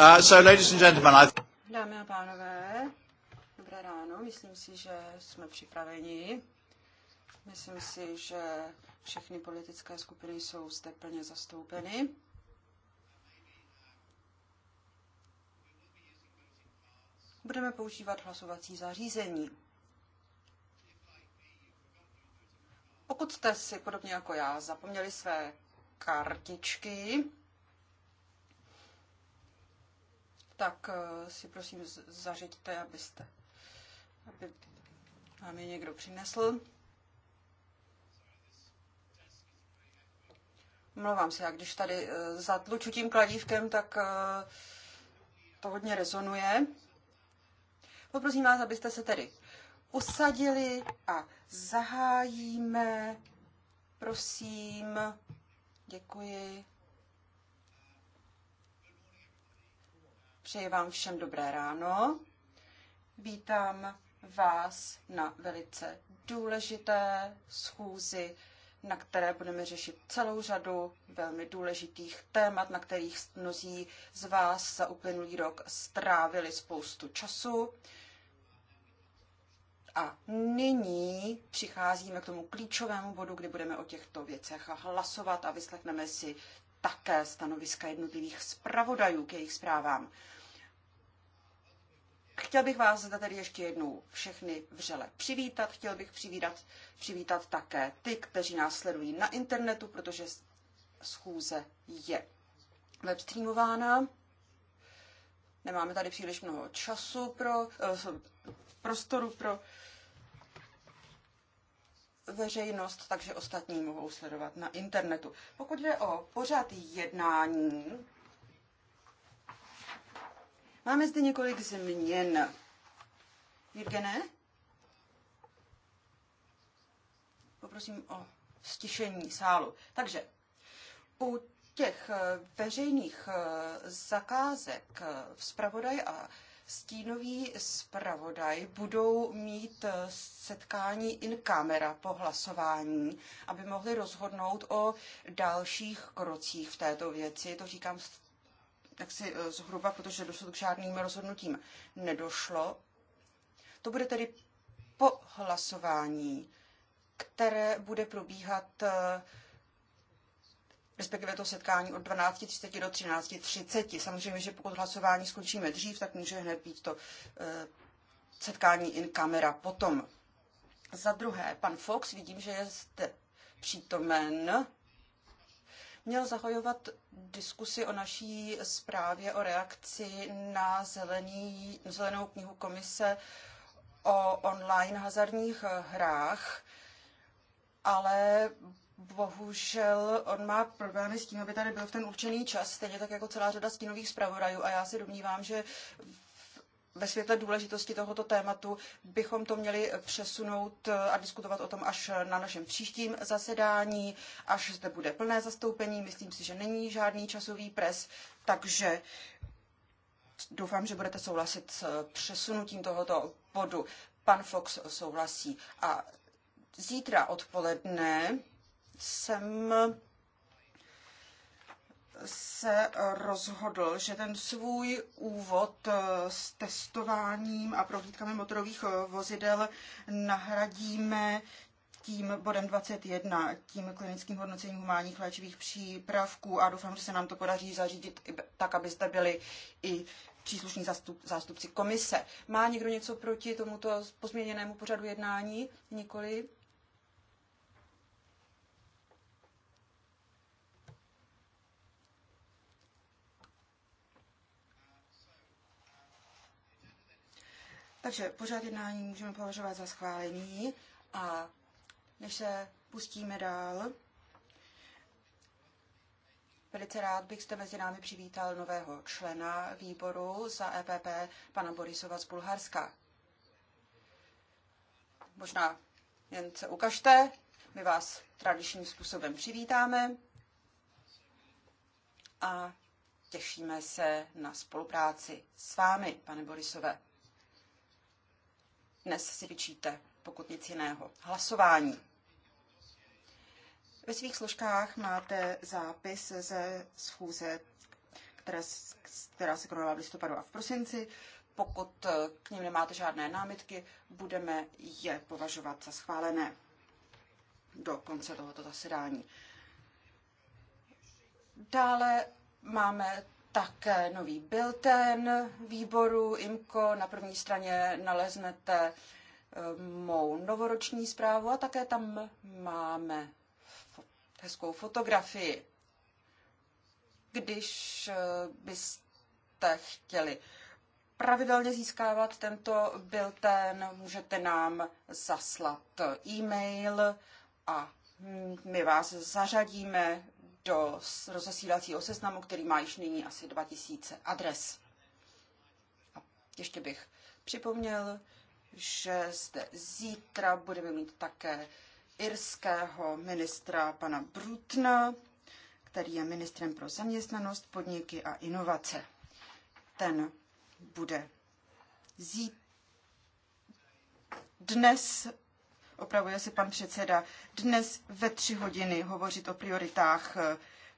Uh, so, ladies and gentlemen, I... Dámy a pánové, dobré ráno. Myslím si, že jsme připraveni. Myslím si, že všechny politické skupiny jsou zde plně zastoupeny. Budeme používat hlasovací zařízení. Pokud jste si, podobně jako já, zapomněli své kartičky, tak eh, si prosím zařiďte, abyste, aby vám je někdo přinesl. Mluvám se, já když tady eh, zatluču tím kladívkem, tak eh, to hodně rezonuje. Poprosím vás, abyste se tedy usadili a zahájíme, prosím, děkuji, Přeji vám všem dobré ráno. Vítám vás na velice důležité schůzi, na které budeme řešit celou řadu velmi důležitých témat, na kterých mnozí z vás za uplynulý rok strávili spoustu času. A nyní přicházíme k tomu klíčovému bodu, kdy budeme o těchto věcech hlasovat a vyslechneme si také stanoviska jednotlivých zpravodajů k jejich zprávám. Chtěl bych vás zde tedy ještě jednou všechny vřele přivítat. Chtěl bych přivítat, přivítat také ty, kteří nás sledují na internetu, protože schůze je webstreamována. Nemáme tady příliš mnoho času pro, eh, prostoru pro veřejnost, takže ostatní mohou sledovat na internetu. Pokud jde o pořad jednání, Máme zde několik změn. Jirgené? Poprosím o stišení sálu. Takže u těch eh, veřejných eh, zakázek eh, zpravodaj a stínový zpravodaj budou mít setkání in camera po hlasování, aby mohli rozhodnout o dalších krocích v této věci. To říkám jaksi eh, zhruba, protože dosud k žádným rozhodnutím nedošlo. To bude tedy po hlasování, které bude probíhat eh, respektive to setkání od 12.30 do 13.30. Samozřejmě, že pokud hlasování skončíme dřív, tak může hned být to eh, setkání in kamera. potom. Za druhé, pan Fox, vidím, že je zde přítomen měl zahajovat diskusi o naší zprávě o reakci na zelený, zelenou knihu komise o online hazardních hrách, ale bohužel on má problémy s tím, aby tady byl v ten určený čas, stejně tak jako celá řada stínových zpravodajů a já se domnívám, že ve světle důležitosti tohoto tématu bychom to měli přesunout eh, a diskutovat o tom až na našem příštím zasedání, až zde bude plné zastoupení. Myslím si, že není žádný časový pres, takže doufám, že budete souhlasit s eh, přesunutím tohoto bodu. Pan Fox souhlasí. A zítra odpoledne jsem se rozhodl, že ten svůj úvod eh, s testováním a prohlídkami motorových eh, vozidel nahradíme tím bodem 21, tím klinickým hodnocením humánních léčivých přípravků a doufám, že se nám to podaří zařídit i tak, aby zde byli i příslušní zastup, zástupci komise. Má někdo něco proti tomuto pozměněnému pořadu jednání? Nikoli? Takže pořád jednání můžeme považovat za schválení a než se pustíme dál, Velice rád bych jste mezi námi přivítal nového člena výboru za EPP, pana Borisova z Bulharska. Možná jen se ukažte, my vás tradičním způsobem přivítáme a těšíme se na spolupráci s vámi, pane Borisové dnes si vyčíte, pokud nic jiného. Hlasování. Ve svých složkách máte zápis ze schůze, které, která se konala v listopadu a v prosinci. Pokud eh, k ním nemáte žádné námitky, budeme je považovat za schválené do konce tohoto zasedání. Dále máme také eh, nový bulletin výboru IMCO. Na první straně naleznete eh, mou novoroční zprávu a také tam máme hezkou fotografii. Když eh, byste chtěli pravidelně získávat tento bilten, můžete nám zaslat e-mail a my vás zařadíme do rozesílacího seznamu, který má již nyní asi 2000 adres. A ještě bych připomněl, že zde zítra budeme mít také irského ministra pana Brutna, který je ministrem pro zaměstnanost, podniky a inovace. Ten bude zítra dnes opravuje se pan předseda, dnes ve tři hodiny hovořit o prioritách eh,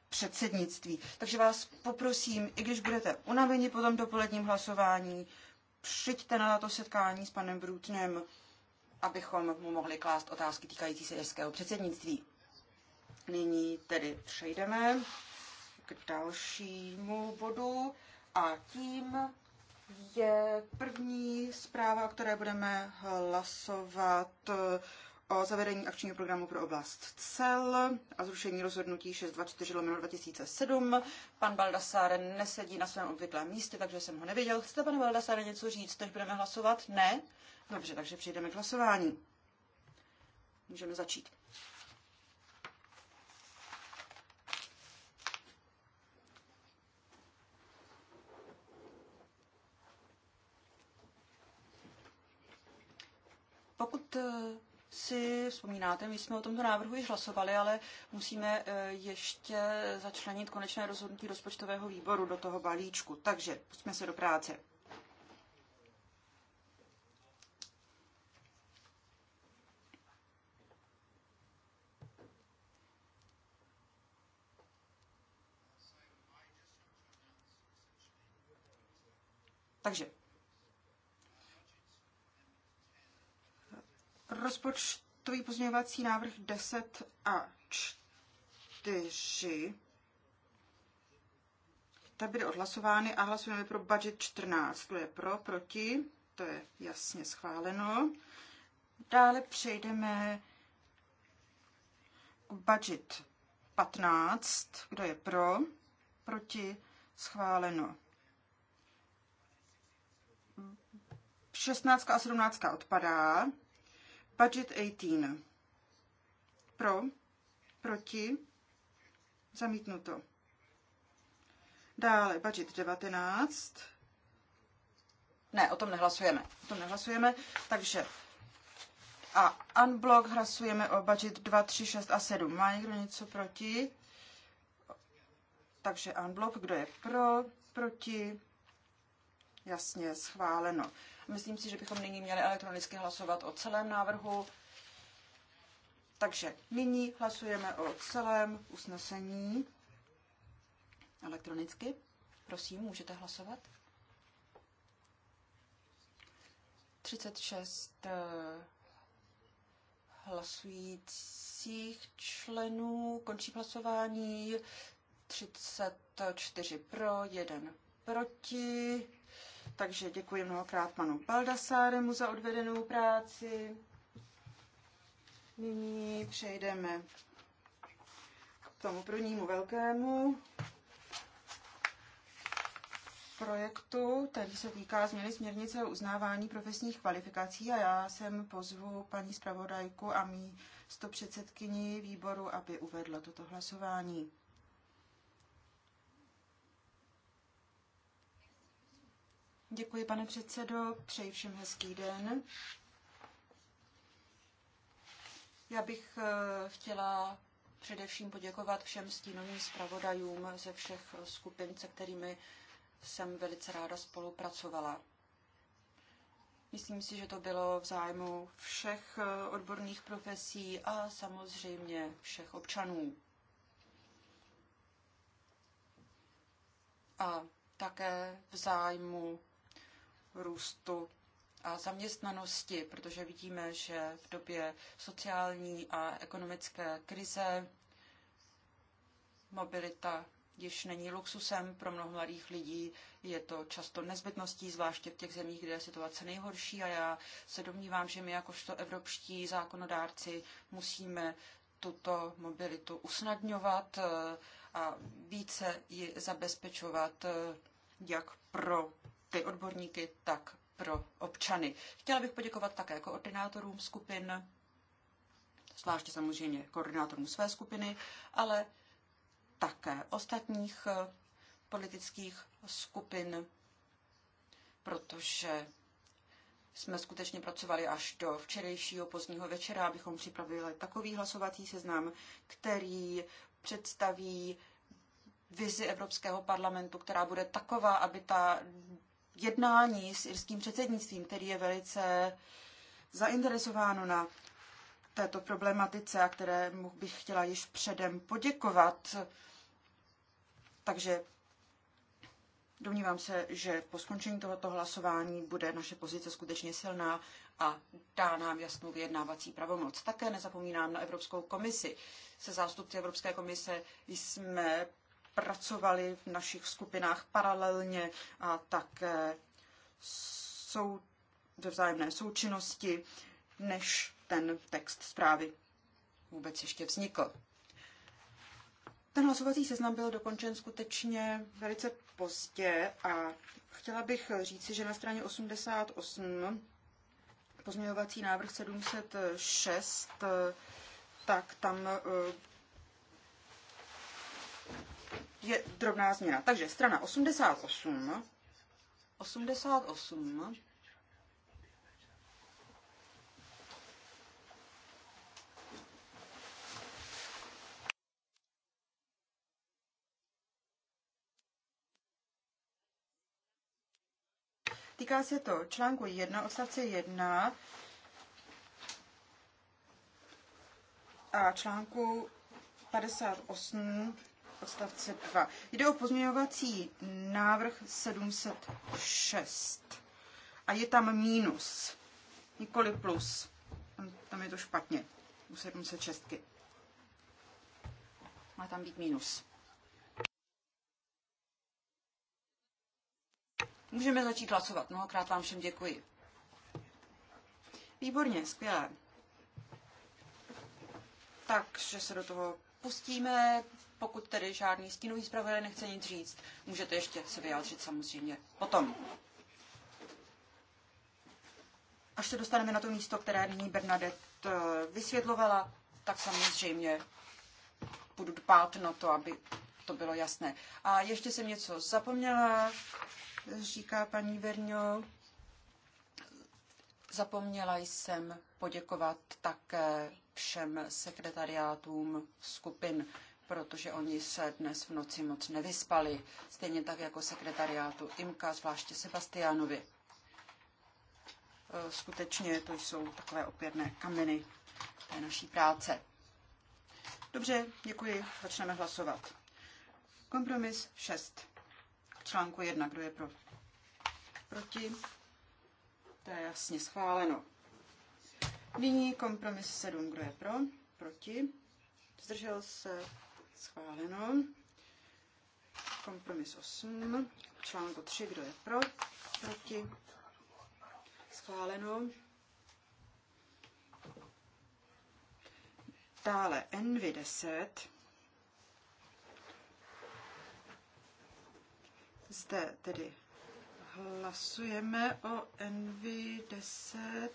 předsednictví. Takže vás poprosím, i když budete unaveni po tom dopoledním hlasování, přijďte na to setkání s panem Brutnem, abychom mu mohli klást otázky týkající se irského předsednictví. Nyní tedy přejdeme k dalšímu bodu a tím je první zpráva, o které budeme hlasovat eh, o zavedení akčního programu pro oblast cel a zrušení rozhodnutí 624 lomeno 2007. Pan Baldasár nesedí na svém obvyklém místě, takže jsem ho neviděl. Chcete, pane Baldasáre, něco říct, než budeme hlasovat? Ne? Dobře, takže přejdeme k hlasování. Můžeme začít. Eh, si vzpomínáte, my jsme o tomto návrhu již hlasovali, ale musíme eh, ještě začlenit konečné rozhodnutí rozpočtového výboru do toho balíčku. Takže pustíme se do práce. Takže Rozpočtový pozměňovací návrh 10 a 4. Tak byly odhlasovány a hlasujeme pro budget 14. Kdo je pro, proti? To je jasně schváleno. Dále přejdeme k budget 15. Kdo je pro, proti? Schváleno. 16 a 17 odpadá. Budget 18. Pro, proti, zamítnuto. Dále budget 19. Ne, o tom nehlasujeme. O tom nehlasujeme, takže a unblock hlasujeme o budget 2, 3, 6 a 7. Má někdo něco proti? Takže unblock, kdo je pro, proti? Jasně, schváleno. Myslím si, že bychom nyní měli elektronicky hlasovat o celém návrhu. Takže nyní hlasujeme o celém usnesení elektronicky. Prosím, můžete hlasovat. 36 eh, hlasujících členů. Končí hlasování. 34 pro, 1 proti. Takže děkuji mnohokrát panu Baldasáremu za odvedenou práci. Nyní přejdeme k tomu prvnímu velkému projektu, který se týká změny směrnice o uznávání profesních kvalifikací a já jsem pozvu paní zpravodajku a mý předsedkyni výboru, aby uvedla toto hlasování. Děkuji, pane předsedo. Přeji všem hezký den. Já bych eh, chtěla především poděkovat všem stínovým zpravodajům ze všech skupin, se kterými jsem velice ráda spolupracovala. Myslím si, že to bylo v zájmu všech eh, odborných profesí a samozřejmě všech občanů. A také v zájmu růstu a zaměstnanosti, protože vidíme, že v době sociální a ekonomické krize mobilita již není luxusem pro mnoho mladých lidí, je to často nezbytností, zvláště v těch zemích, kde je situace nejhorší a já se domnívám, že my jakožto evropští zákonodárci musíme tuto mobilitu usnadňovat eh, a více ji zabezpečovat eh, jak pro ty odborníky, tak pro občany. Chtěla bych poděkovat také koordinátorům skupin, zvláště samozřejmě koordinátorům své skupiny, ale také ostatních eh, politických skupin, protože jsme skutečně pracovali až do včerejšího pozdního večera, abychom připravili takový hlasovací seznam, který představí vizi Evropského parlamentu, která bude taková, aby ta jednání s irským předsednictvím, který je velice zainteresováno na této problematice a kterému bych chtěla již předem poděkovat. Takže domnívám se, že po skončení tohoto hlasování bude naše pozice skutečně silná a dá nám jasnou vyjednávací pravomoc. Také nezapomínám na Evropskou komisi. Se zástupci Evropské komise jsme pracovali v našich skupinách paralelně a také jsou ve vzájemné součinnosti, než ten text zprávy vůbec ještě vznikl. Ten hlasovací seznam byl dokončen skutečně velice pozdě a chtěla bych říci, že na straně 88 pozměňovací návrh 706, tak tam eh, je drobná změna. Takže strana 88, 88, Týká se to článku 1, odstavce 1 a článku 58 odstavce 2. Jde o pozměňovací návrh 706. A je tam mínus, nikoli plus. Tam je to špatně, u 706. Má tam být mínus. Můžeme začít hlasovat. Mnohokrát vám všem děkuji. Výborně, skvělé. Takže se do toho pustíme. Pokud tedy žádný stínový zpravodaj nechce nic říct, můžete ještě se vyjádřit samozřejmě potom. Až se dostaneme na to místo, které nyní Bernadette eh, vysvětlovala, tak samozřejmě budu dbát na to, aby to bylo jasné. A ještě jsem něco zapomněla, říká paní Verňo. Zapomněla jsem poděkovat také všem sekretariátům skupin protože oni se dnes v noci moc nevyspali, stejně tak jako sekretariátu IMKA, zvláště Sebastianovi. E, skutečně to jsou takové opěrné kameny té naší práce. Dobře, děkuji, začneme hlasovat. Kompromis 6. K článku 1, kdo je pro? Proti? To je jasně schváleno. Nyní kompromis 7, kdo je pro? Proti? Zdržel se? Schváleno. Kompromis 8. Článku 3. Kdo je pro? Proti? Schváleno. Dále nv 10. Zde tedy hlasujeme o NV10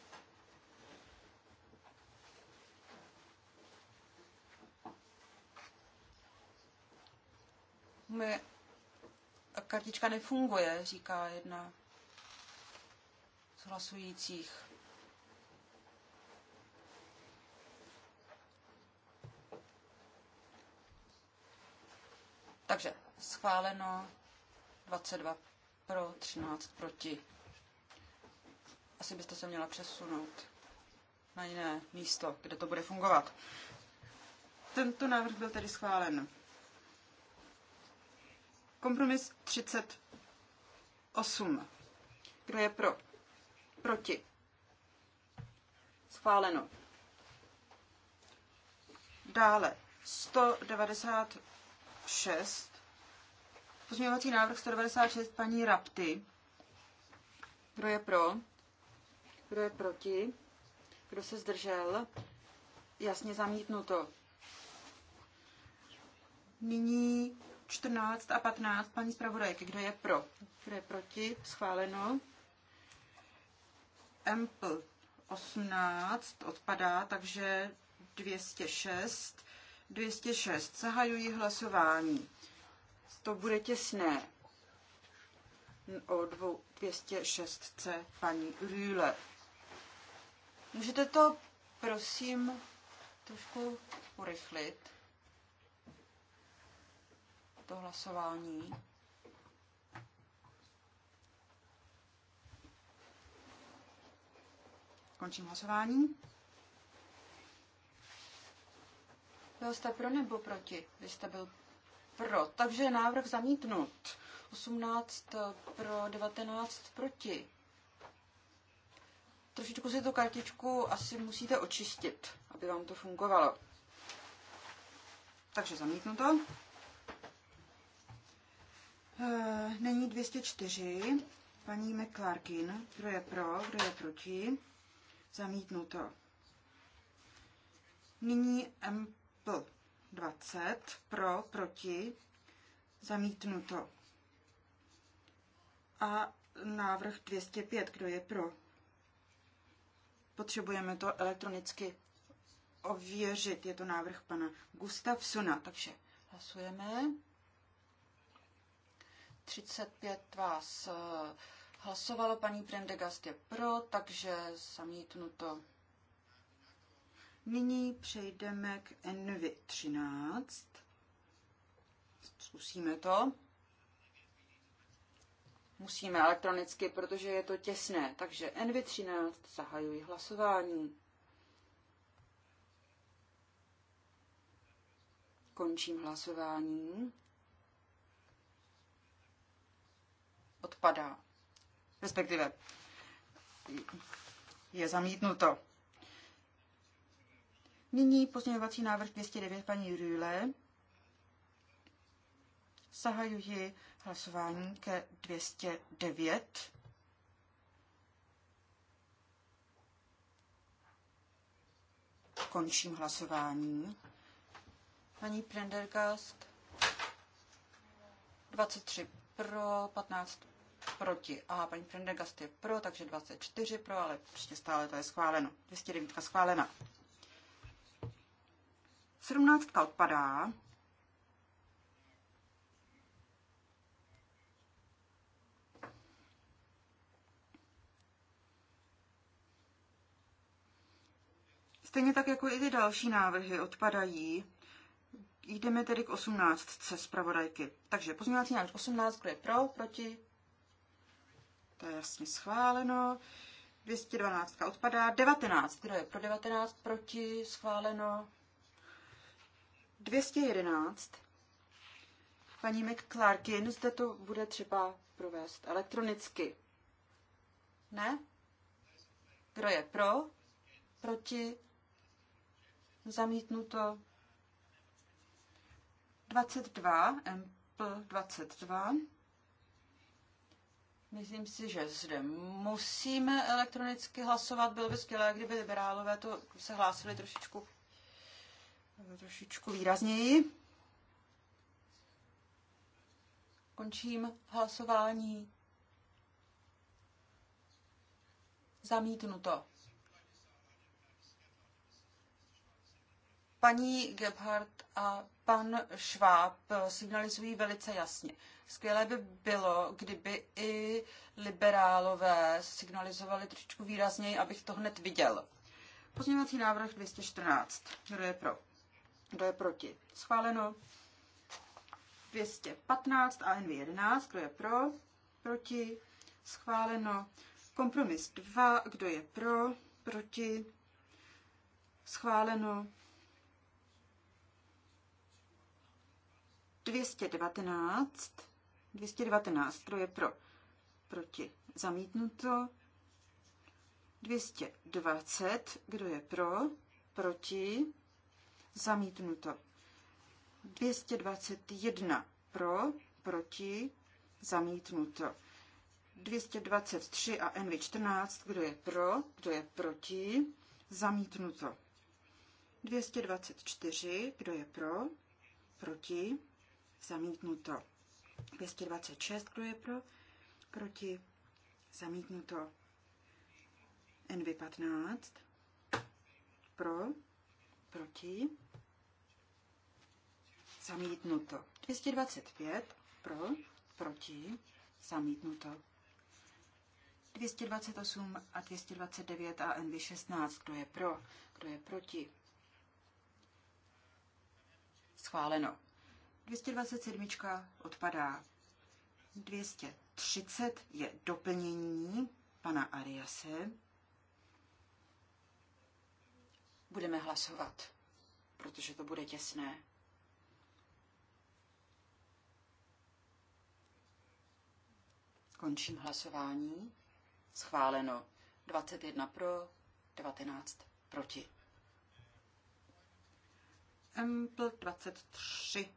Moje kartička nefunguje, říká jedna z hlasujících. Takže schváleno 22 pro, 13 proti. Asi byste se měla přesunout na jiné místo, kde to bude fungovat. Tento návrh byl tedy schválen. Kompromis 38. Kdo je pro? Proti? Schváleno. Dále 196. Pozměňovací návrh 196 paní Rapty. Kdo je pro? Kdo je proti? Kdo se zdržel? Jasně zamítnuto. Nyní 14 a 15 paní zpravodajky. Kdo je pro? Kdo je proti? Schváleno. Ample 18 odpadá, takže 206. 206. Zahajuji hlasování. To bude těsné. O 206 C, paní Rühle. Můžete to, prosím, trošku urychlit? to hlasování. Končím hlasování. Byl jste pro nebo proti? Vy jste byl pro, takže návrh zamítnut. 18 pro, 19 proti. Trošičku si tu kartičku asi musíte očistit, aby vám to fungovalo. Takže zamítnu to. Eh, není 204. Paní McClarkin. Kdo je pro? Kdo je proti? Zamítnuto. Nyní MPL 20. Pro, proti? Zamítnuto. A návrh 205. Kdo je pro? Potřebujeme to elektronicky ověřit. Je to návrh pana Gustavsona, takže hlasujeme. 35 vás eh, hlasovalo, paní Prendegast je pro, takže zamítnuto. Nyní přejdeme k NV 13. Zkusíme to. Musíme elektronicky, protože je to těsné. Takže NV13 zahajuji hlasování. Končím hlasování. odpadá. Respektive je zamítnuto. Nyní pozměňovací návrh 209 paní Rühle. Zahajuji hlasování ke 209. Končím hlasování. Paní Prendergast 23 pro, 15 proti. A paní Prendergast je pro, takže 24 pro, ale ještě stále to je schváleno. 209 schválena. 17 odpadá. Stejně tak jako i ty další návrhy odpadají. Jdeme tedy k 18. zpravodajky. Takže pozměňovací návrh 18, kdo je pro, proti, to je jasně schváleno. 212 odpadá. 19. Kdo je pro 19? Proti? Schváleno. 211. Paní McClarkin, zde to bude třeba provést elektronicky. Ne? Kdo je pro? Proti? Zamítnuto. 22. MP 22. Myslím si, že zde musíme elektronicky hlasovat. Bylo by skvělé, kdyby liberálové to se hlásili trošičku, trošičku výrazněji. Končím hlasování. Zamítnuto. Paní Gebhardt a pan Schwab signalizují velice jasně. Skvělé by bylo, kdyby i liberálové signalizovali trošičku výrazněji, abych to hned viděl. Pozměňovací návrh 214. Kdo je pro? Kdo je proti? Schváleno. 215 a NV11. Kdo je pro? Proti? Schváleno. Kompromis 2. Kdo je pro? Proti? Schváleno. 219. 219. Kdo je pro? Proti. Zamítnuto. 220. Kdo je pro? Proti. Zamítnuto. 221. Pro. Proti. Zamítnuto. 223 a NV14. Kdo je pro? Kdo je proti? Zamítnuto. 224. Kdo je pro? Proti? Zamítnuto. 226, kdo je pro, proti, zamítnuto. NV15, pro, proti, zamítnuto. 225, pro, proti, zamítnuto. 228 a 229 a NV16, kdo je pro, kdo je proti. Schváleno. 227 odpadá. 230 je doplnění pana Ariase. Budeme hlasovat, protože to bude těsné. Končím hlasování. Schváleno. 21 pro, 19 proti. Ample 23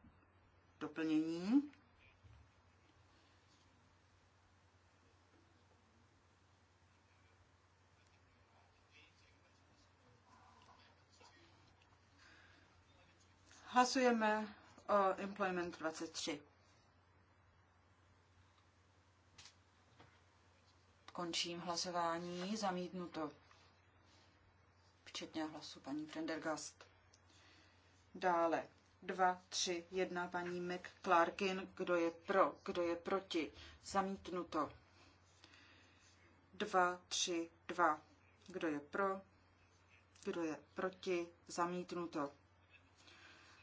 doplnění. Hlasujeme o Employment 23. Končím hlasování, zamítnuto, včetně hlasu paní Prendergast. Dále Dva, tři, jedna. paní McClarkin, kdo je pro, kdo je proti, zamítnuto. Dva, tři, dva. kdo je pro, kdo je proti, zamítnuto.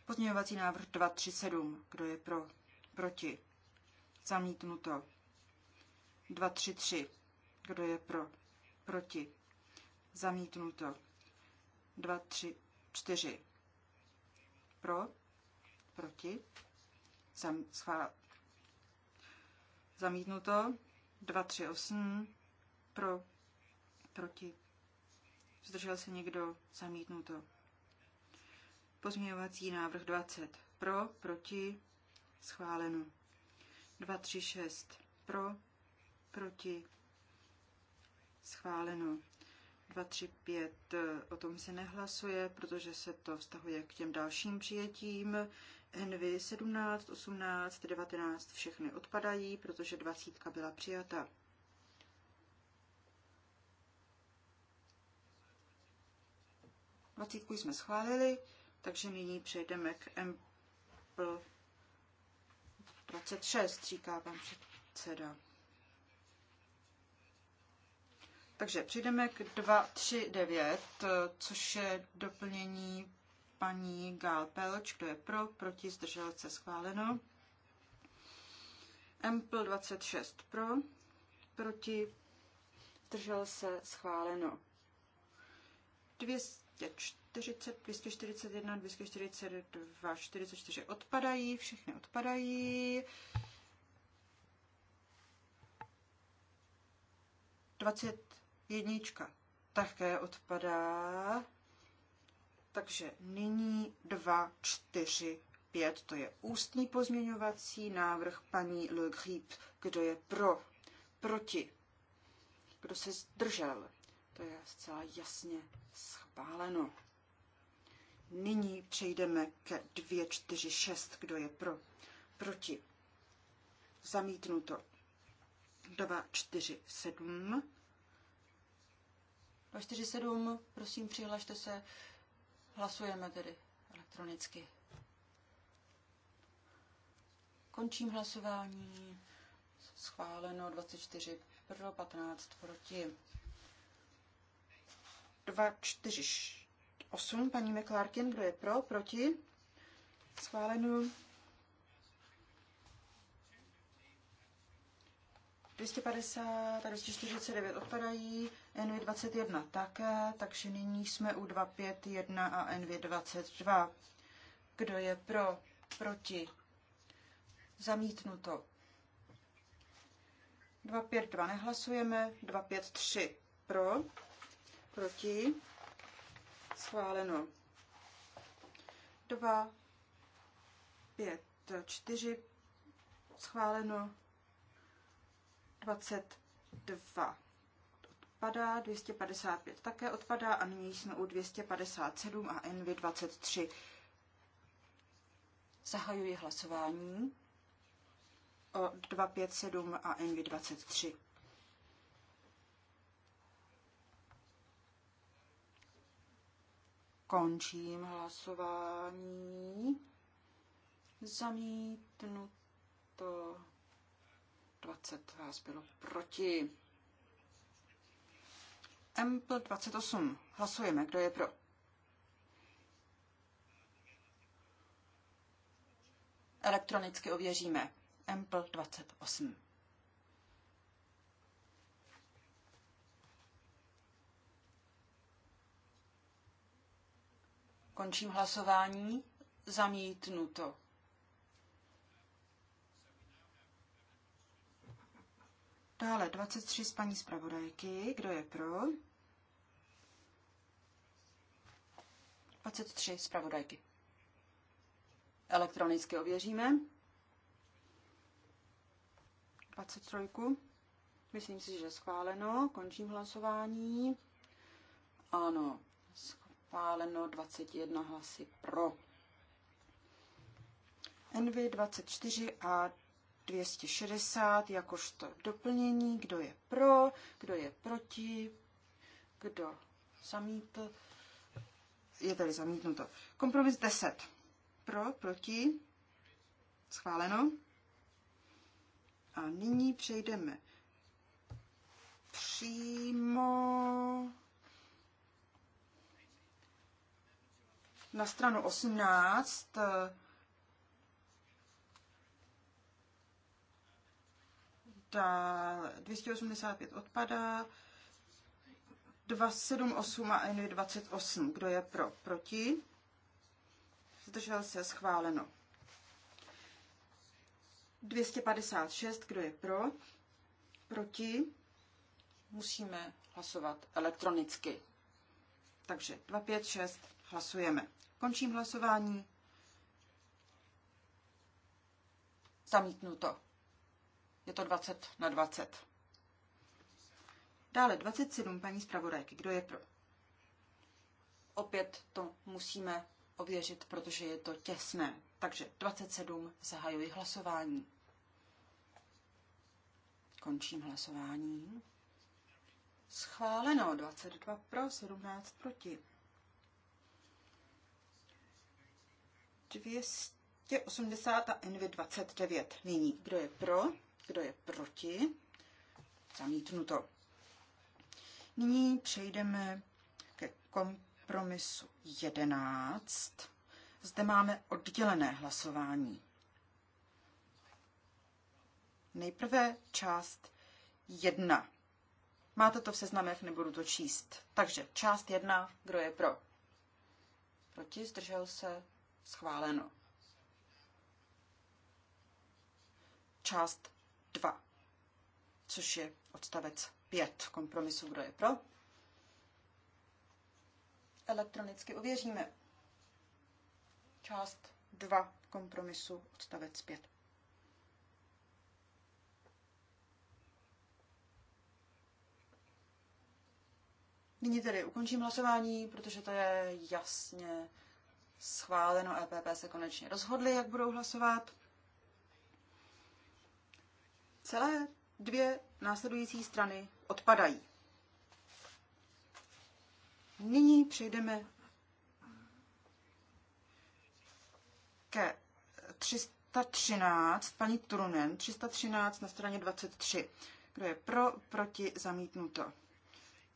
Pozměňovací návrh 237, kdo je pro, proti, zamítnuto. 233, kdo je pro, proti, zamítnuto. 234, pro, proti, zam, schvál, zamítnuto, 8. pro, proti, zdržel se někdo, zamítnuto. Pozměňovací návrh 20 pro, proti, schváleno. 6. pro, proti, schváleno. 5. o tom se nehlasuje, protože se to vztahuje k těm dalším přijetím. Envy 17, 18, 19 všechny odpadají, protože 20 byla přijata. Dvacítku jsme schválili, takže nyní přejdeme k MPL 26, říká pan předseda. Takže přejdeme k 239, což je doplnění paní Gál Pelč, kdo je pro, proti, zdržel se schváleno. Empl 26 pro, proti, zdržel se schváleno. 240, 241, 242, 44 odpadají, všechny odpadají. 21 také odpadá. Takže nyní 2, 4, 5, to je ústní pozměňovací návrh paní Le Grip. Kdo je pro? Proti? Kdo se zdržel? To je zcela jasně schváleno. Nyní přejdeme ke 2, 4, 6. Kdo je pro? Proti? Zamítnuto. 2, 4, 7. 2, 4, 7, prosím, přihlašte se Hlasujeme tedy elektronicky. Končím hlasování. Schváleno 24 pro, 15 proti. 2, 4, 8. Paní McClarkin, kdo je pro, proti? Schváleno 250 a 249 odpadají. NV21 také, takže nyní jsme u 251 a NV22. Kdo je pro? Proti? Zamítnuto. 252 nehlasujeme, 253 pro, proti, schváleno. 2, 5, 4, schváleno. 22 odpadá, 255 také odpadá a nyní jsme u 257 a NV23. Zahajuji hlasování o 257 a NV23. Končím hlasování. Zamítnuto. 20 vás bylo proti. Ample 28. Hlasujeme. Kdo je pro? Elektronicky ověříme. Ample 28. Končím hlasování. Zamítnuto. Dále 23 z paní zpravodajky. Kdo je pro? 23 zpravodajky. Elektronicky ověříme. 23. Myslím si, že schváleno. Končím hlasování. Ano, schváleno 21 hlasy pro. NV 24 a 260 jakožto doplnění, kdo je pro, kdo je proti, kdo zamítl, je tady zamítnuto. Kompromis 10. Pro, proti, schváleno. A nyní přejdeme přímo na stranu 18 285 odpadá. 278 a NV28. Kdo je pro? Proti? Zdržel se schváleno. 256. Kdo je pro? Proti? Musíme hlasovat elektronicky. Takže 256 hlasujeme. Končím hlasování. Zamítnuto. Je to 20 na 20. Dále 27, paní zpravodajky. Kdo je pro? Opět to musíme ověřit, protože je to těsné. Takže 27 zahajuji hlasování. Končím hlasování. Schváleno 22 pro, 17 proti. 280 a NV 29 nyní. Kdo je pro? kdo je proti, zamítnuto. Nyní přejdeme ke kompromisu 11. Zde máme oddělené hlasování. Nejprve část 1. Máte to v seznamech, nebudu to číst. Takže část 1, kdo je pro? Proti, zdržel se, schváleno. Část 2, což je odstavec 5 kompromisu, kdo je pro. Elektronicky ověříme část 2 kompromisu odstavec 5. Nyní tedy ukončím hlasování, protože to je jasně schváleno. EPP se konečně rozhodli, jak budou hlasovat. Celé dvě následující strany odpadají. Nyní přejdeme ke 313, paní Turunen, 313 na straně 23. Kdo je pro, proti, zamítnuto.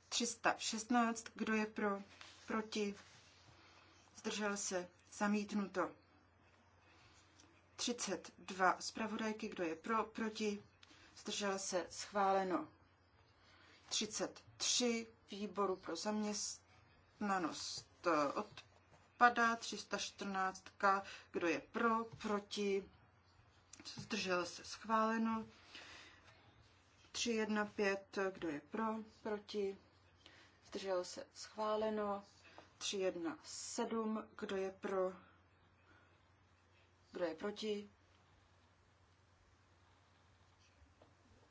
316, kdo je pro, proti, zdržel se, zamítnuto. 32 zpravodajky, kdo je pro, proti, zdržel se schváleno 33 výboru pro zaměstnanost eh, odpadá 314, kdo je pro, proti, zdržel se schváleno 315, kdo je pro, proti, zdržel se schváleno 317, kdo je pro, kdo je proti,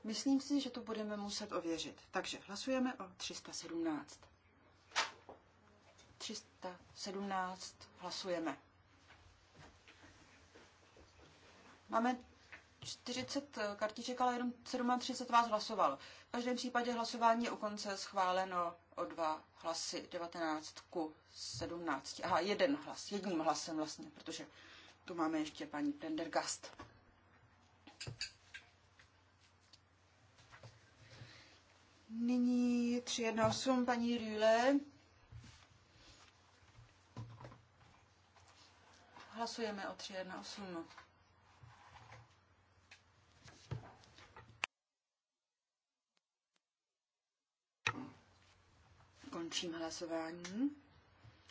Myslím si, že to budeme muset ověřit. Takže hlasujeme o 317. 317 hlasujeme. Máme 40 kartiček, ale jenom 37 vás hlasovalo. V každém případě hlasování je u konce schváleno o dva hlasy, 19 ku 17. Aha, jeden hlas, jedním hlasem vlastně, protože tu máme ještě paní Prendergast. Thank you. Nyní 318 paní Rüle. Hlasujeme o 318. Končím hlasování.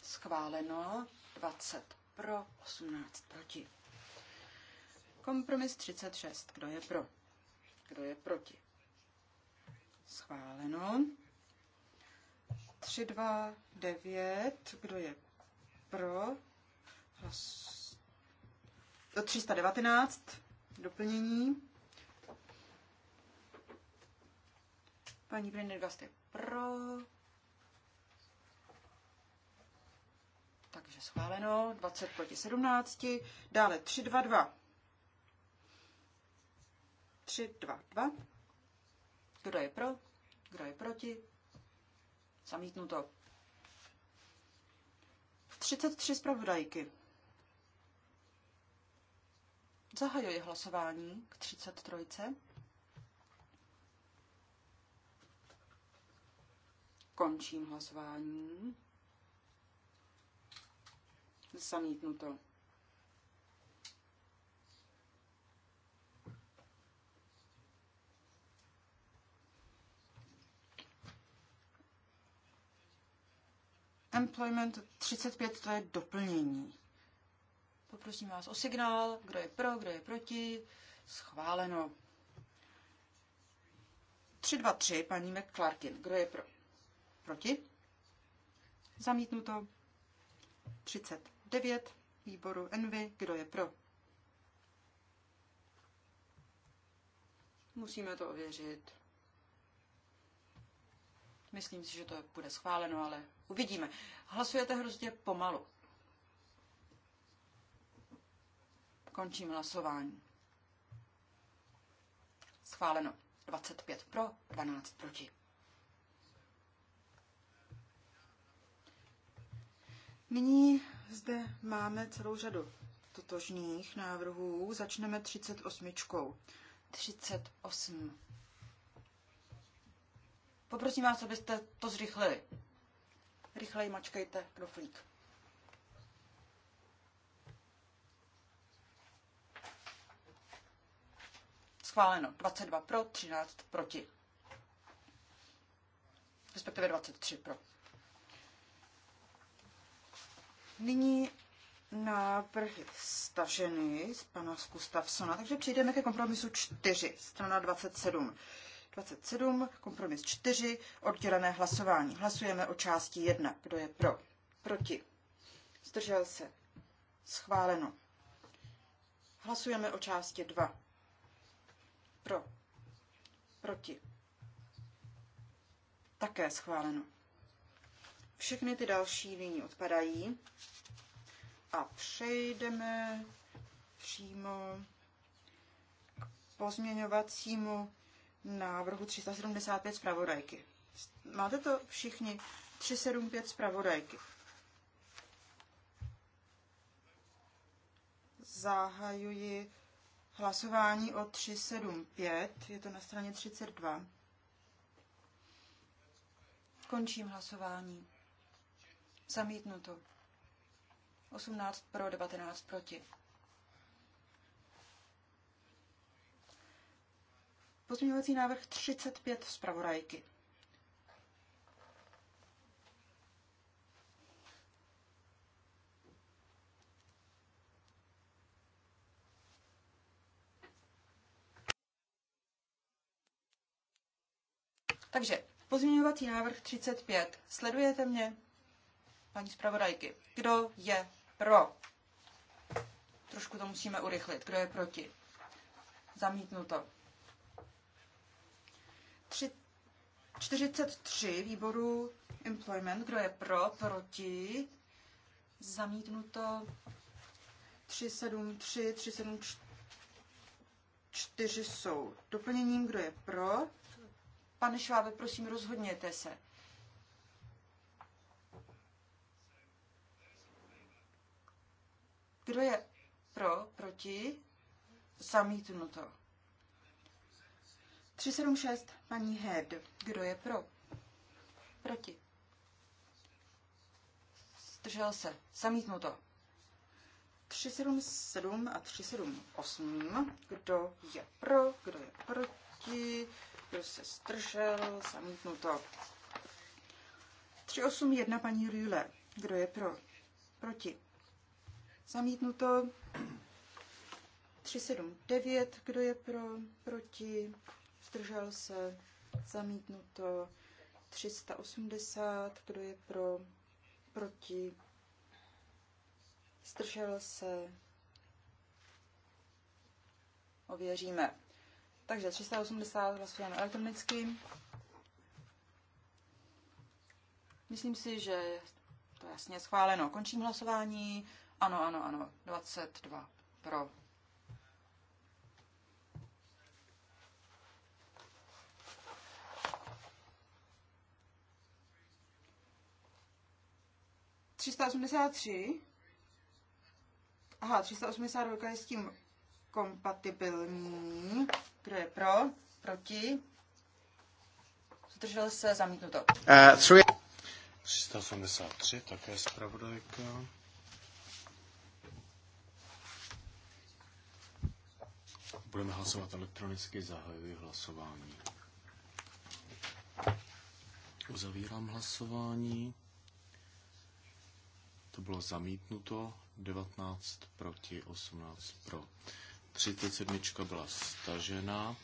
Schváleno 20 pro, 18 proti. Kompromis 36. Kdo je pro? Kdo je proti? Schváleno. 3, 2, 9. Kdo je pro? Hlas... 319. No, Doplnění. Paní Brennergast je pro. Takže schváleno. 20 proti 17. Dále 3, 2, 2. 3, 2, 2. Kdo je pro? Kdo je proti? Zamítnuto. 33 zpravodajky. Zahajuji hlasování k 33. Končím hlasování. Zamítnuto. Employment 35 to je doplnění. Poprosím vás o signál, kdo je pro, kdo je proti. Schváleno. 323, paní McClarkin. Kdo je pro? Proti? Zamítnuto. 39, výboru Envy. Kdo je pro? Musíme to ověřit. Myslím si, že to bude schváleno, ale uvidíme. Hlasujete hrozně pomalu. Končím hlasování. Schváleno. 25 pro, 12 proti. Nyní zde máme celou řadu totožných návrhů. Začneme 38. 38. Poprosím vás, abyste to zrychlili. Rychleji mačkejte knoflík. Schváleno 22 pro, 13 proti. Respektive 23 pro. Nyní návrhy staženy z pana Gustavsona, takže přejdeme ke kompromisu 4, strana 27. 27, kompromis 4, oddělené hlasování. Hlasujeme o části 1. Kdo je pro? Proti? Zdržel se? Schváleno. Hlasujeme o části 2. Pro? Proti? Také schváleno. Všechny ty další nyní odpadají a přejdeme přímo k pozměňovacímu návrhu 375 zpravodajky. Máte to všichni 375 zpravodajky. Zahajuji hlasování o 375, je to na straně 32. Končím hlasování. Zamítnuto. 18 pro, 19 proti. Pozměňovací návrh 35 pravorajky. Takže pozměňovací návrh 35. Sledujete mě, paní zpravodajky? Kdo je pro? Trošku to musíme urychlit. Kdo je proti? Zamítnu to. 43 výboru employment, kdo je pro, proti, zamítnuto 373, 374 jsou doplněním, kdo je pro. Pane Švábe, prosím, rozhodněte se. Kdo je pro, proti, zamítnuto. 376, paní Head. Kdo je pro? Proti. Zdržel se. zamítnu to. 377 a 378. Kdo je pro? Kdo je proti? Kdo se zdržel? zamítnu to. 381 paní Rüle. Kdo je pro? Proti. zamítnu to. 379. Kdo je pro? Proti zdržel se, zamítnuto 380, kdo je pro, proti, zdržel se, ověříme. Takže 380 hlasujeme elektronicky. Myslím si, že je to jasně schváleno. Končím hlasování. Ano, ano, ano. 22 pro. 383. Aha, 382 je s tím kompatibilní. Kdo je pro? Proti? Zdržel se zamítnuto. Uh, eh, 383, také zpravodajka. Budeme hlasovat elektronicky, zahajuji hlasování. Uzavírám hlasování. To bylo zamítnuto 19 proti 18 pro. 37 byla stažena.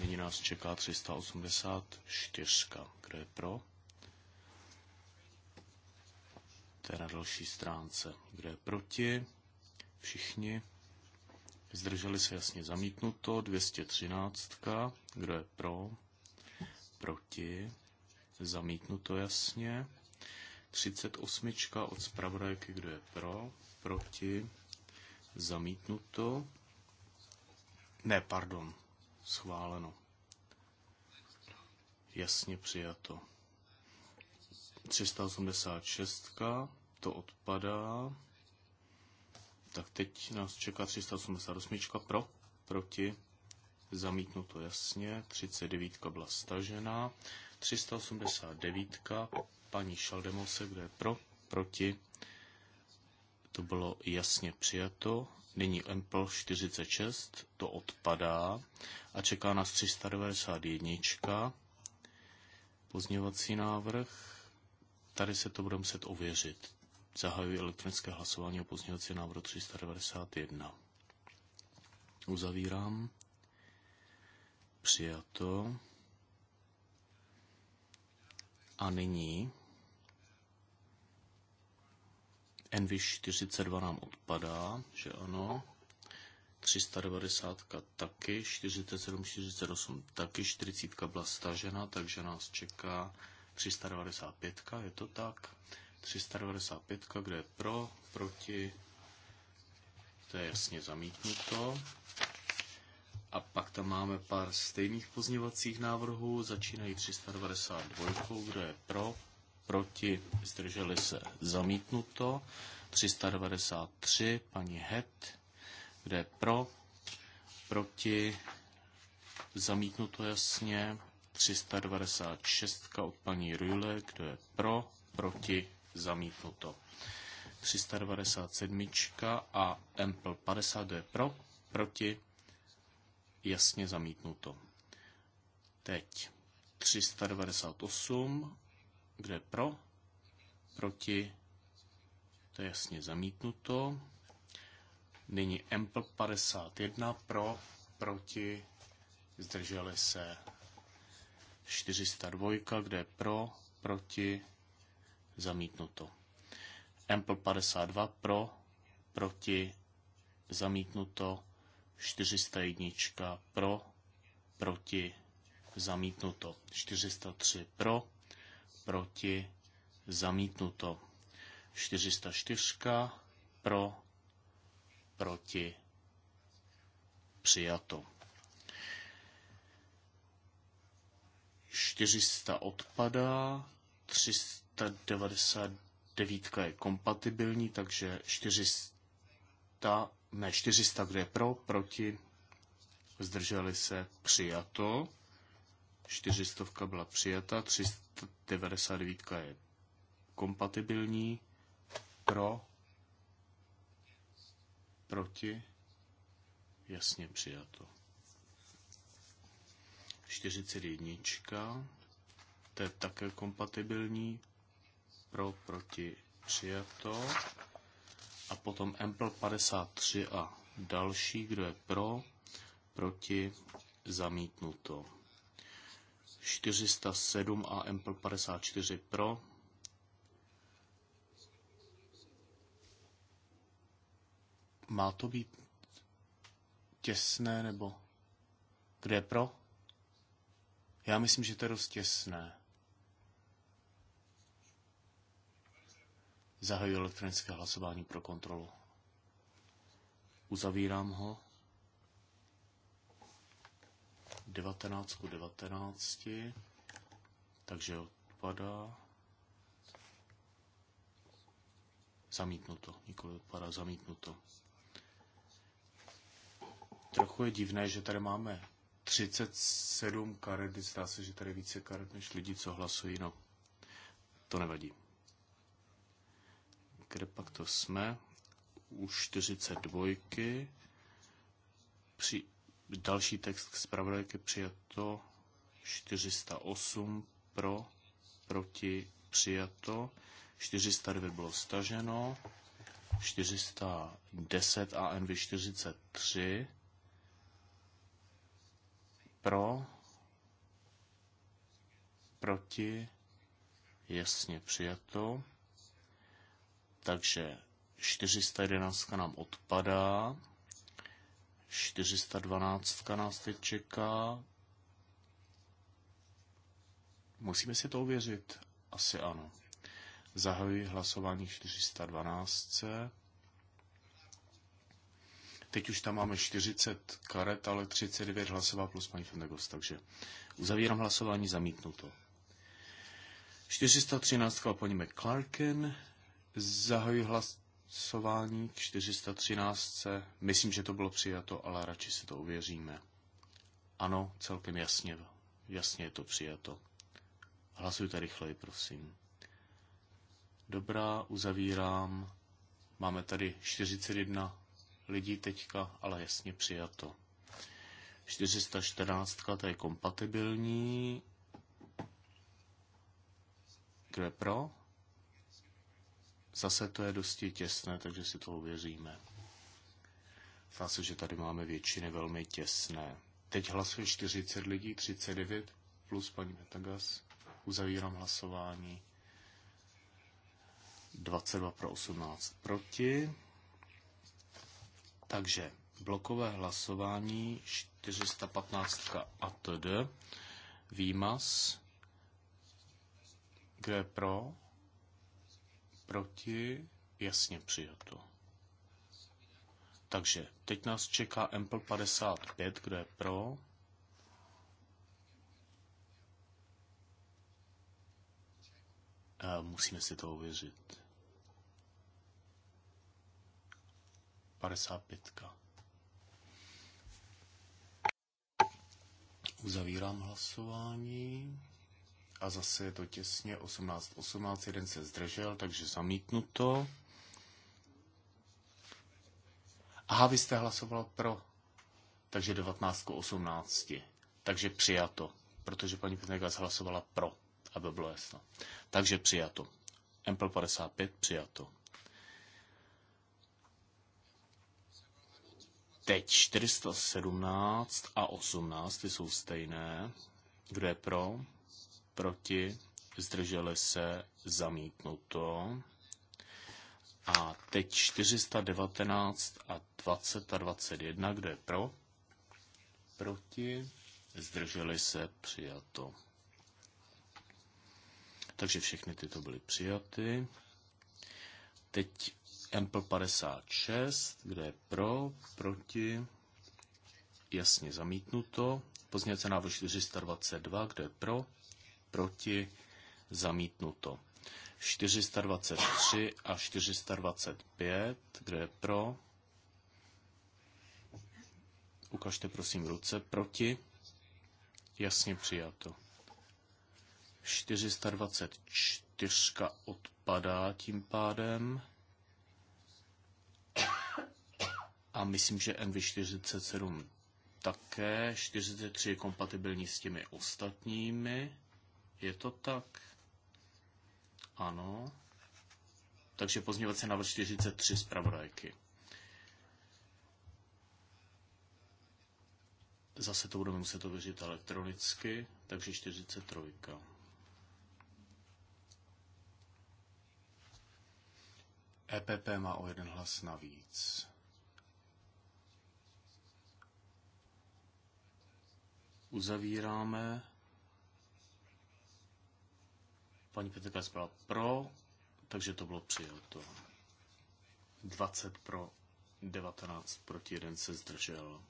Nyní nás čeká 384. Kdo je pro? To je na další stránce. Kdo je proti? Všichni. Zdrželi se jasně zamítnuto. 213. Kdo je pro? Proti. Zamítnuto jasně. 38 od zpravodajky, kdo je pro, proti, zamítnuto. Ne, pardon, schváleno. Jasně přijato. 386, to odpadá. Tak teď nás čeká 388 pro, proti, zamítnuto jasně, 39 byla stažená, 389 paní Šaldemose, kdo je pro, proti. To bylo jasně přijato. Nyní MPL 46, to odpadá a čeká nás 391. Pozněvací návrh. Tady se to bude muset ověřit. Zahajuji elektronické hlasování o pozměvací návrhu 391. Uzavírám. Přijato. A nyní NV42 nám odpadá, že ano. 390 taky, 47, 48 taky, 40 byla stažena, takže nás čeká 395, je to tak. 395, kde je pro, proti, to je jasně zamítnuto. A pak tam máme pár stejných pozněvacích návrhů, začínají 392, kdo je pro, proti, zdrželi se, zamítnuto. 393, paní Het, kde je pro, proti, zamítnuto jasně. 396 od paní Rüle, kdo je pro, proti, zamítnuto. 397 a Ample 50, kdo je pro, proti, jasně zamítnuto. Teď 398, kde pro, proti, to je jasně zamítnuto. Nyní Mpl 51 pro, proti, zdrželi se 402, kde pro, proti, zamítnuto. Mpl 52 pro, proti, zamítnuto. 401 pro, proti, zamítnuto. 403 pro, proti, zamítnuto. 404 pro, proti, přijato. 400 odpadá, 399 je kompatibilní, takže 400 ne, 400, kdo je pro, proti, zdrželi se, přijato. 400 byla přijata, 399 je kompatibilní, pro, proti, jasně přijato. 41, to je také kompatibilní, pro, proti, přijato potom Ample 53 a další, kdo je pro, proti, zamítnuto. 407 a Ample 54 pro, Má to být těsné nebo kde pro? Já myslím, že to je dost těsné. Zahajuji elektronické hlasování pro kontrolu. Uzavírám ho. 19 ku 19, takže odpadá. Zamítnuto, nikoli odpadá, zamítnuto. Trochu je divné, že tady máme 37 karet, zdá se, že tady více karet než lidí, co hlasují, no to nevadí kde pak to jsme? U 42. Při, další text k zpravodajky přijato 408 pro, proti přijato, 409 bylo staženo, 410 a NV 43 pro, proti, jasně přijato. Takže 411 nám odpadá, 412 nás teď čeká. Musíme si to ověřit? Asi ano. Zahajuji hlasování 412. Teď už tam máme 40 karet, ale 39 hlasová plus paní Fendegos, takže uzavírám hlasování zamítnuto. 413 paní McClarkin, Zahajuji hlasování k 413. Myslím, že to bylo přijato, ale radši si to uvěříme. Ano, celkem jasně, jasně je to přijato. Hlasujte rychleji, prosím. Dobrá, uzavírám. Máme tady 41 lidí teďka, ale jasně přijato. 414 to je kompatibilní. Kdo je pro? Zase to je dosti těsné, takže si to uvěříme. Zdá se, že tady máme většiny velmi těsné. Teď hlasuje 40 lidí, 39 plus paní Metagas. Uzavírám hlasování. 22 pro 18 proti. Takže blokové hlasování 415 a td. Výmaz. Kdo je pro? proti, jasně přijato. Takže teď nás čeká Ample 55, kde je pro. A musíme si to ověřit. 55. Uzavírám hlasování a zase je to těsně 18, 18, jeden se zdržel, takže zamítnuto. Aha, vy jste hlasoval pro, takže 19 k 18, takže přijato, protože paní Pětnegas hlasovala pro, aby bylo jasno. Takže přijato. Ample 55 přijato. Teď 417 a 18, ty jsou stejné. Kdo je pro? proti, zdrželi se, zamítnuto. A teď 419 a 20 a 21, kdo je pro? Proti, zdrželi se, přijato. Takže všechny tyto byly přijaty. Teď Ample 56, kde je pro, proti, jasně zamítnuto. Pozměňovací návrh 422, kde je pro, proti, zamítnuto. 423 a 425, kde je pro, ukažte prosím ruce, proti, jasně přijato. 424 odpadá tím pádem. A myslím, že NV47 také. 43 je kompatibilní s těmi ostatními. Je to tak? Ano. Takže se na 43 zpravodajky. Zase to budeme muset ověřit elektronicky, takže 43. EPP má o jeden hlas navíc. Uzavíráme Paní Petrkas byla pro, takže to bylo přijato. 20 pro, 19 proti 1 se zdržel.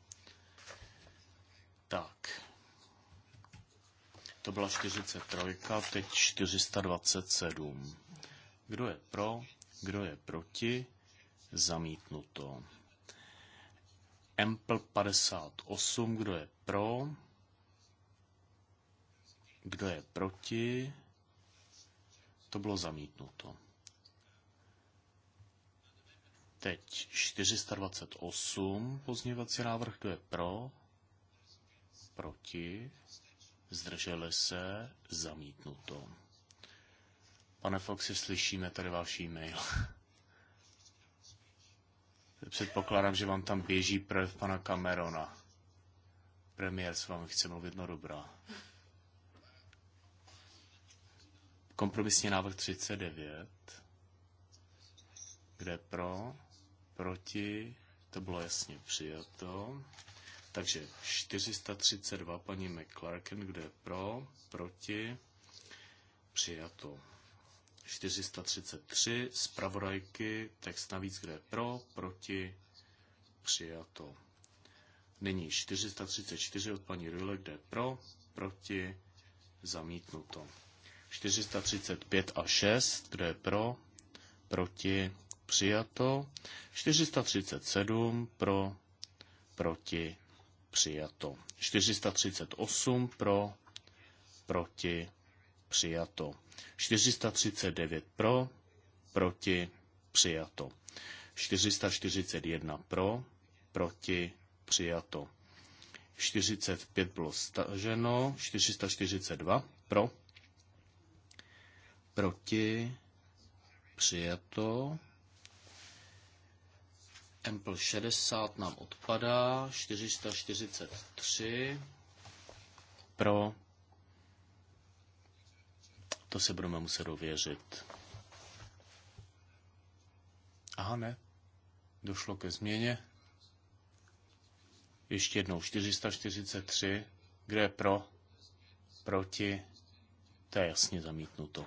Tak. To byla 43, teď 427. Kdo je pro, kdo je proti, zamítnuto. Empl 58, kdo je pro, kdo je proti, to bylo zamítnuto. Teď 428 pozměvací návrh, kdo je pro, proti, zdrželi se, zamítnuto. Pane Foxy, slyšíme tady váš e-mail. Předpokládám, že vám tam běží projev pana Camerona. Premiér s vámi chce mluvit na no dobrá. Kompromisní návrh 39. Kde pro? Proti? To bylo jasně přijato. Takže 432 paní McClarken, kde pro, proti, přijato. 433 zpravodajky, text navíc, kde pro, proti, přijato. Nyní 434 od paní Rule, kde pro, proti, zamítnuto. 435 a 6, kdo je pro, proti, přijato. 437 pro, proti, přijato. 438 pro, proti, přijato. 439 pro, proti, přijato. 441 pro, proti, přijato. 45 bylo staženo, 442 pro, proti, přijato. Ample 60 nám odpadá, 443 pro. To se budeme muset ověřit. Aha, ne. Došlo ke změně. Ještě jednou 443. Kde je pro? Proti? To je jasně zamítnuto.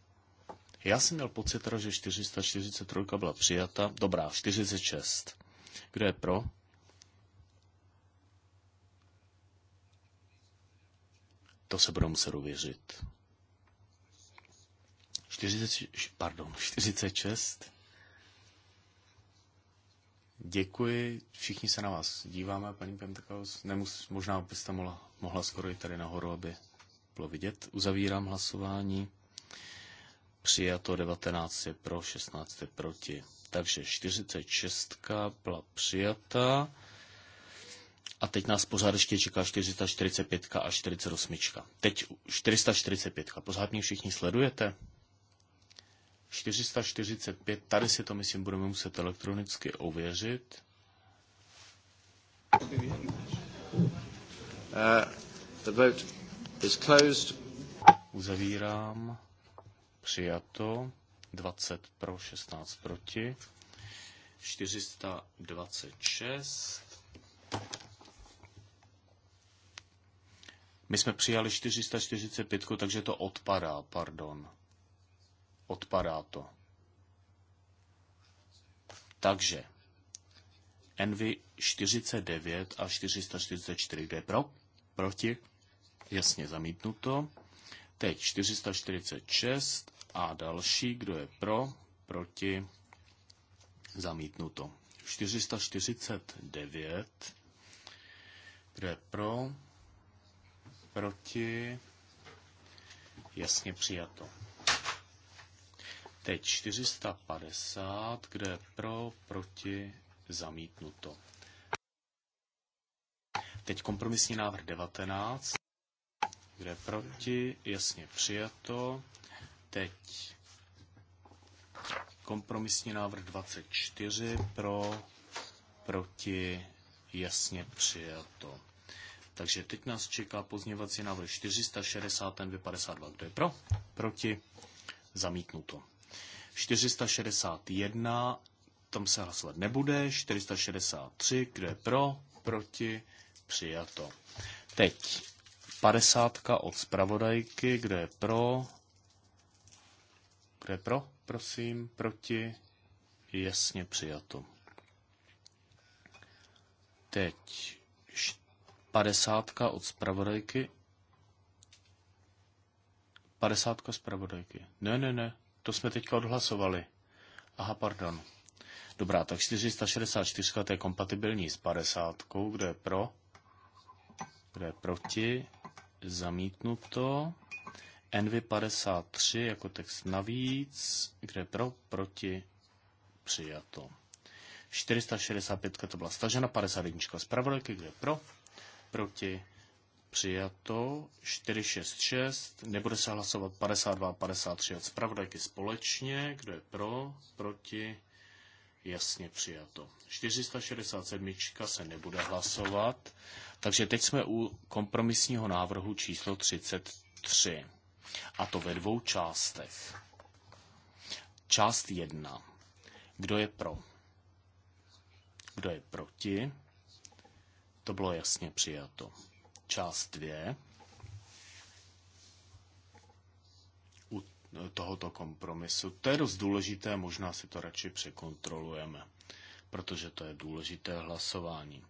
Já jsem měl pocit, že 443 byla přijata. Dobrá, 46. Kdo je pro? To se budou muset uvěřit. 40, pardon, 46. Děkuji, všichni se na vás díváme, paní Pemtekaus. Nemus, možná byste mohla, mohla skoro i tady nahoru, aby bylo vidět. Uzavírám hlasování přijato 19 je pro, 16 je proti. Takže 46 byla přijata. A teď nás pořád ještě čeká 445 a 48. Teď 445. Pořád mě všichni sledujete? 445, tady si to myslím budeme muset elektronicky ověřit. Uh, the vote is closed. Uzavírám přijato, 20 pro, 16 proti, 426. My jsme přijali 445, takže to odpadá, pardon. Odpadá to. Takže Envy 49 a 444, kde je pro? Proti? Jasně, zamítnuto. Teď 446 a další, kdo je pro, proti, zamítnuto. 449, kdo je pro, proti, jasně přijato. Teď 450, kde je pro, proti, zamítnuto. Teď kompromisní návrh 19 kde proti, jasně přijato. Teď kompromisní návrh 24 pro, proti, jasně přijato. Takže teď nás čeká pozněvací návrh 460 52 Kdo je pro? Proti? Zamítnuto. 461, tam se hlasovat nebude. 463, kdo je pro? Proti? Přijato. Teď padesátka od zpravodajky, kde je pro, kde je pro, prosím, proti, jasně přijato. Teď padesátka od zpravodajky. Padesátka zpravodajky. Ne, ne, ne, to jsme teďka odhlasovali. Aha, pardon. Dobrá, tak 464 to je kompatibilní s 50, kde je pro, kdo je proti? Zamítnuto. Envy 53 jako text navíc, kde pro, proti, přijato. 465 to byla stažena, 51 zpravodajky, kde pro, proti, přijato. 466, nebude se hlasovat 52 a 53 od zpravodajky společně, kdo je pro, proti, jasně přijato. 467 se nebude hlasovat takže teď jsme u kompromisního návrhu číslo 33. A to ve dvou částech. Část 1. Kdo je pro? Kdo je proti? To bylo jasně přijato. Část 2. U tohoto kompromisu. To je dost důležité, možná si to radši překontrolujeme, protože to je důležité hlasování.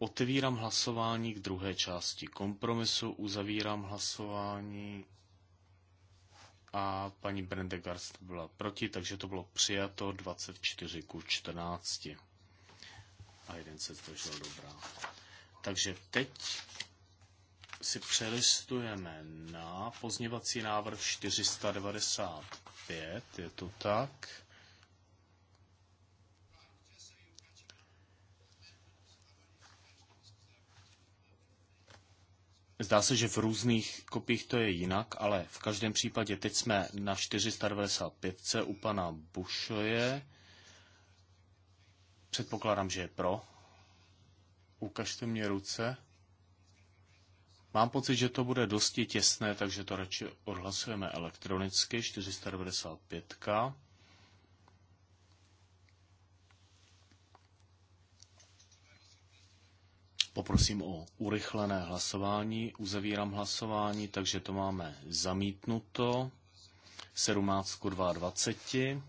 Otevírám hlasování k druhé části kompromisu, uzavírám hlasování a paní Brendegarst byla proti, takže to bylo přijato 24 ku 14. A jeden se zdržel dobrá. Takže teď si přelistujeme na pozněvací návrh 495, je to tak. Zdá se, že v různých kopích to je jinak, ale v každém případě teď jsme na 495 u pana Bušoje. Předpokládám, že je pro. Ukažte mě ruce. Mám pocit, že to bude dosti těsné, takže to radši odhlasujeme elektronicky. 495. Poprosím o urychlené hlasování. Uzavírám hlasování, takže to máme zamítnuto. 17 ku 22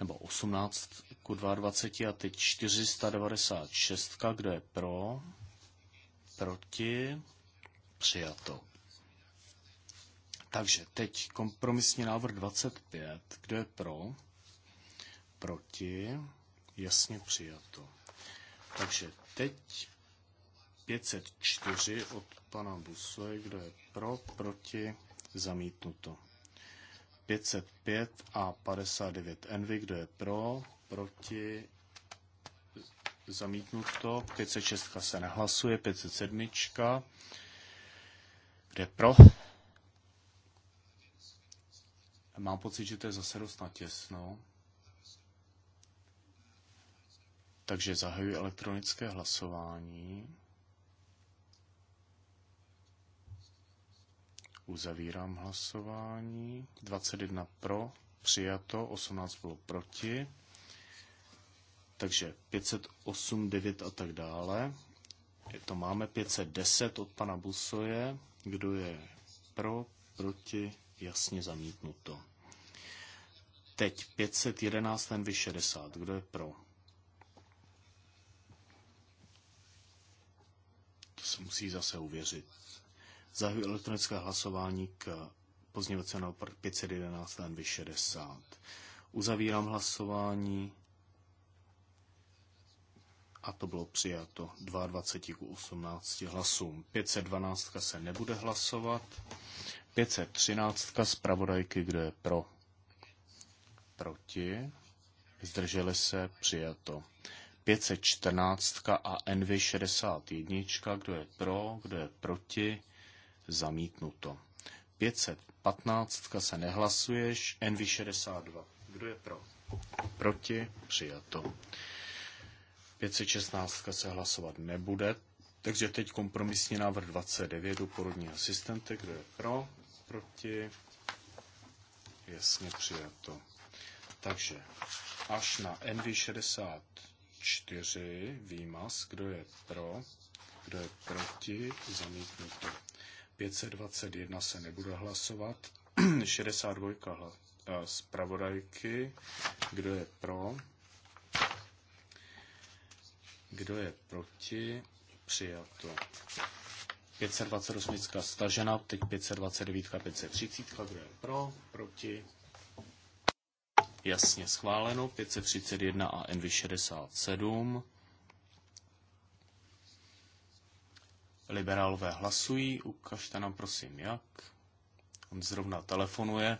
nebo 18 ku 22 a teď 496, kdo je pro, proti, přijato. Takže teď kompromisní návrh 25, kdo je pro, proti, jasně přijato. Takže Teď 504 od pana Busoje, kdo je pro, proti, zamítnuto. 505 a 59 Envy, kdo je pro, proti, zamítnuto. 506 se nehlasuje, 507, kde je pro. Mám pocit, že to je zase dost natěsno. Takže zahajuji elektronické hlasování. Uzavírám hlasování. 21 pro, přijato, 18 bylo proti. Takže 508, 9 a tak dále. Je to máme 510 od pana Busoje. Kdo je pro, proti, jasně zamítnuto. Teď 511, ten vy 60. Kdo je pro? se musí zase uvěřit. Zahajuji elektronické hlasování k pozněvacímu na 511 NV60. Uzavírám hlasování a to bylo přijato 22 k 18 hlasům. 512 se nebude hlasovat. 513 zpravodajky, kdo je pro? Proti? Zdrželi se? Přijato. 514 a NV 61, kdo je pro, kdo je proti, zamítnuto. 515 se nehlasuješ, NV 62, kdo je pro, proti, přijato. 516 se hlasovat nebude, takže teď kompromisní návrh 29 do porodní asistente, kdo je pro, proti, jasně přijato. Takže až na NV 60 4, výmaz, kdo je pro, kdo je proti, zamítnuto. 521 se nebude hlasovat, 62 zpravodajky, kdo je pro, kdo je proti, přijato. 528 stažena, teď 529, 530, kdo je pro, proti, Jasně schváleno. 531 a NV67. Liberálové hlasují. Ukažte nám prosím jak. On zrovna telefonuje.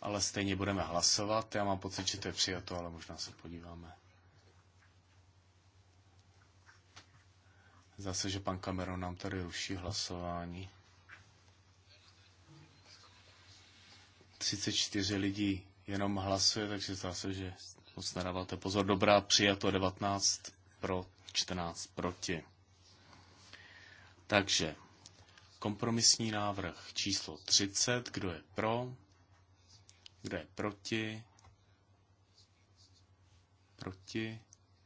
Ale stejně budeme hlasovat. Já mám pocit, že to je přijato, ale možná se podíváme. Zase, že pan Cameron nám tady ruší hlasování. 34 lidí jenom hlasuje, takže zase, že moc nedáváte pozor. Dobrá, přijato 19 pro 14 proti. Takže kompromisní návrh číslo 30, kdo je pro, kdo je proti, proti,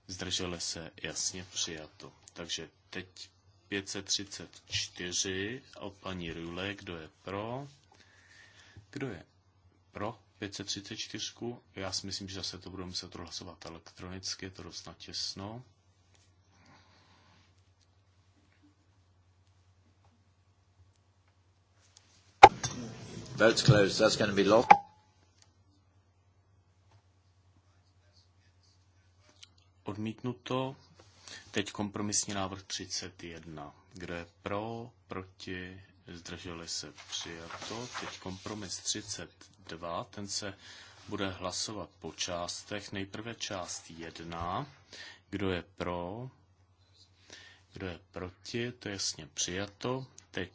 zdrželi se, jasně přijato. Takže teď 534 o paní Rule, kdo je pro, kdo je pro 534. Já si myslím, že zase to budou muset hlasovat elektronicky, je to dost natěsno. Vote's closed. That's going to be locked. Odmítnuto. Teď kompromisní návrh 31. Kdo je pro, proti, zdrželi se přijato. Teď kompromis 32, ten se bude hlasovat po částech. Nejprve část 1, kdo je pro, kdo je proti, to je jasně přijato. Teď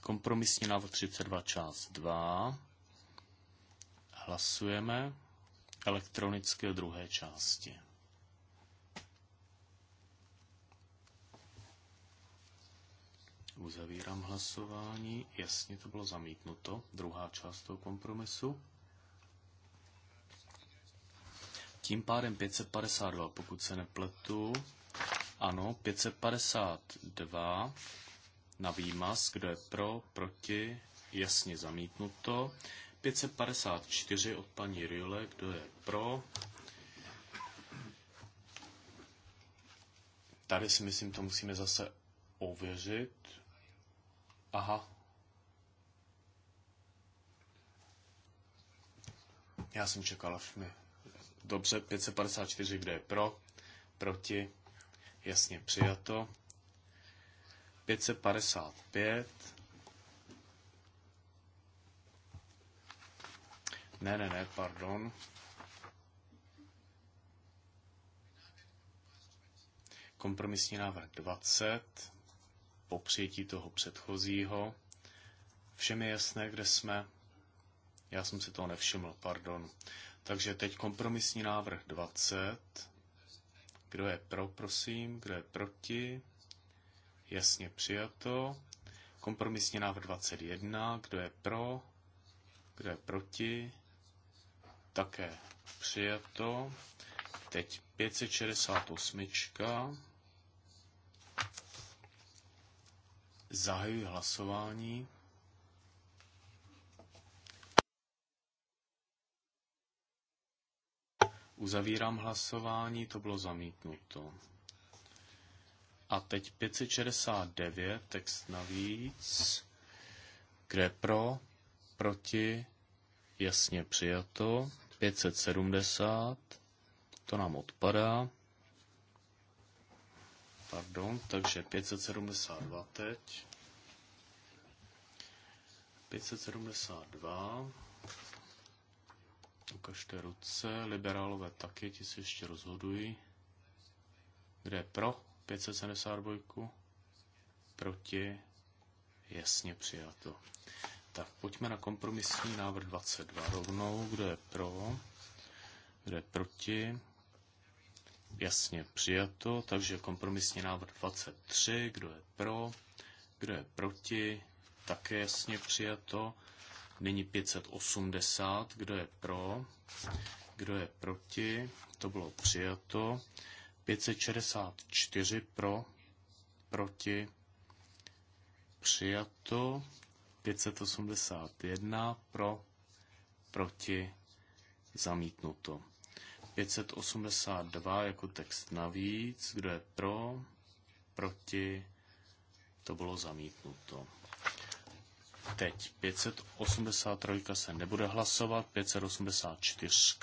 kompromisní návod 32, část 2. Hlasujeme elektronické druhé části. Uzavírám hlasování. Jasně to bylo zamítnuto. Druhá část toho kompromisu. Tím pádem 552, pokud se nepletu. Ano, 552 na výmaz, kdo je pro, proti, jasně zamítnuto. 554 od paní Riole, kdo je pro. Tady si myslím, to musíme zase ověřit. Aha. Já jsem čekal, až mi... Dobře, 554, kde je pro, proti, jasně přijato. 555. Ne, ne, ne, pardon. Kompromisní návrh 20 po přijetí toho předchozího. Všem je jasné, kde jsme. Já jsem si toho nevšiml, pardon. Takže teď kompromisní návrh 20. Kdo je pro, prosím, kdo je proti? Jasně přijato. Kompromisní návrh 21. Kdo je pro? Kdo je proti? Také přijato. Teď 568. Zahajuji hlasování. Uzavírám hlasování, to bylo zamítnuto. A teď 569, text navíc. Kde pro, proti, jasně přijato. 570, to nám odpadá pardon, takže 572 teď. 572. Ukažte ruce. Liberálové taky, ti se ještě rozhodují. Kde je pro 572? Proti? Jasně přijato. Tak pojďme na kompromisní návrh 22 rovnou. Kdo je pro? Kdo je proti? Jasně přijato, takže kompromisní návrh 23, kdo je pro, kdo je proti, také jasně přijato. Nyní 580, kdo je pro, kdo je proti, to bylo přijato. 564 pro, proti, přijato. 581 pro, proti, zamítnuto. 582 jako text navíc. Kdo je pro? Proti? To bylo zamítnuto. Teď 583 se nebude hlasovat, 584,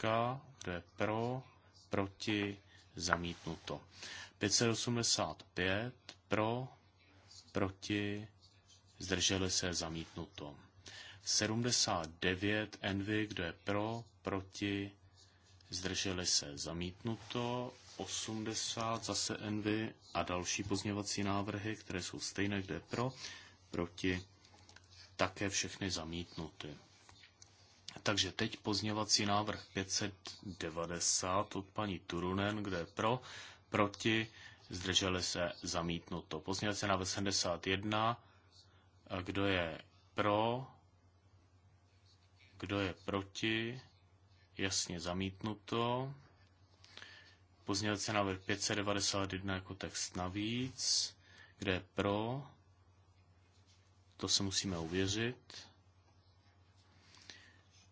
kdo je pro, proti, zamítnuto. 585 pro, proti, zdrželi se, zamítnuto. 79 Envy, kdo je pro, proti, zdrželi se zamítnuto, 80 zase Envy a další pozměvací návrhy, které jsou stejné, kde pro, proti, také všechny zamítnuty. Takže teď pozněvací návrh 590 od paní Turunen, kde je pro, proti, zdrželi se zamítnuto. Pozněvací návrh 71, kdo je pro, kdo je proti, jasně zamítnuto. Pozměňovací návrh 591 jako text navíc, kde je pro, to se musíme uvěřit.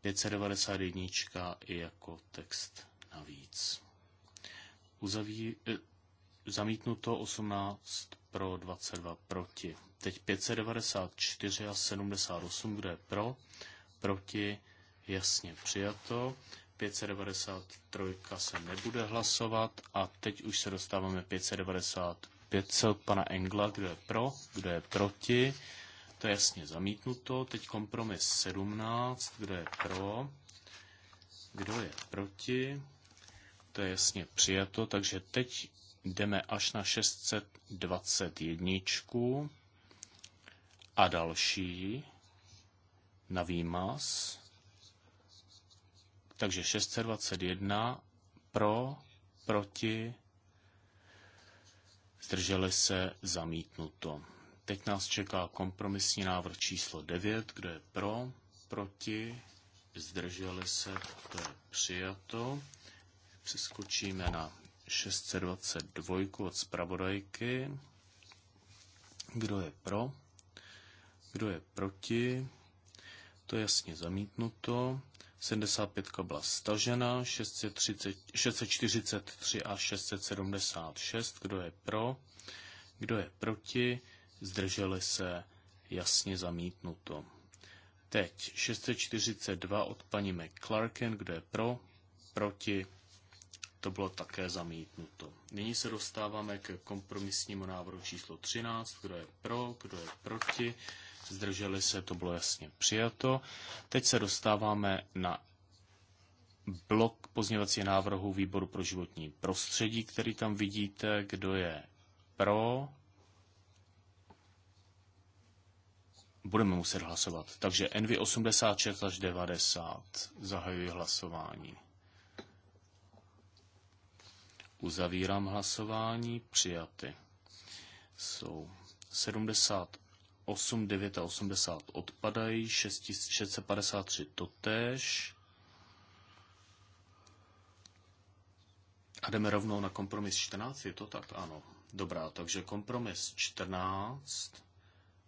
591 i jako text navíc. Uzaví, eh, zamítnuto 18 pro 22 proti. Teď 594 a 78, kde je pro, proti, Jasně přijato. 593 se nebude hlasovat a teď už se dostáváme 595 pana Engla, kdo je pro, kdo je proti. To je jasně zamítnuto. Teď kompromis 17, kdo je pro, kdo je proti. To je jasně přijato, takže teď jdeme až na 621 a další na výmaz. Takže 621 pro, proti, zdrželi se, zamítnuto. Teď nás čeká kompromisní návrh číslo 9, kde je pro, proti, zdrželi se, to je přijato. Přeskočíme na 622 od zpravodajky. Kdo je pro? Kdo je proti? To je jasně zamítnuto. 75 byla stažena, 630, 643 a 676. Kdo je pro? Kdo je proti? Zdrželi se jasně zamítnuto. Teď 642 od paní McClarken. Kdo je pro? Proti? To bylo také zamítnuto. Nyní se dostáváme k kompromisnímu návrhu číslo 13. Kdo je pro? Kdo je proti? zdrželi se, to bylo jasně přijato. Teď se dostáváme na blok pozněvací návrhu výboru pro životní prostředí, který tam vidíte, kdo je pro. Budeme muset hlasovat. Takže NV 86 až 90. Zahajuji hlasování. Uzavírám hlasování. Přijaty jsou 70 8, 9 a 80 odpadají, 653 totéž. A jdeme rovnou na kompromis 14, je to tak? Ano. Dobrá, takže kompromis 14.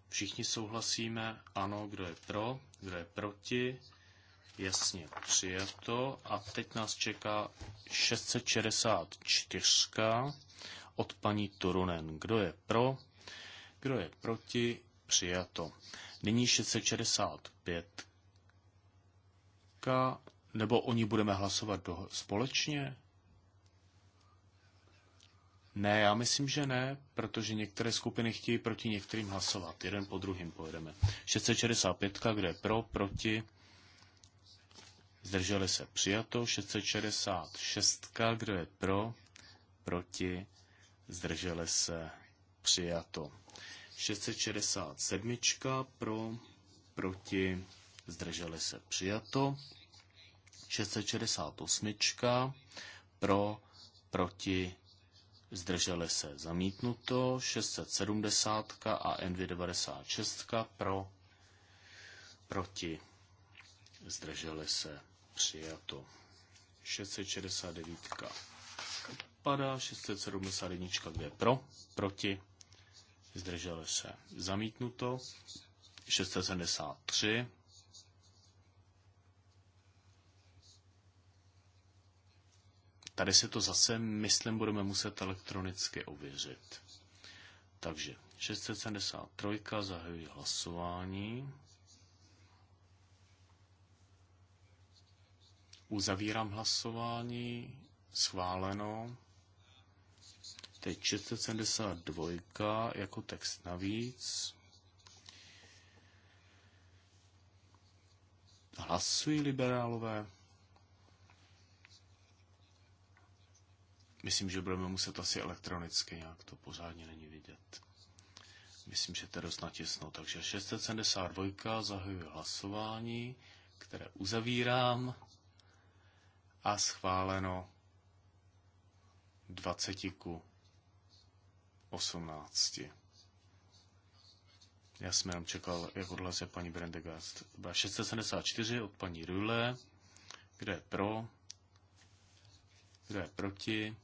Všichni souhlasíme, ano, kdo je pro, kdo je proti, jasně přijato. A teď nás čeká 664 od paní Turunen. Kdo je pro, kdo je proti, přijato. Nyní 665. Nebo o ní budeme hlasovat do, společně? Ne, já myslím, že ne, protože některé skupiny chtějí proti některým hlasovat. Jeden po druhým pojedeme. 665, kde je pro, proti, zdrželi se přijato. 666, kde je pro, proti, zdrželi se přijato. 667 pro, proti, zdrželi se přijato. 668 pro, proti, zdrželi se zamítnuto. 670 a N296 pro, proti, zdrželi se přijato. 669 padá, 671 kde pro, proti, zdrželi se. Zamítnuto 673. Tady si to zase, myslím, budeme muset elektronicky ověřit. Takže 673, zahajuji hlasování. Uzavírám hlasování, schváleno. Teď 672 jako text navíc. Hlasují liberálové. Myslím, že budeme muset asi elektronicky, nějak to pořádně není vidět. Myslím, že to je dost natisnou. Takže 672 zahajuje hlasování, které uzavírám a schváleno 20 ku 18. Já jsem jenom čekal, jak odhlasuje paní Brendegast. Byla 674 od paní Rule. Kde je pro? Kde je proti?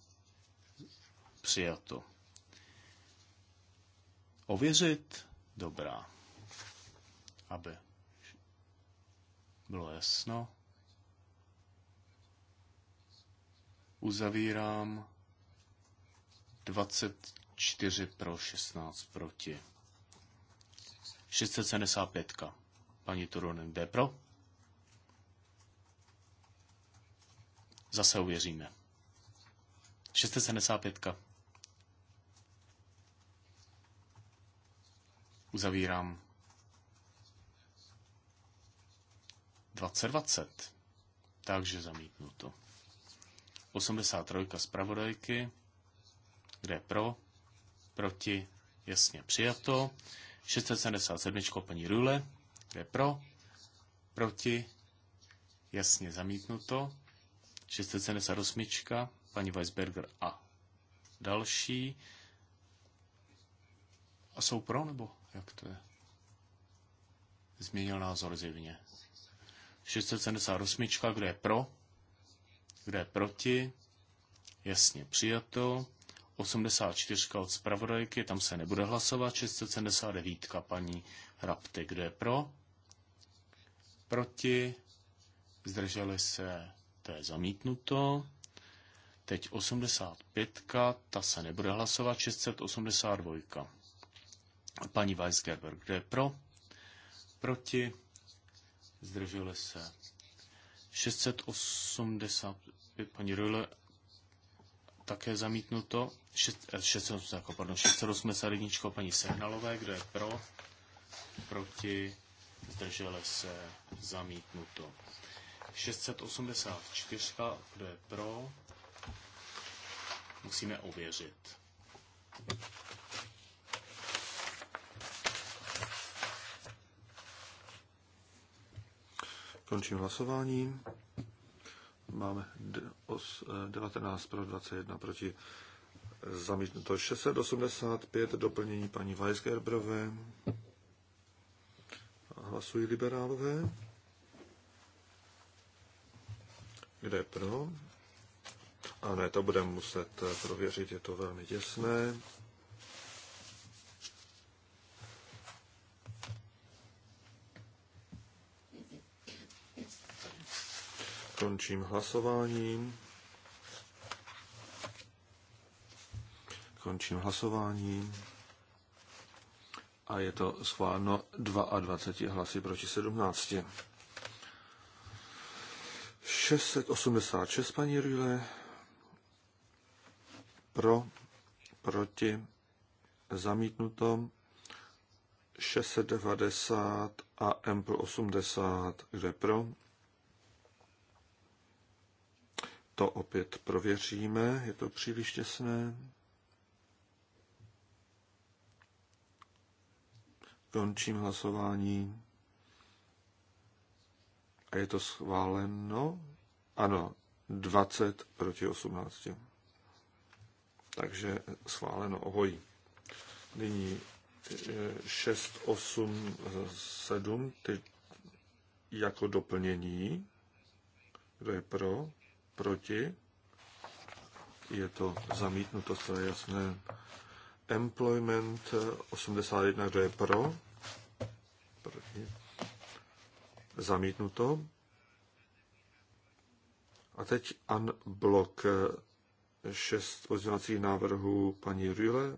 Přijato. Ověřit? Dobrá. Aby bylo jasno. Uzavírám 20 4 pro, 16 proti. 675. Paní Turunen, jde pro? Zase uvěříme. 675. Uzavírám 2020. Takže zamítnuto. 83. zpravodajky. Kde je pro? proti, jasně přijato. 677 paní Rule, kde pro, proti, jasně zamítnuto. 678 paní Weisberger a další. A jsou pro, nebo jak to je? Změnil názor zjevně. 678, kde je pro, kde je proti, jasně přijato. 84 od zpravodajky, tam se nebude hlasovat, 679 paní Rapty, kdo je pro, proti, zdrželi se, to je zamítnuto. Teď 85, ta se nebude hlasovat, 682. Paní Weisgerber, kdo je pro? Proti? Zdrželi se. 680, paní Rule také zamítnuto. 680, eh, jako, pardon, 681 paní Sehnalové, kdo je pro, proti, zdržele se, zamítnuto. 684, kdo je pro, musíme ověřit. Končím hlasování máme 19 eh, pro 21 proti zamítnuto 685 doplnění paní Weisgerbrové. Hlasují liberálové. Kde je pro? A ne, to budeme muset eh, prověřit, je to velmi těsné. Končím hlasování. Končím hlasování. A je to schváleno 22 hlasy proti 17. 686, paní Rüle. Pro, proti, zamítnuto. 690 a M 80, kde pro, to opět prověříme. Je to příliš těsné. Končím hlasování. A je to schváleno? Ano, 20 proti 18. Takže schváleno obojí. Nyní 6, 8, 7, ty jako doplnění. Kdo je pro? proti, je to zamítnuto, to je jasné. Employment 81, eh, kdo je pro, proti, zamítnuto. A teď unblock 6 eh, pozměňovacích návrhů paní Rüle.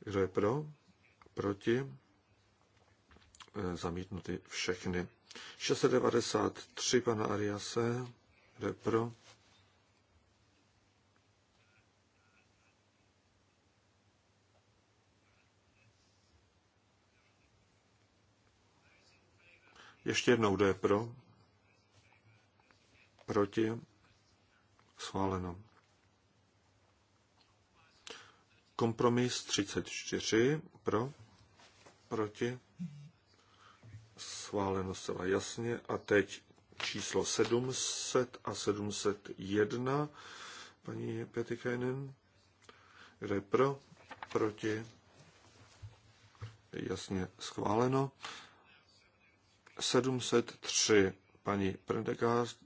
Kdo je pro? Proti? Eh, zamítnuty všechny. 693 pana Ariase kdo je pro? Ještě jednou, kdo je pro? Proti? Schváleno. Kompromis 34 pro, proti, schváleno zcela jasně. A teď číslo 700 a 701 paní Petikainen. Kdo je pro? Proti? Jasně schváleno. 703 paní Prendegář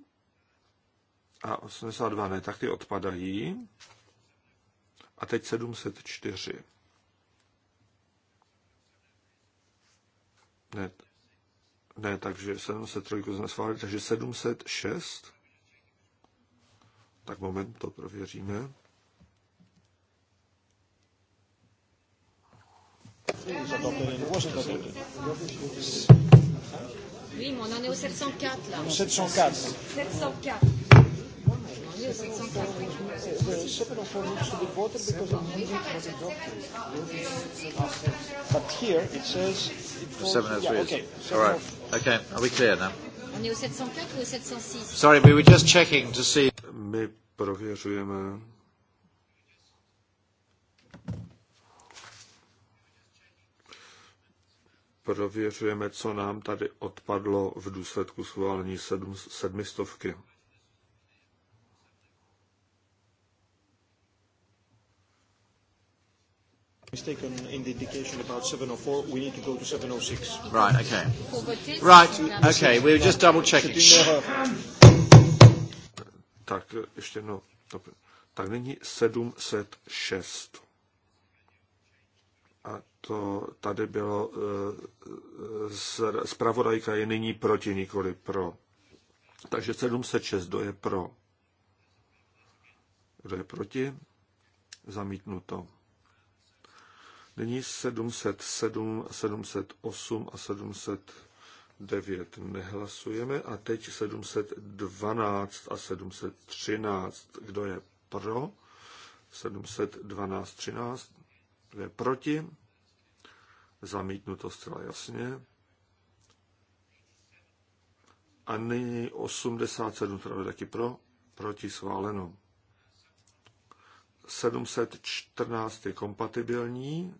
a 82 ne, tak ty odpadají. A teď 704. Ne, ne, takže 703 jsme schválili, takže 706. Tak moment, to prověříme. Oui, mais on en est au 704 là. 704. 704. But here it says. 703. okay. All right. Okay, are we clear now? On est au 704 ou au 706? Sorry, we were just checking to see. My prověřujeme. Prověřujeme, co nám tady odpadlo v důsledku schválení sedm, sedmistovky. mistaken in the indication about 704. We need to go to 706. Right, okay. Right, okay. We were just double checking. Tak ještě no, Tak není 706. A to tady bylo, eh, zpravodajka je nyní proti, nikoli pro. Takže 706, do je pro? Kdo je proti? Zamítnuto. Nyní 707, 708 a 709 nehlasujeme a teď 712 a 713. Kdo je pro? 712, 13. Kdo je proti? Zamítnuto zcela jasně. A nyní 87, teda taky pro, proti schváleno. 714 je kompatibilní,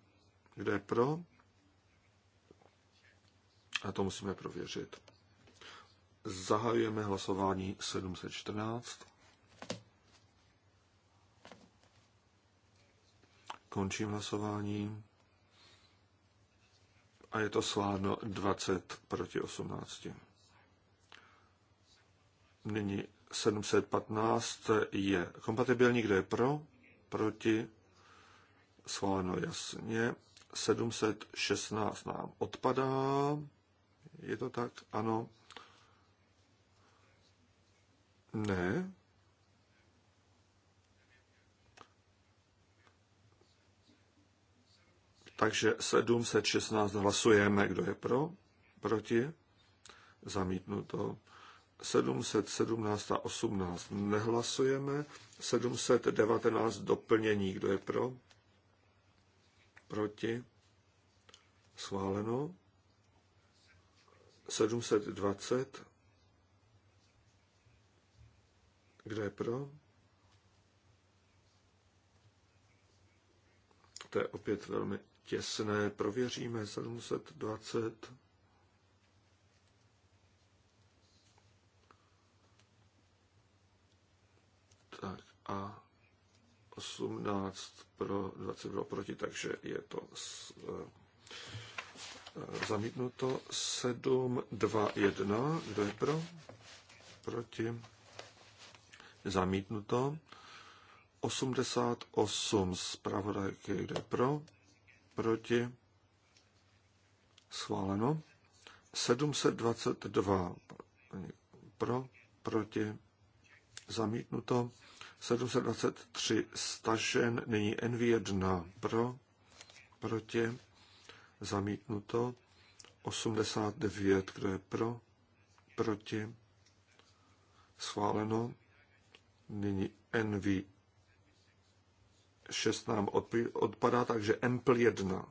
kdo je pro? A to musíme prověřit. Zahajujeme hlasování 714. Končím hlasování. A je to sládno 20 proti 18. Nyní 715 je kompatibilní, kdo je pro, proti, sváno jasně. 716 nám odpadá. Je to tak? Ano. Ne. Takže 716 hlasujeme. Kdo je pro? Proti? Zamítnuto. 717 a 18 nehlasujeme. 719 doplnění. Kdo je pro? proti, schváleno. 720, kdo je pro? To je opět velmi těsné. Prověříme 720. Tak a 18 pro 22 proti, takže je to eh, zamítnuto 7, 2, 1. Kdo je pro? Proti. Zamítnuto. 88 zpravodajky, kde je pro? Proti. Schváleno. 722 pro, proti, zamítnuto. 723 stažen, nyní NV1 pro, proti, zamítnuto, 89, kdo je pro, proti, schváleno, nyní NV 6 nám odpadá, takže m 1.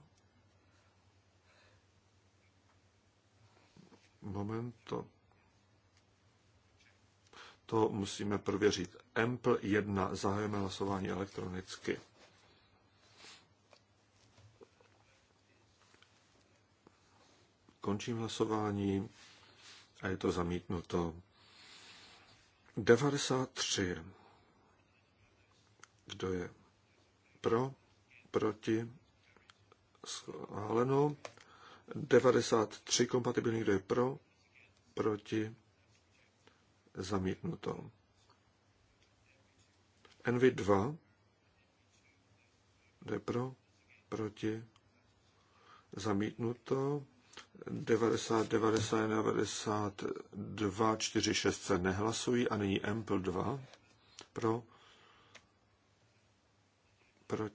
Moment, to to musíme prověřit. Empl 1 zahajeme hlasování elektronicky. Končím hlasování a je to zamítnuto. 93. Kdo je pro, proti, schváleno. 93 kompatibilní, kdo je pro, proti, zamítnuto. NV2 jde pro, proti, zamítnuto. 90, 91, 92, 46 se nehlasují a nyní Ample 2 pro, pro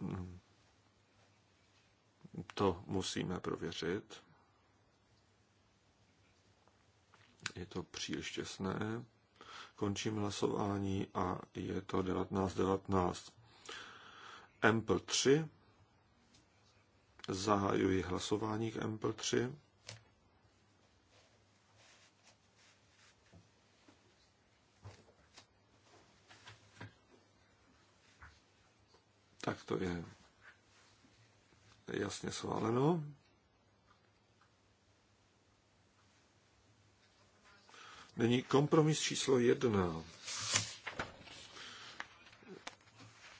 hm, to musíme prověřit. Je to příliš těsné. Končím hlasování a je to 19.19. 19. Ample 3. Zahajuji hlasování k Ample 3. Tak to je jasně schváleno. Není kompromis číslo jedna.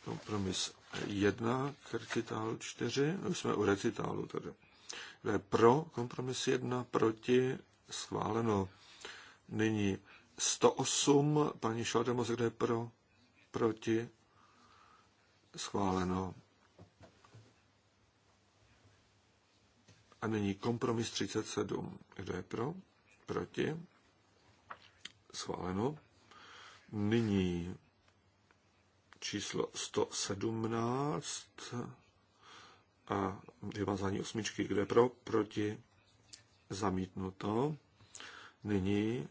Kompromis jedna k recitálu čtyři. No jsme u recitálu tedy. Kde je pro kompromis jedna, proti, schváleno. Nyní 108, paní Šaldemos, kde je pro, proti, schváleno. A nyní kompromis 37. kde je pro? Proti? schváleno. Nyní číslo 117 a vymazání osmičky, kde pro, proti, zamítnuto. Nyní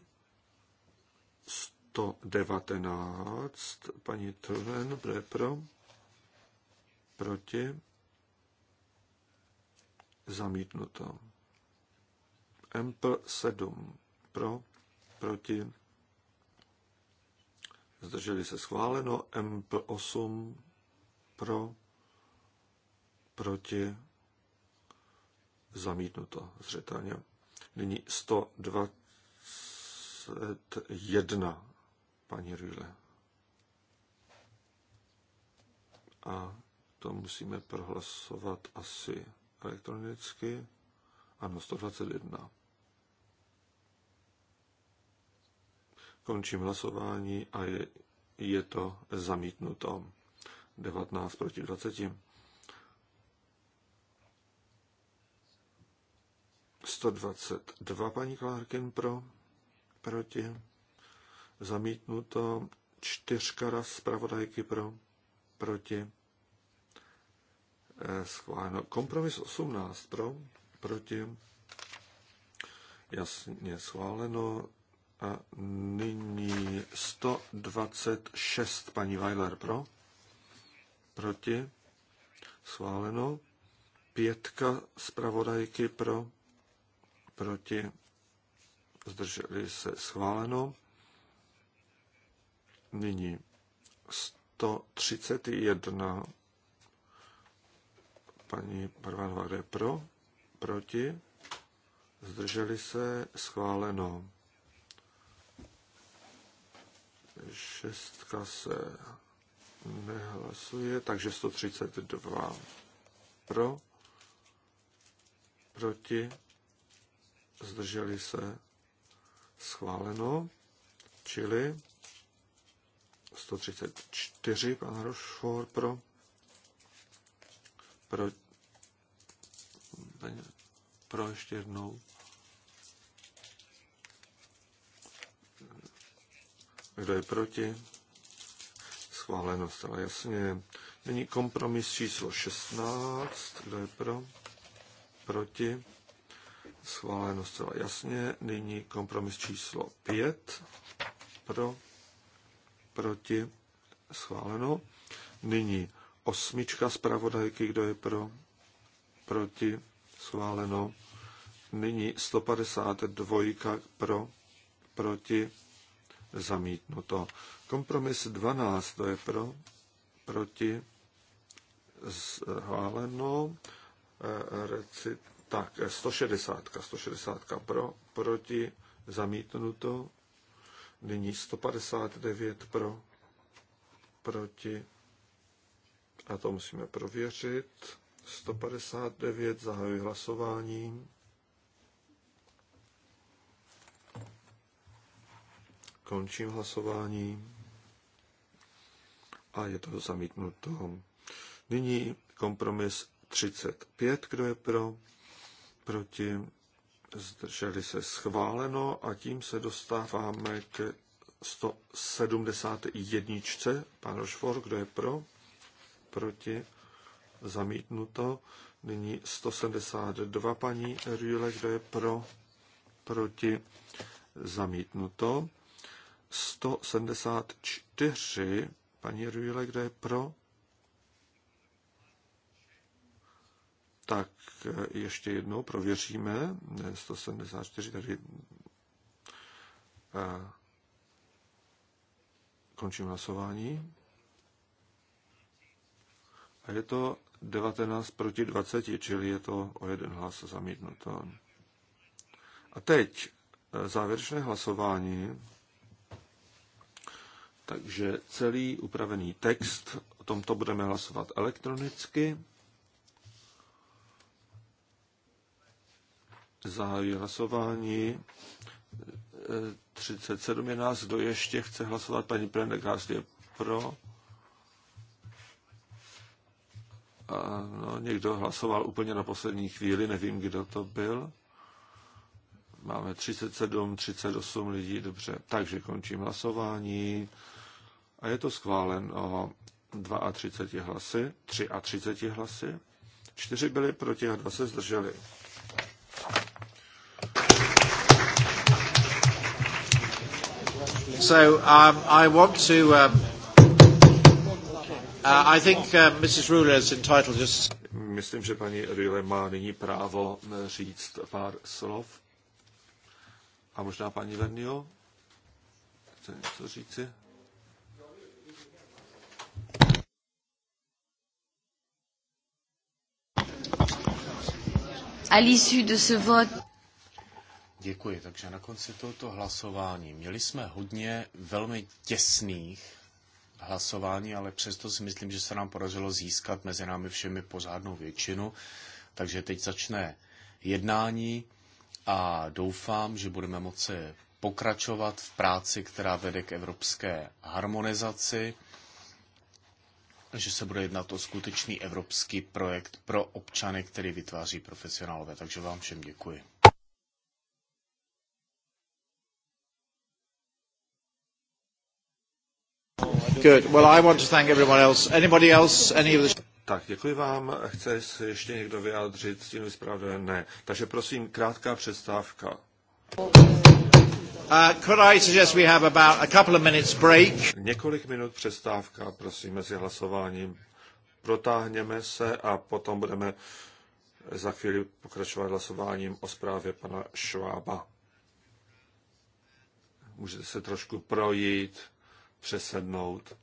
119, paní Trunen, kde pro, proti, zamítnuto. mp 7, pro, proti, zdrželi se schváleno, MP8 pro, proti, zamítnuto zřetelně. Nyní 121, paní Rühle. A to musíme prohlasovat asi elektronicky. Ano, 121. Končím hlasování a je, je to zamítnuto. 19 proti 20. 122 paní Klárkin pro, proti. Zamítnuto čtyřka raz zpravodajky pro, proti. Eh, schváleno. Kompromis 18 pro, proti. Jasně schváleno. A nyní 126, paní Weiler pro, proti, schváleno. Pětka zpravodajky pro, proti, zdrželi se, schváleno. Nyní 131, paní Parvanová pro, proti, zdrželi se, schváleno šestka se nehlasuje, takže 132 pro, proti, zdrželi se, schváleno, čili 134 pan Rochefort pro, pro, pro ještě jednou, Kdo je proti? Schváleno zcela jasně. Nyní kompromis číslo 16. Kdo je pro? Proti? Schváleno zcela jasně. Nyní kompromis číslo 5. Pro? Proti? Schváleno. Nyní osmička zpravodajky. Kdo je pro? Proti? Schváleno. Nyní 152 pro? Proti? zamítnuto. Kompromis 12, to je pro, proti, zhváleno, e, recit, tak, 160, e, 160 pro, proti, zamítnuto, nyní 159 pro, proti, a to musíme prověřit, 159, zahajuji hlasování. Končím hlasování. A je to zamítnuto. Nyní kompromis 35. Kdo je pro? Proti? Zdrželi se schváleno a tím se dostáváme k 171. Pan Rošfor, kdo je pro? Proti? Zamítnuto. Nyní 172. Paní Rüle, kdo je pro? Proti? Zamítnuto. 174, paní Rujle, kde je pro? Tak ještě jednou prověříme, 174, tady eh, končím hlasování. A je to 19 proti 20, čili je to o jeden hlas zamítnuto. A teď eh, závěrečné hlasování takže celý upravený text, o tomto budeme hlasovat elektronicky. Zahajuji hlasování. 37 je nás, kdo ještě chce hlasovat. Paní Prendergast je pro. A no, někdo hlasoval úplně na poslední chvíli, nevím, kdo to byl. Máme 37, 38 lidí, dobře. Takže končím hlasování a je to schválen o 32 hlasy, 33 hlasy, 4 byly proti a 2 se zdrželi. So um, I want to. Um, uh, I think uh, Mrs. Ruler is entitled just. Myslím, že paní Rule má nyní právo eh, říct pár slov. A možná paní Vernio? Chce něco říci? à l'issue de ce vote. Děkuji. Takže na konci tohoto hlasování měli jsme hodně velmi těsných hlasování, ale přesto si myslím, že se nám podařilo získat mezi námi všemi pořádnou většinu. Takže teď začne jednání a doufám, že budeme moci pokračovat v práci, která vede k evropské harmonizaci že se bude jednat o skutečný evropský projekt pro občany, který vytváří profesionálové. Takže vám všem děkuji. Good. Well, I want to thank everyone else. Anybody else? Any of the... Tak, děkuji vám. Chce se ještě někdo vyjádřit? Stínu zpravodaje? Ne. Takže prosím, krátká představka. Uh, Několik minut přestávka, prosím, mezi hlasováním. Protáhněme se a potom budeme za chvíli pokračovat hlasováním o zprávě pana Švába. Můžete se trošku projít, přesednout.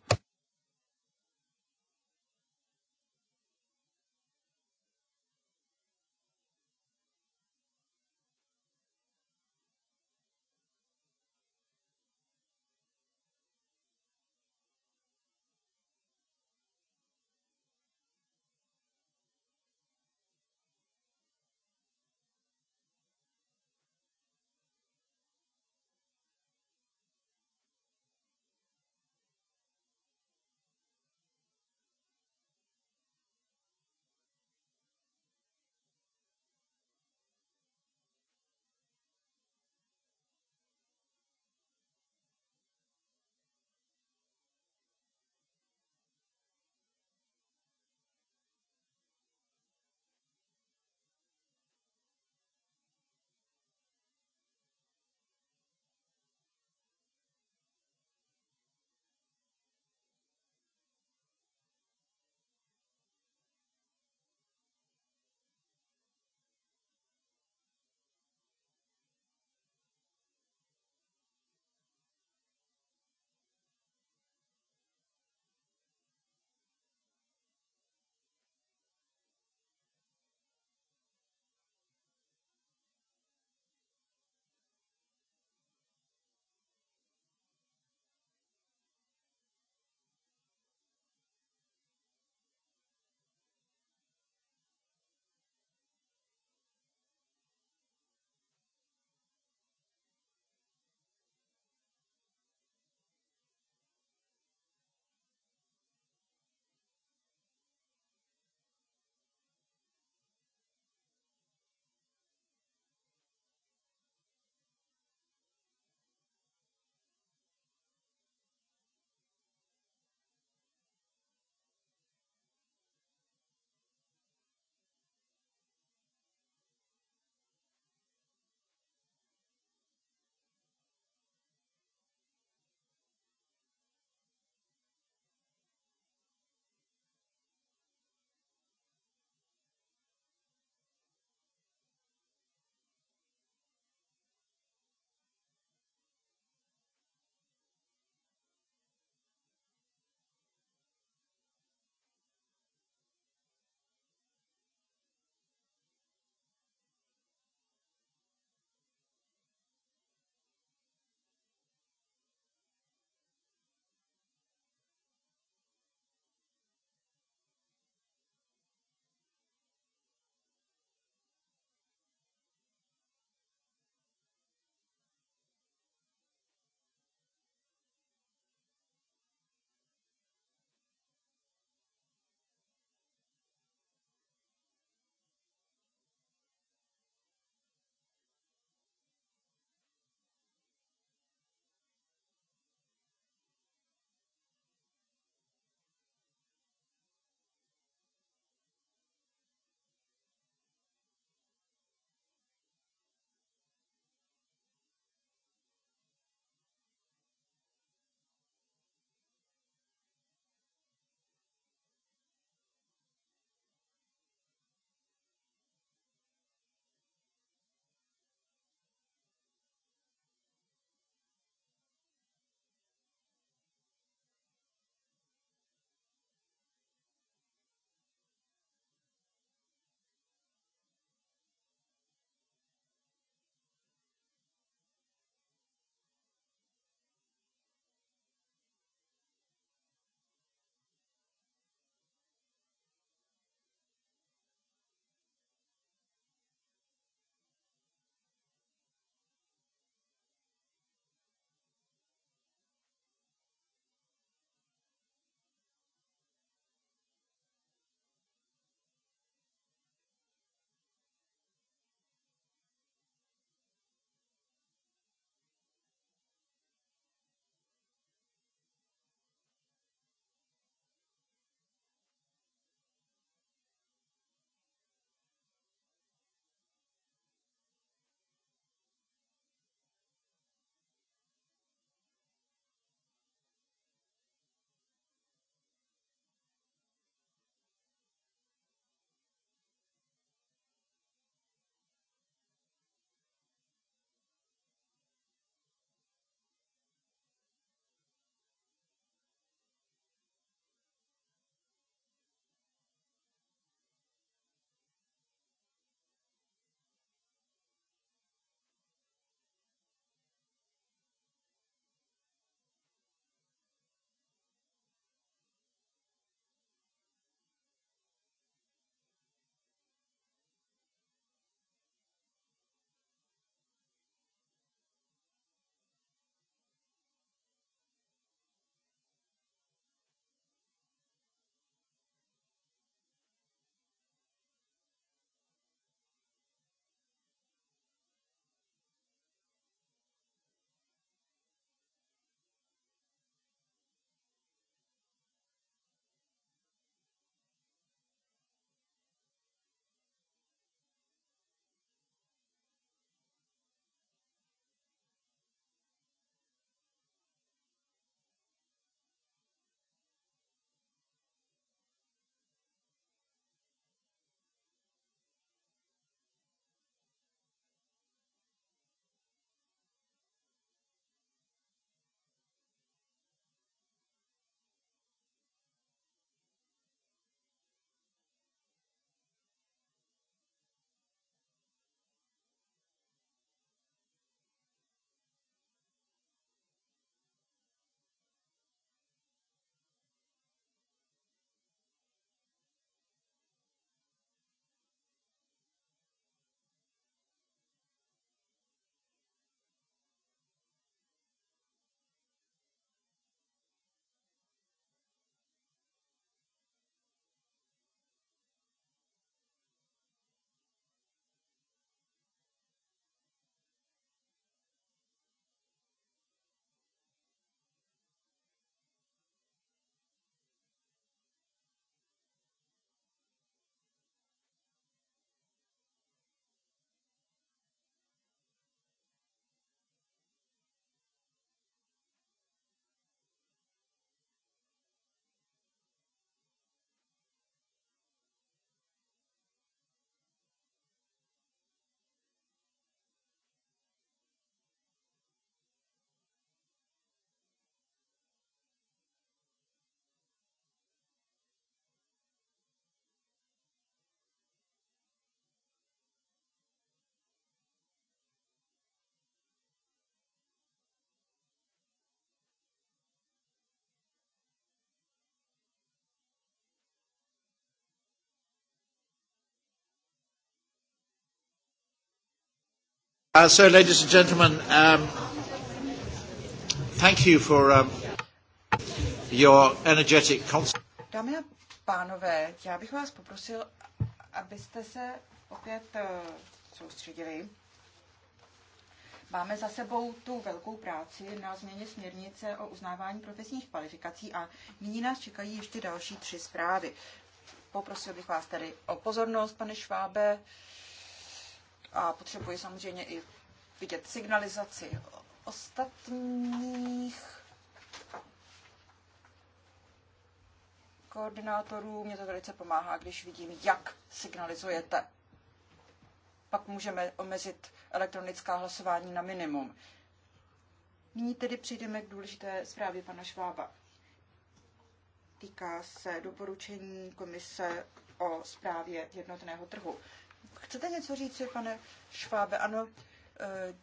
Uh, so, ladies and gentlemen, um, thank you for um, your energetic Dámy a pánové, já bych vás poprosil, abyste se opět uh, soustředili. Máme za sebou tu velkou práci na změně směrnice o uznávání profesních kvalifikací a nyní nás čekají ještě další tři zprávy. Poprosil bych vás tedy o pozornost, pane Švábe. Uh, a potřebuje samozřejmě i vidět signalizaci ostatních koordinátorů. Mě to velice pomáhá, když vidím, jak signalizujete. Pak můžeme omezit elektronická hlasování na minimum. Nyní tedy přejdeme k důležité zprávě pana Švába. Týká se doporučení komise o zprávě jednotného trhu. Chcete něco říct, pane Švábe? Ano, eh,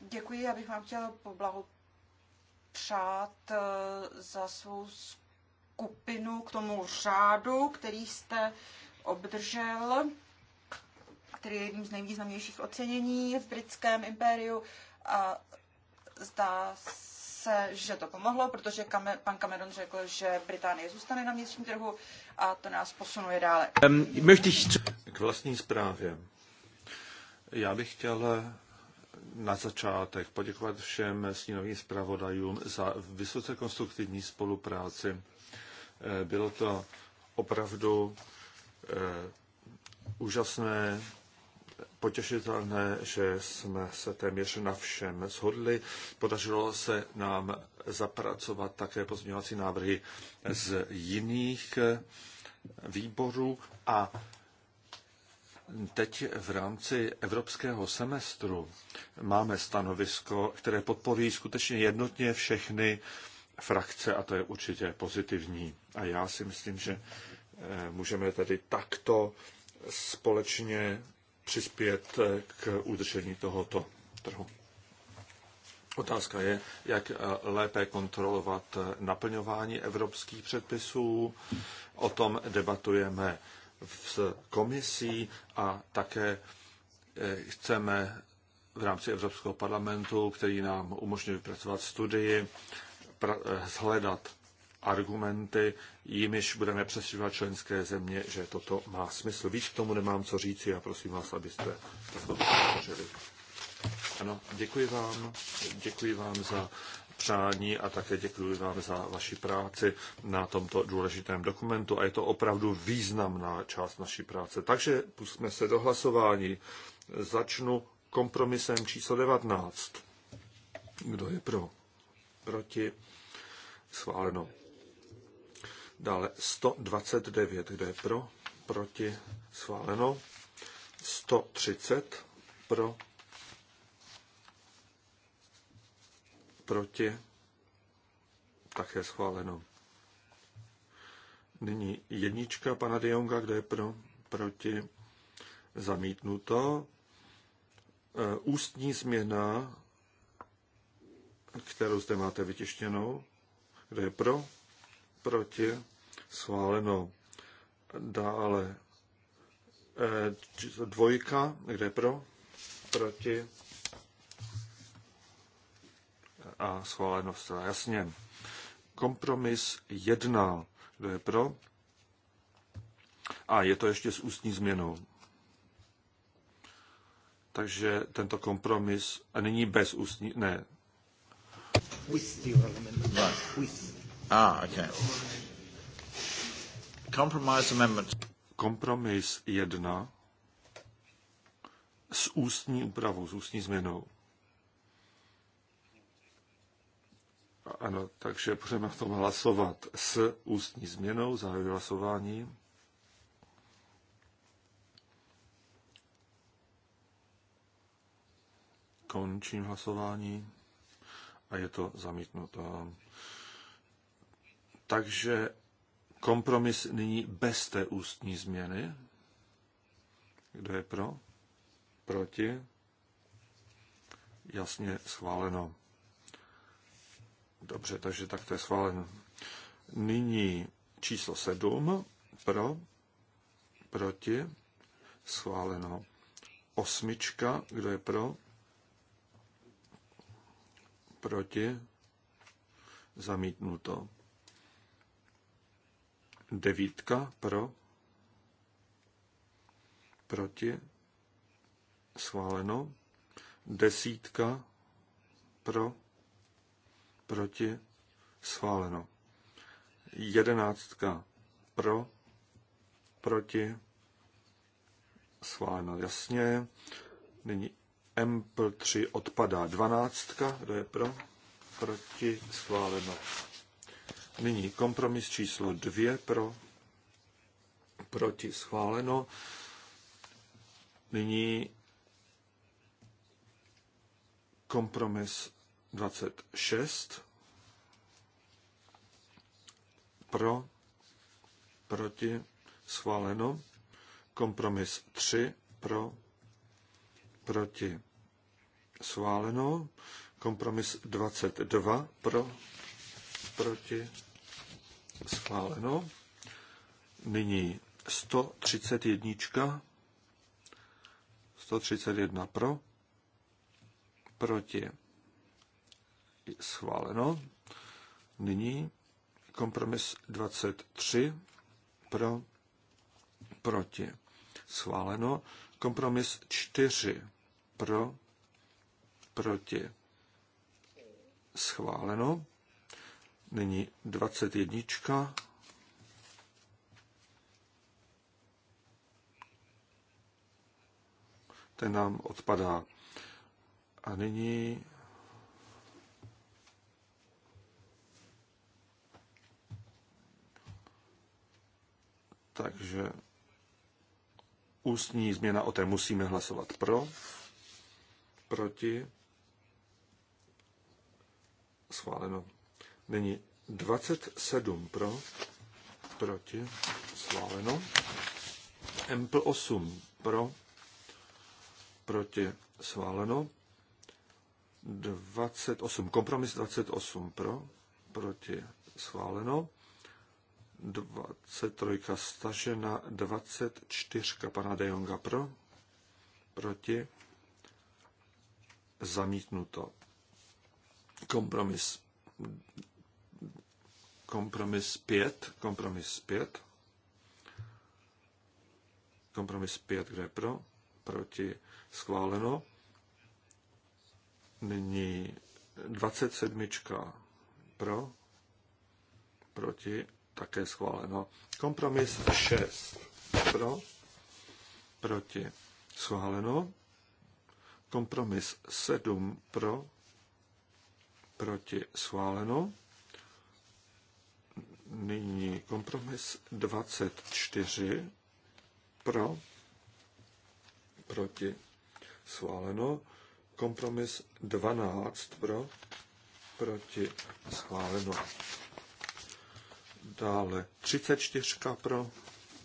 děkuji, já bych vám chtěla přát eh, za svou skupinu k tomu řádu, který jste obdržel, který je jedním z nejvýznamnějších ocenění v britském impériu a zdá se, se, že to pomohlo, protože Kamer, pan Cameron řekl, že Británie zůstane na vnitřním trhu a to nás posunuje dále. K vlastní zprávě. Já bych chtěl eh, na začátek poděkovat všem stínovým zpravodajům za vysoce konstruktivní spolupráci. Eh, bylo to opravdu eh, úžasné potěšitelné, že jsme se téměř na všem shodli. Podařilo se nám zapracovat také pozměňovací návrhy z jiných eh, výborů a Teď v rámci evropského semestru máme stanovisko, které podporují skutečně jednotně všechny frakce a to je určitě pozitivní. A já si myslím, že eh, můžeme tady takto společně přispět eh, k udržení tohoto trhu. Otázka je, jak eh, lépe kontrolovat eh, naplňování evropských předpisů. O tom debatujeme s komisí a také chceme v rámci Evropského parlamentu, který nám umožňuje vypracovat studii, hledat argumenty, jimiž budeme přesvědčovat členské země, že toto má smysl. Víc k tomu nemám co říci a prosím vás, abyste to podpořili. Ano, děkuji vám, děkuji vám za přání a také děkuji vám za vaši práci na tomto důležitém dokumentu a je to opravdu významná část naší práce. Takže pusme se do hlasování. Začnu kompromisem číslo 19. Kdo je pro? Proti? Schváleno. Dále 129, kde je pro, proti, schváleno. 130 pro, proti, také schváleno. Nyní jednička pana Dionga, kde je pro, proti, zamítnuto. E, ústní změna, kterou zde máte vytištěnou, kde je pro, proti, schváleno. Dále eh, dvojka, kde pro, proti a schváleno zcela jasně. Kompromis jedna, kdo je pro? A je to ještě s ústní změnou. Takže tento kompromis, a není bez ústní, ne. Ústní, Ah, okay. Compromise amendment. Kompromis 1 s ústní úpravou, s ústní změnou. Ano, takže budeme v tom hlasovat s ústní změnou, zahajuji hlasování. Končím hlasování a je to zamítnuto. Takže kompromis nyní bez té ústní změny. Kdo je pro? Proti? Jasně schváleno. Dobře, takže tak to je schváleno. Nyní číslo 7. Pro? Proti? Schváleno. Osmička. Kdo je pro? Proti? Zamítnuto. Devítka pro, proti, schváleno. Desítka pro, proti, schváleno. Jedenáctka pro, proti, schváleno jasně. Nyní M3 odpadá dvanáctka, kdo je pro, proti, schváleno. Nyní kompromis číslo dvě pro, proti schváleno. Nyní kompromis 26 pro, proti schváleno. Kompromis 3 pro, proti schváleno. Kompromis 22 pro, proti schváleno schváleno. Nyní 131. 131 pro, proti schváleno. Nyní kompromis 23 pro, proti schváleno. Kompromis 4 pro, proti schváleno. Nyní 21. Ten nám odpadá. A nyní Takže ústní změna o té musíme hlasovat pro, proti, schváleno není 27 pro, proti, schváleno. Empl 8 pro, proti, sváleno. 28, kompromis 28 pro, proti, sváleno. 23 stažena, 24 pana De Jonga pro, proti, zamítnuto. Kompromis kompromis 5, kompromis 5, kompromis 5, kde je pro, proti, schváleno. Nyní 27 pro, proti, také schváleno. Kompromis 6 pro, proti, schváleno. Kompromis 7 pro, proti, schváleno. Nyní kompromis 24 pro, proti, schváleno. Kompromis 12 pro, proti, schváleno. Dále 34 pro,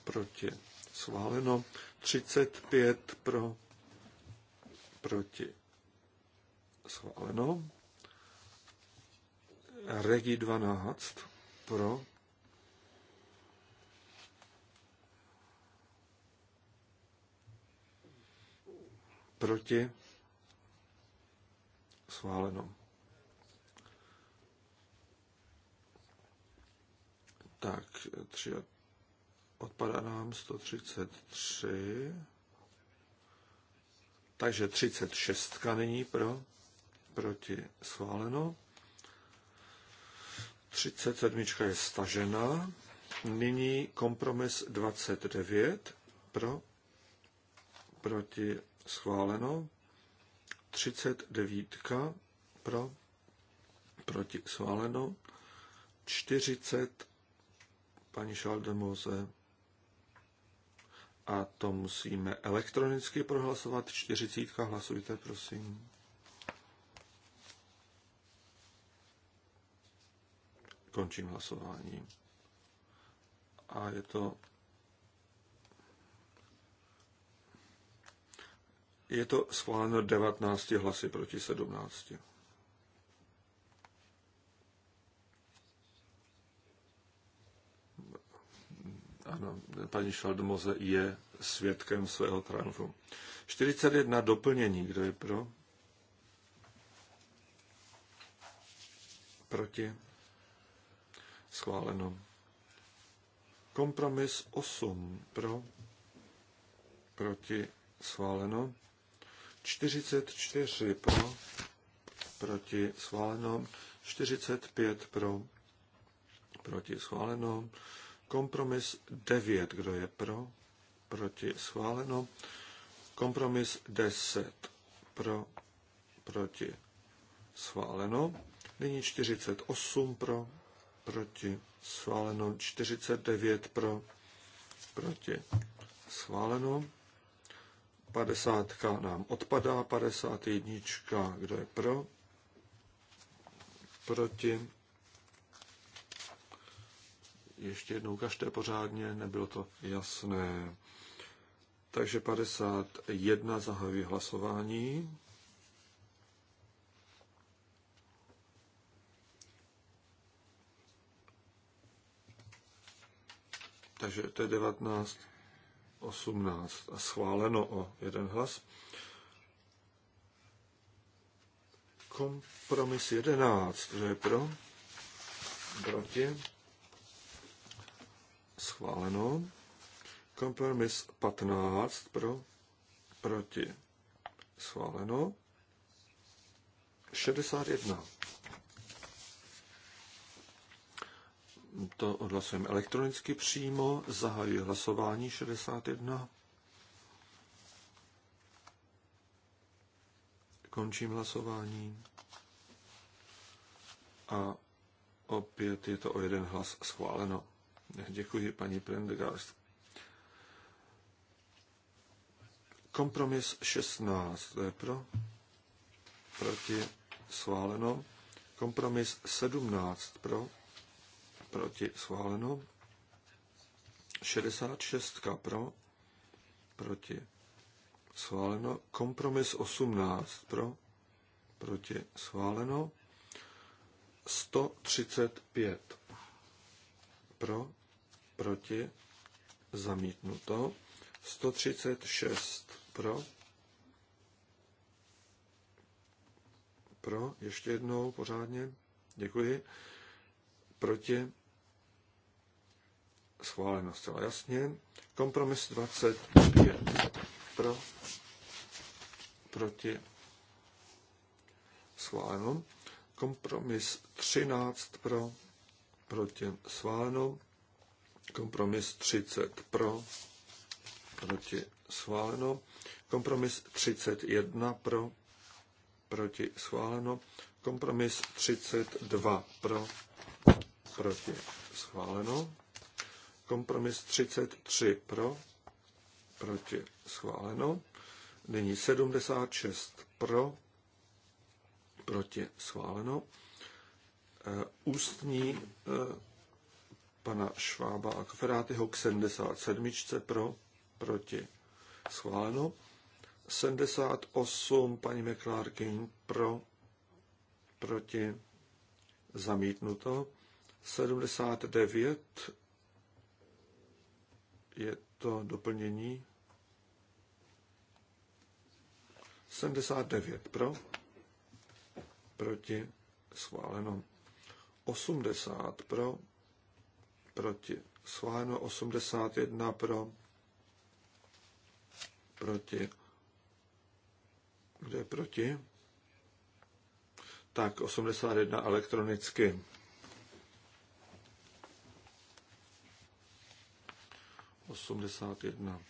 proti, schváleno. 35 pro, proti, schváleno. Regi 12 pro, proti, schváleno. Tak, tři odpadá nám 133. Takže 36 není pro, proti schváleno. 37 je stažena. Nyní kompromis 29 pro, proti schváleno. 39 pro, proti schváleno. 40 paní Šaldemose a to musíme elektronicky prohlasovat. 40 hlasujte, prosím. Končím hlasování. A je to Je to schváleno 19 hlasy proti 17. Ano, paní Šaldmoze je svědkem svého triumfu. 41 doplnění, kdo je pro? Proti? Schváleno. Kompromis 8 pro, proti, schváleno. 44 pro, proti schváleno, 45 pro, proti schváleno, kompromis 9, kdo je pro, proti schváleno, kompromis 10 pro, proti schváleno, nyní 48 pro, proti schváleno, 49 pro, proti schváleno, 50 nám odpadá, 51, kdo je pro, proti. Ještě jednou každé pořádně, nebylo to jasné. Takže 51 zahajuji hlasování. Takže to je 19 18 a schváleno o jeden hlas. Kompromis 11, kdo je pro? Proti? Schváleno. Kompromis 15 pro? Proti? Schváleno. 61 to odhlasujeme elektronicky přímo. Zahajuji hlasování 61. Končím hlasování. A opět je to o jeden hlas schváleno. Děkuji paní Prendergast. Kompromis 16. To je pro. Proti. Schváleno. Kompromis 17. Pro proti schváleno. 66 pro, proti schváleno. Kompromis 18 pro, proti schváleno. 135 pro, proti zamítnuto. 136 pro, pro, ještě jednou pořádně, děkuji, proti schváleno zcela jasně. Kompromis 25 pro, proti, schváleno. Kompromis 13 pro, proti, schváleno. Kompromis 30 pro, proti, schváleno. Kompromis 31 pro, proti, schváleno. Kompromis 32 pro, proti, schváleno. Kompromis 33 pro, proti schváleno. Nyní 76 pro, proti schváleno. Eh, ústní eh, pana Švába a Koferátyho k 77 pro, proti schváleno. 78 paní McClarkin pro, proti zamítnuto. 79 je to doplnění 79 pro, proti schváleno 80 pro, proti schváleno 81 pro, proti, kde je proti? Tak 81 elektronicky. 81.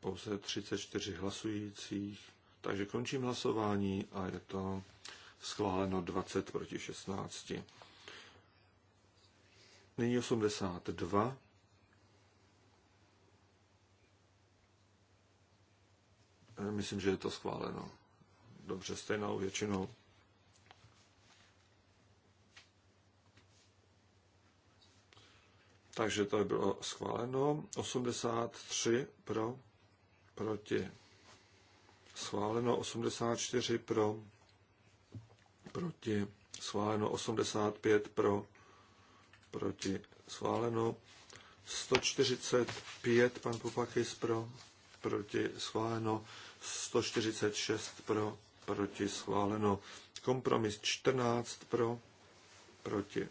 Pouze 34 hlasujících, takže končím hlasování a je to schváleno 20 proti 16. Nyní 82. Myslím, že je to schváleno. Dobře, stejnou většinou. Takže to bylo schváleno. 83 pro, proti. Schváleno 84 pro, proti. Schváleno 85 pro, proti. Schváleno 145 pan Popakis pro, proti. Schváleno 146 pro, proti. Schváleno kompromis 14 pro, proti.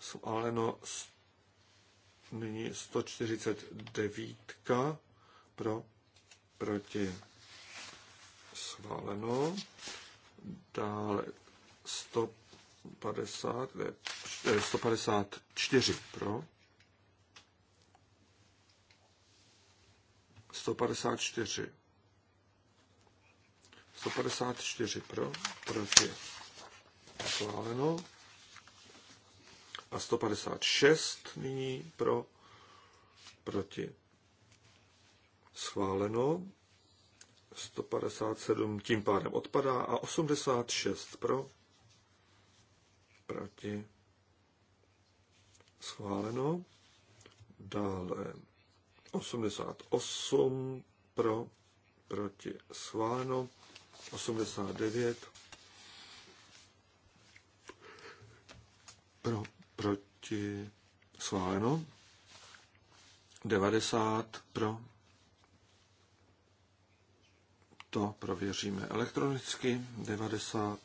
Schváleno Nyní 149 pro, proti schváleno. Dále 150, ne, 154 eh, pro. 154. 154 pro, proti schváleno a 156 nyní pro, proti. Schváleno. 157 tím pádem odpadá a 86 pro, proti. Schváleno. Dále 88 pro, proti schváleno, 89 pro, proti, schváleno. 90 pro, to prověříme elektronicky, 90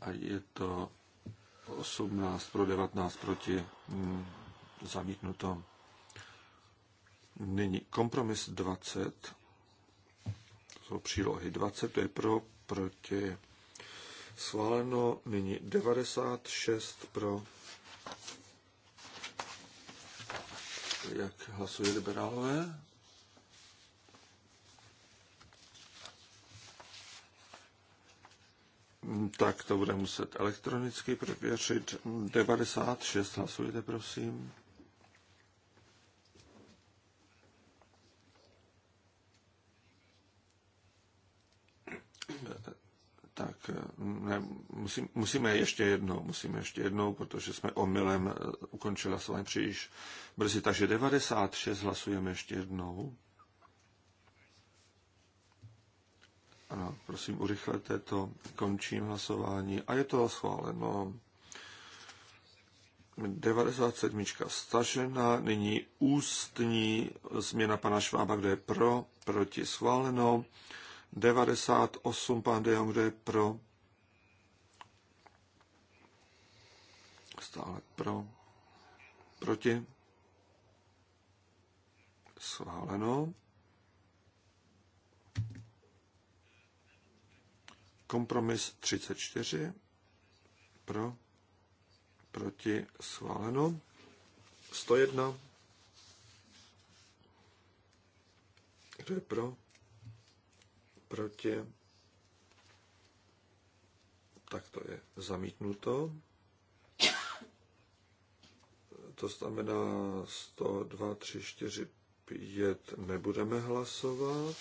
a je to 18 pro 19 proti hmm, zamítnuto. Nyní kompromis 20 jsou přílohy 20, to je pro, proti. Schváleno nyní 96 pro, jak hlasují liberálové. Tak to bude muset elektronicky prověřit. 96 hlasujte, prosím. tak eh, ne, musí, musíme ještě jednou, musíme ještě jednou, protože jsme omylem eh, ukončili hlasování příliš brzy. Takže 96 hlasujeme ještě jednou. Ano, prosím, urychlete to, končím hlasování a je to schváleno. 97. stažena, nyní ústní změna pana Švába, kde je pro, proti schváleno. 98, pan De Jongre, pro. Stále pro. Proti. Schváleno. Kompromis 34. Pro. Proti. Schváleno. 101. Kdo je pro? proti, tak to je zamítnuto. To znamená 102, 3, 4, 5 nebudeme hlasovat.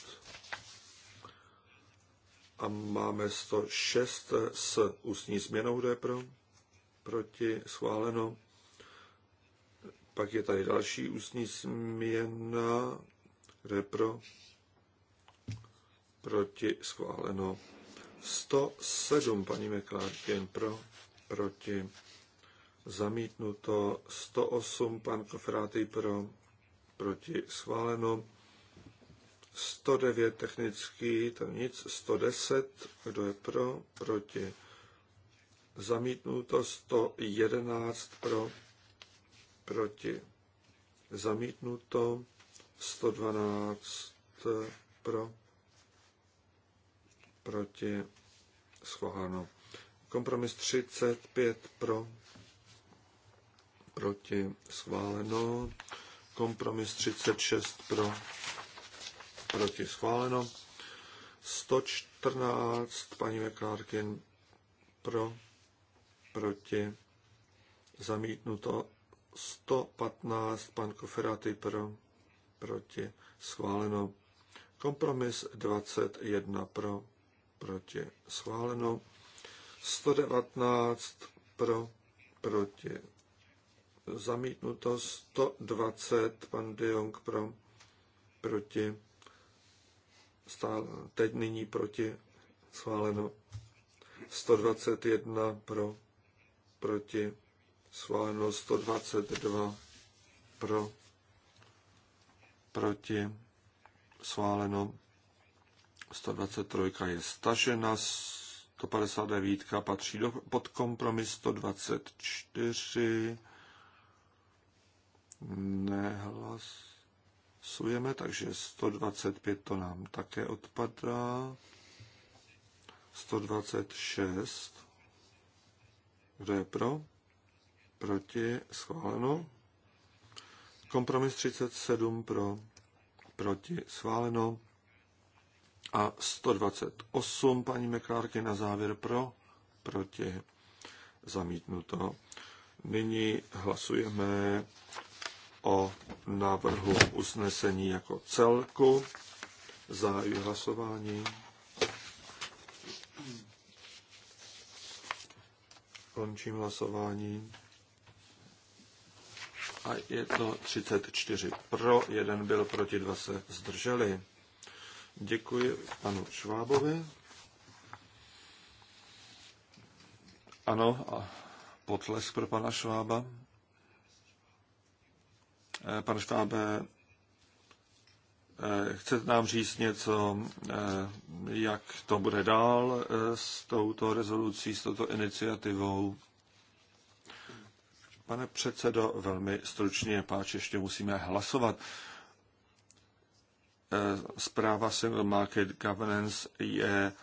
A máme 106 s ústní změnou, kdo je pro, proti, schváleno. Pak je tady další ústní změna, kdo je pro, proti, schváleno. 107, paní McClarkin, pro, proti, zamítnuto. 108, pan Kofráty, pro, proti, schváleno. 109 technický, tam nic, 110, kdo je pro, proti, zamítnuto, 111 pro, proti, zamítnuto, 112 pro, proti, schváleno. Kompromis 35 pro, proti, schváleno. Kompromis 36 pro, proti, schváleno. 114 paní Vekárkin pro, proti, zamítnuto. 115 pan Koferaty pro, proti, schváleno. Kompromis 21 pro, proti, schváleno. 119 pro, proti, zamítnuto. 120 pan De Jong pro, proti, stále, teď nyní proti, schváleno. 121 pro, proti, schváleno 122 pro, proti, schváleno 123 je stažena, 159 patří do, pod kompromis 124. Nehlasujeme, takže 125 to nám také odpadá. 126. Kdo je pro? Proti? Schváleno. Kompromis 37 pro. Proti? Schváleno a 128 paní Meklárky na závěr pro, proti, zamítnuto. Nyní hlasujeme o návrhu usnesení jako celku. Zahajuji hlasování. Končím hlasování. A je to 34 pro, jeden byl proti, dva se zdrželi. Děkuji panu Švábovi. Ano, a potlesk pro pana Švába. Eh, Pan Švábe, eh, chcete nám říct něco, eh, jak to bude dál s touto rezolucí, s touto iniciativou? Pane předsedo, velmi stručně, páč ještě musíme hlasovat. Eh, zpráva Single Market Governance je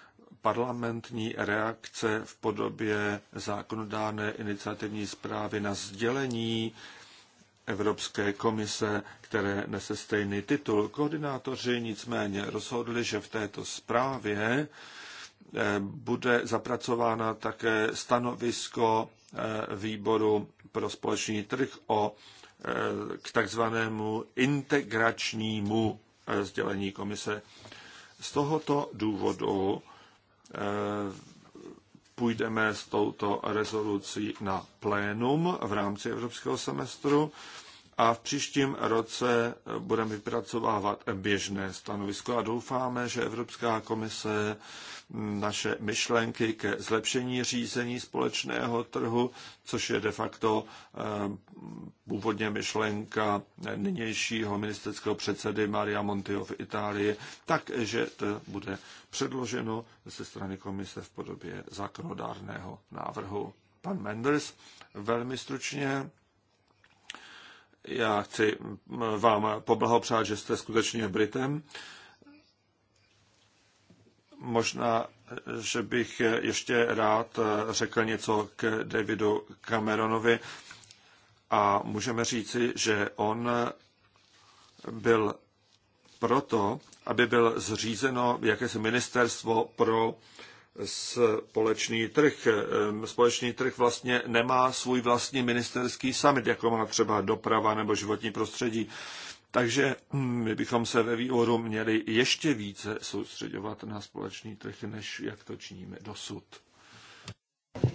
parlamentní reakce v podobě zákonodárné iniciativní zprávy na sdělení Evropské komise, které nese stejný titul. Koordinátoři nicméně rozhodli, že v této zprávě eh, bude zapracována také stanovisko eh, výboru pro společný trh o k takzvanému integračnímu Eh, sdělení komise. Z tohoto důvodu eh, půjdeme s touto rezolucí na plénum v rámci evropského semestru a v příštím roce budeme vypracovávat běžné stanovisko a doufáme, že Evropská komise naše myšlenky ke zlepšení řízení společného trhu, což je de facto eh, původně myšlenka nynějšího ministerského předsedy Maria Montio v Itálii, takže to bude předloženo ze strany komise v podobě zákonodárného návrhu. Pan Menders, velmi stručně. Já chci vám poblahopřát, že jste skutečně Britem. Možná, že bych ještě rád řekl něco k Davidu Cameronovi. A můžeme říci, že on byl proto, aby byl zřízeno jakési ministerstvo pro společný trh. Společný trh vlastně nemá svůj vlastní ministerský summit, jako má třeba doprava nebo životní prostředí. Takže hm, my bychom se ve výboru měli ještě více soustředovat na společný trh, než jak to činíme dosud.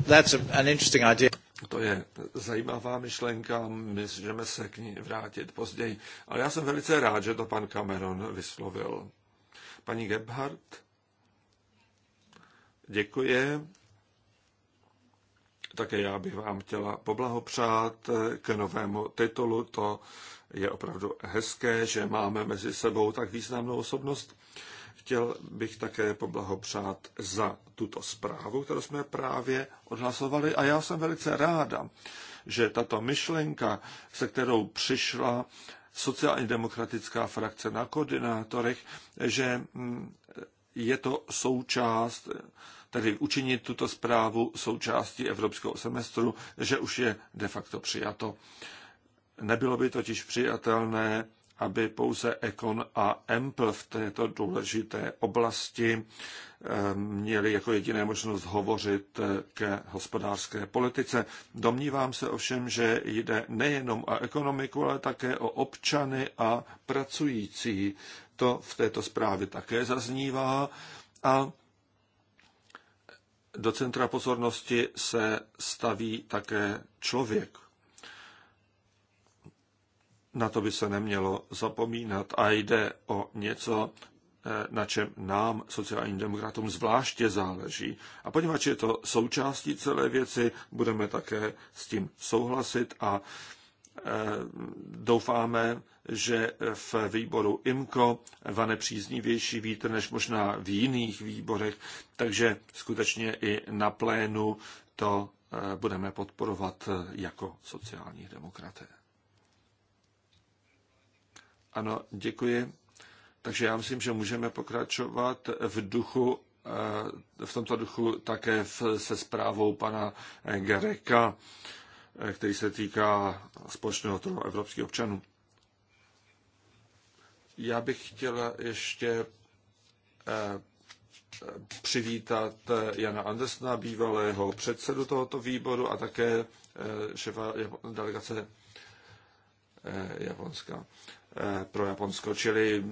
That's an interesting idea. To je zajímavá myšlenka, můžeme se k ní vrátit později. Ale já jsem velice rád, že to pan Cameron vyslovil. Paní Gebhardt? Děkuji. Také já bych vám chtěla poblahopřát k novému titulu. To je opravdu hezké, že máme mezi sebou tak významnou osobnost. Chtěl bych také poblahopřát za tuto zprávu, kterou jsme právě odhlasovali. A já jsem velice ráda, že tato myšlenka, se kterou přišla sociálně demokratická frakce na koordinátorech, že mm, je to součást tedy učinit tuto zprávu součástí evropského semestru, že už je de facto přijato. Nebylo by totiž přijatelné, aby pouze Econ a Empl v této důležité oblasti eh, měli jako jediné možnost hovořit eh, ke hospodářské politice. Domnívám se ovšem, že jde nejenom o ekonomiku, ale také o občany a pracující. To v této zprávě také zaznívá a do centra pozornosti se staví také člověk. Na to by se nemělo zapomínat a jde o něco, eh, na čem nám, sociálním demokratům, zvláště záleží. A poněvadž je to součástí celé věci, budeme také s tím souhlasit a Eh, doufáme, že v výboru IMCO vane příznivější vítr než možná v jiných výborech, takže skutečně i na plénu to eh, budeme podporovat jako sociální demokraté. Ano, děkuji. Takže já myslím, že můžeme pokračovat v duchu eh, v tomto duchu také se zprávou pana Gereka Eh, který se týká společného trhu evropských občanů. Já bych chtěla ještě eh, přivítat eh, Jana Andersna, bývalého předsedu tohoto výboru a také šefa delegace Japonska pro Japonsko. Čili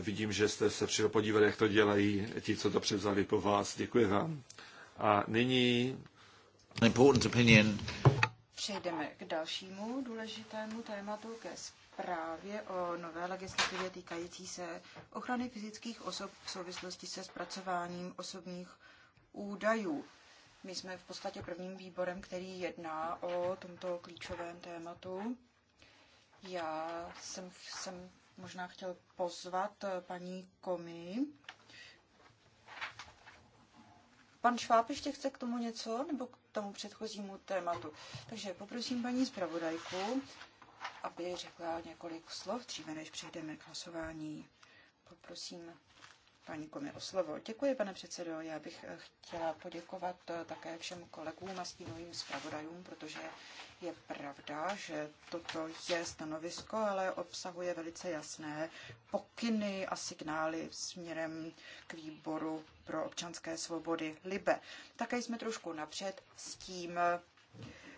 vidím, že jste se přišel podívat, jak to dělají ti, co to převzali po vás. Děkuji vám. A nyní... Important opinion Přejdeme k dalšímu důležitému tématu, ke zprávě o nové legislativě týkající se ochrany fyzických osob v souvislosti se zpracováním osobních údajů. My jsme v podstatě prvním výborem, který jedná o tomto klíčovém tématu. Já jsem, jsem možná chtěl pozvat paní Komi. Pan Šváp ještě chce k tomu něco, nebo k tomu předchozímu tématu. Takže poprosím paní zpravodajku, aby řekla několik slov dříve, než přejdeme k hlasování. Poprosím paní Komi o slovo. Děkuji, pane předsedo. Já bych eh, chtěla poděkovat eh, také všem kolegům a stínovým zpravodajům, protože je pravda, že toto je stanovisko, ale obsahuje velice jasné pokyny a signály směrem k výboru pro občanské svobody LIBE. Také jsme trošku napřed s tím eh,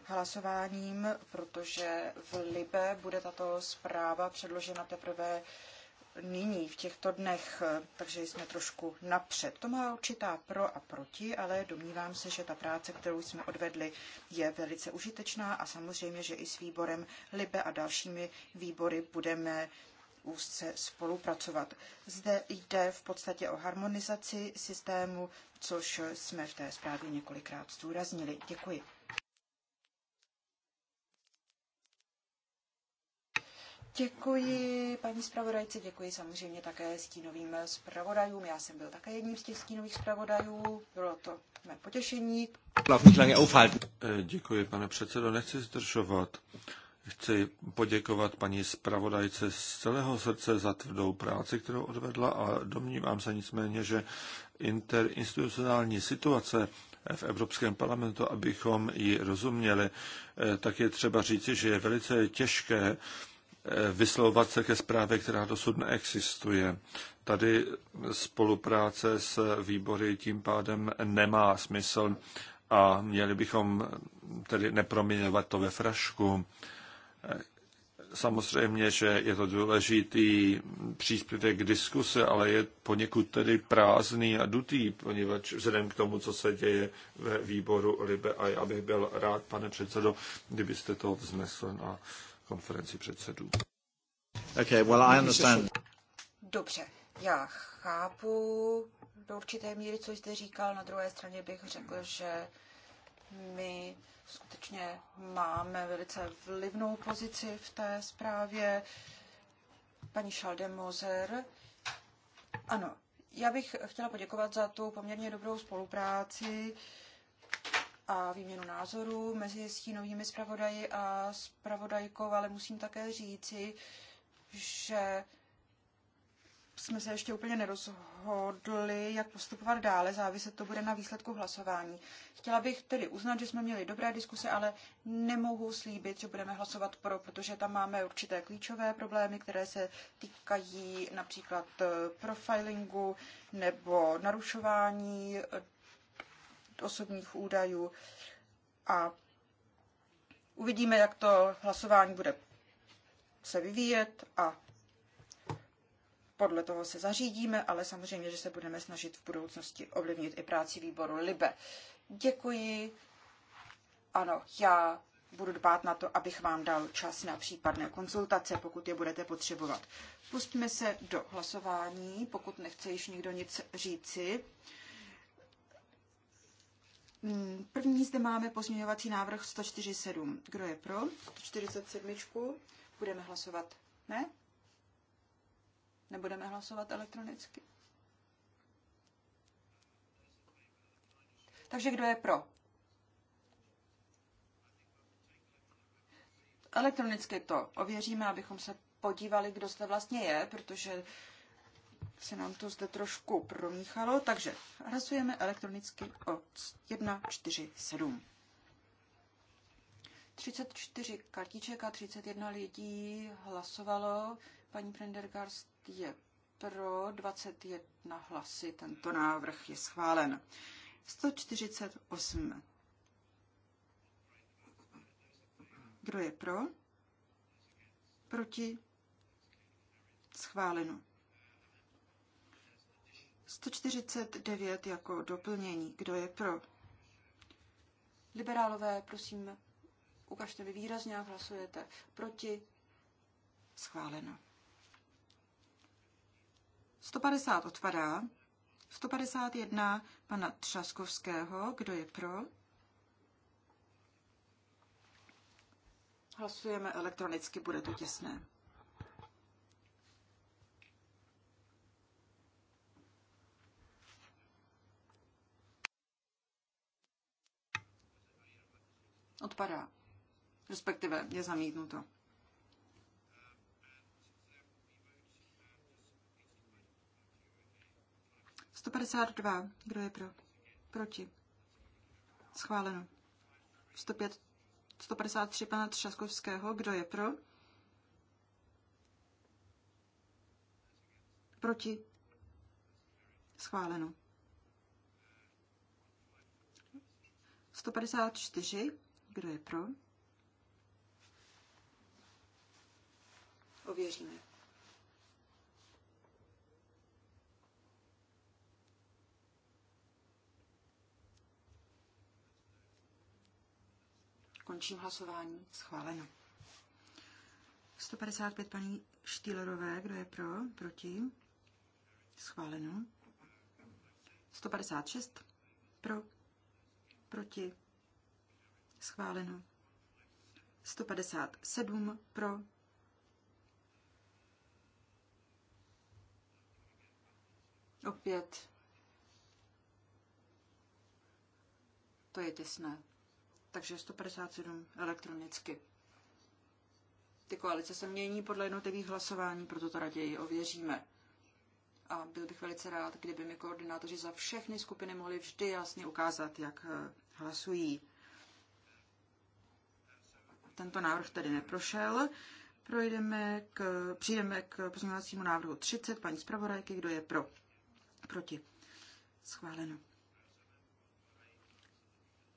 hlasováním, protože v LIBE bude tato zpráva předložena teprve nyní, v těchto dnech, eh, takže jsme trošku napřed. To má určitá pro a proti, ale domnívám se, že ta práce, kterou jsme odvedli, je velice užitečná a samozřejmě, že i s výborem Libe a dalšími výbory budeme úzce spolupracovat. Zde jde v podstatě o harmonizaci systému, což jsme v té zprávě několikrát zdůraznili. Děkuji. Děkuji paní zpravodajce, děkuji samozřejmě také stínovým zpravodajům. Já jsem byl také jedním z těch stínových zpravodajů, bylo to mé potěšení. Děkuji, pane předsedo, nechci zdržovat. Chci poděkovat paní zpravodajce z celého srdce za tvrdou práci, kterou odvedla a domnívám se nicméně, že interinstitucionální situace v Evropském parlamentu, abychom ji rozuměli, eh, tak je třeba říci, že je velice těžké vyslovovat se ke zprávě, která dosud neexistuje. Tady spolupráce s výbory tím pádem nemá smysl a měli bychom tedy neproměňovat to ve frašku. Samozřejmě, že je to důležitý příspěvek k diskuse, ale je poněkud tedy prázdný a dutý, poněvadž vzhledem k tomu, co se děje ve výboru Libe, a já bych byl rád, pane předsedo, kdybyste to vznesl na konferenci předsedů. Okay, well, I understand. Dobře, já chápu do určité míry, co jste říkal. Na druhé straně bych řekl, že my skutečně máme velice vlivnou pozici v té zprávě. Paní Schaldemoser, ano, já bych chtěla poděkovat za tu poměrně dobrou spolupráci a výměnu názorů mezi stínovými zpravodaji a zpravodajkou, ale musím také říci, že jsme se ještě úplně nerozhodli, jak postupovat dále, záviset to bude na výsledku hlasování. Chtěla bych tedy uznat, že jsme měli dobré diskuse, ale nemohu slíbit, že budeme hlasovat pro, protože tam máme určité klíčové problémy, které se týkají například profilingu nebo narušování osobních údajů a uvidíme, jak to hlasování bude se vyvíjet a podle toho se zařídíme, ale samozřejmě, že se budeme snažit v budoucnosti ovlivnit i práci výboru LIBE. Děkuji. Ano, já budu dbát na to, abych vám dal čas na případné konzultace, pokud je budete potřebovat. Pustíme se do hlasování, pokud nechce již nikdo nic říci. Hmm, první zde máme pozměňovací návrh 147. Kdo je pro? 147. Budeme hlasovat. Ne? Nebudeme hlasovat elektronicky. Takže kdo je pro? Elektronicky to ověříme, abychom se podívali, kdo zde vlastně je, protože se nám to zde trošku promíchalo, takže hlasujeme elektronicky od 147. 34 kartiček a 31 lidí hlasovalo. Paní Prendergast je pro 21 hlasy. Tento návrh je schválen. 148. Kdo je pro? Proti? Schváleno. 149 jako doplnění. Kdo je pro? Liberálové, prosím, ukažte mi výrazně, jak hlasujete. Proti? Schváleno. 150 odpadá. 151 pana Třaskovského. Kdo je pro? Hlasujeme elektronicky, bude to těsné. Odpadá. Respektive je zamítnuto. dva. Kdo je pro? Proti. Schváleno. 105, 153 pana Třaskovského. Kdo je pro? Proti. Schváleno. 154 kdo je pro? Ověříme. Končím hlasování. Schváleno. 155 paní Štýlerové, kdo je pro, proti? Schváleno. 156 pro, proti, Schváleno. 157 pro. Opět. To je těsné. Takže 157 elektronicky. Ty koalice se mění podle jednotlivých hlasování, proto to raději ověříme. A byl bych velice rád, kdyby mi koordinátoři za všechny skupiny mohli vždy jasně ukázat, jak eh, hlasují. Tento návrh tedy neprošel. Projdeme k, přijdeme k pozměňovacímu návrhu 30, paní zpravodajky, kdo je pro, proti. Schváleno.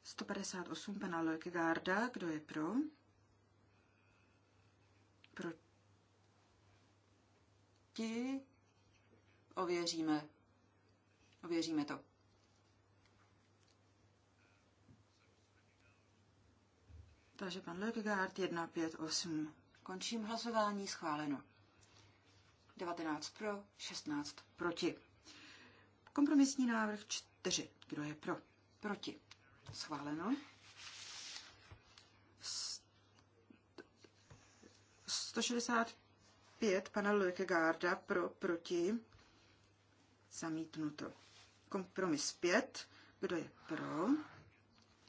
158 pana Leukegarda, kdo je pro? Proti? Ověříme. Ověříme to. Takže pan Lökegaard 158. Končím hlasování, schváleno. 19 pro, 16 proti. Kompromisní návrh 4. Kdo je pro? Proti. Schváleno. 165 pana Lökegaarda pro, proti. Zamítnuto. Kompromis 5. Kdo je pro?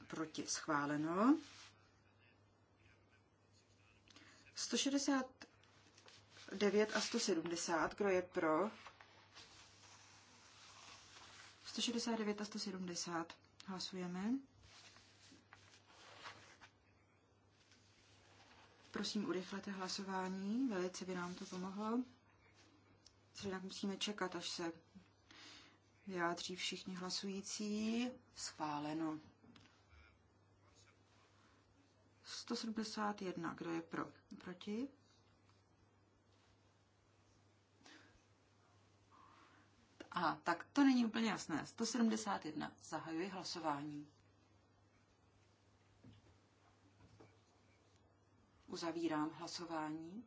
Proti. Schváleno. 169 a 170, kdo je pro? 169 a 170 hlasujeme. Prosím, urychlete hlasování, velice by nám to pomohlo. Jinak musíme čekat, až se vyjádří všichni hlasující. Schváleno. 171. Kdo je pro? Proti? A tak to není úplně jasné. 171. Zahajuji hlasování. Uzavírám hlasování.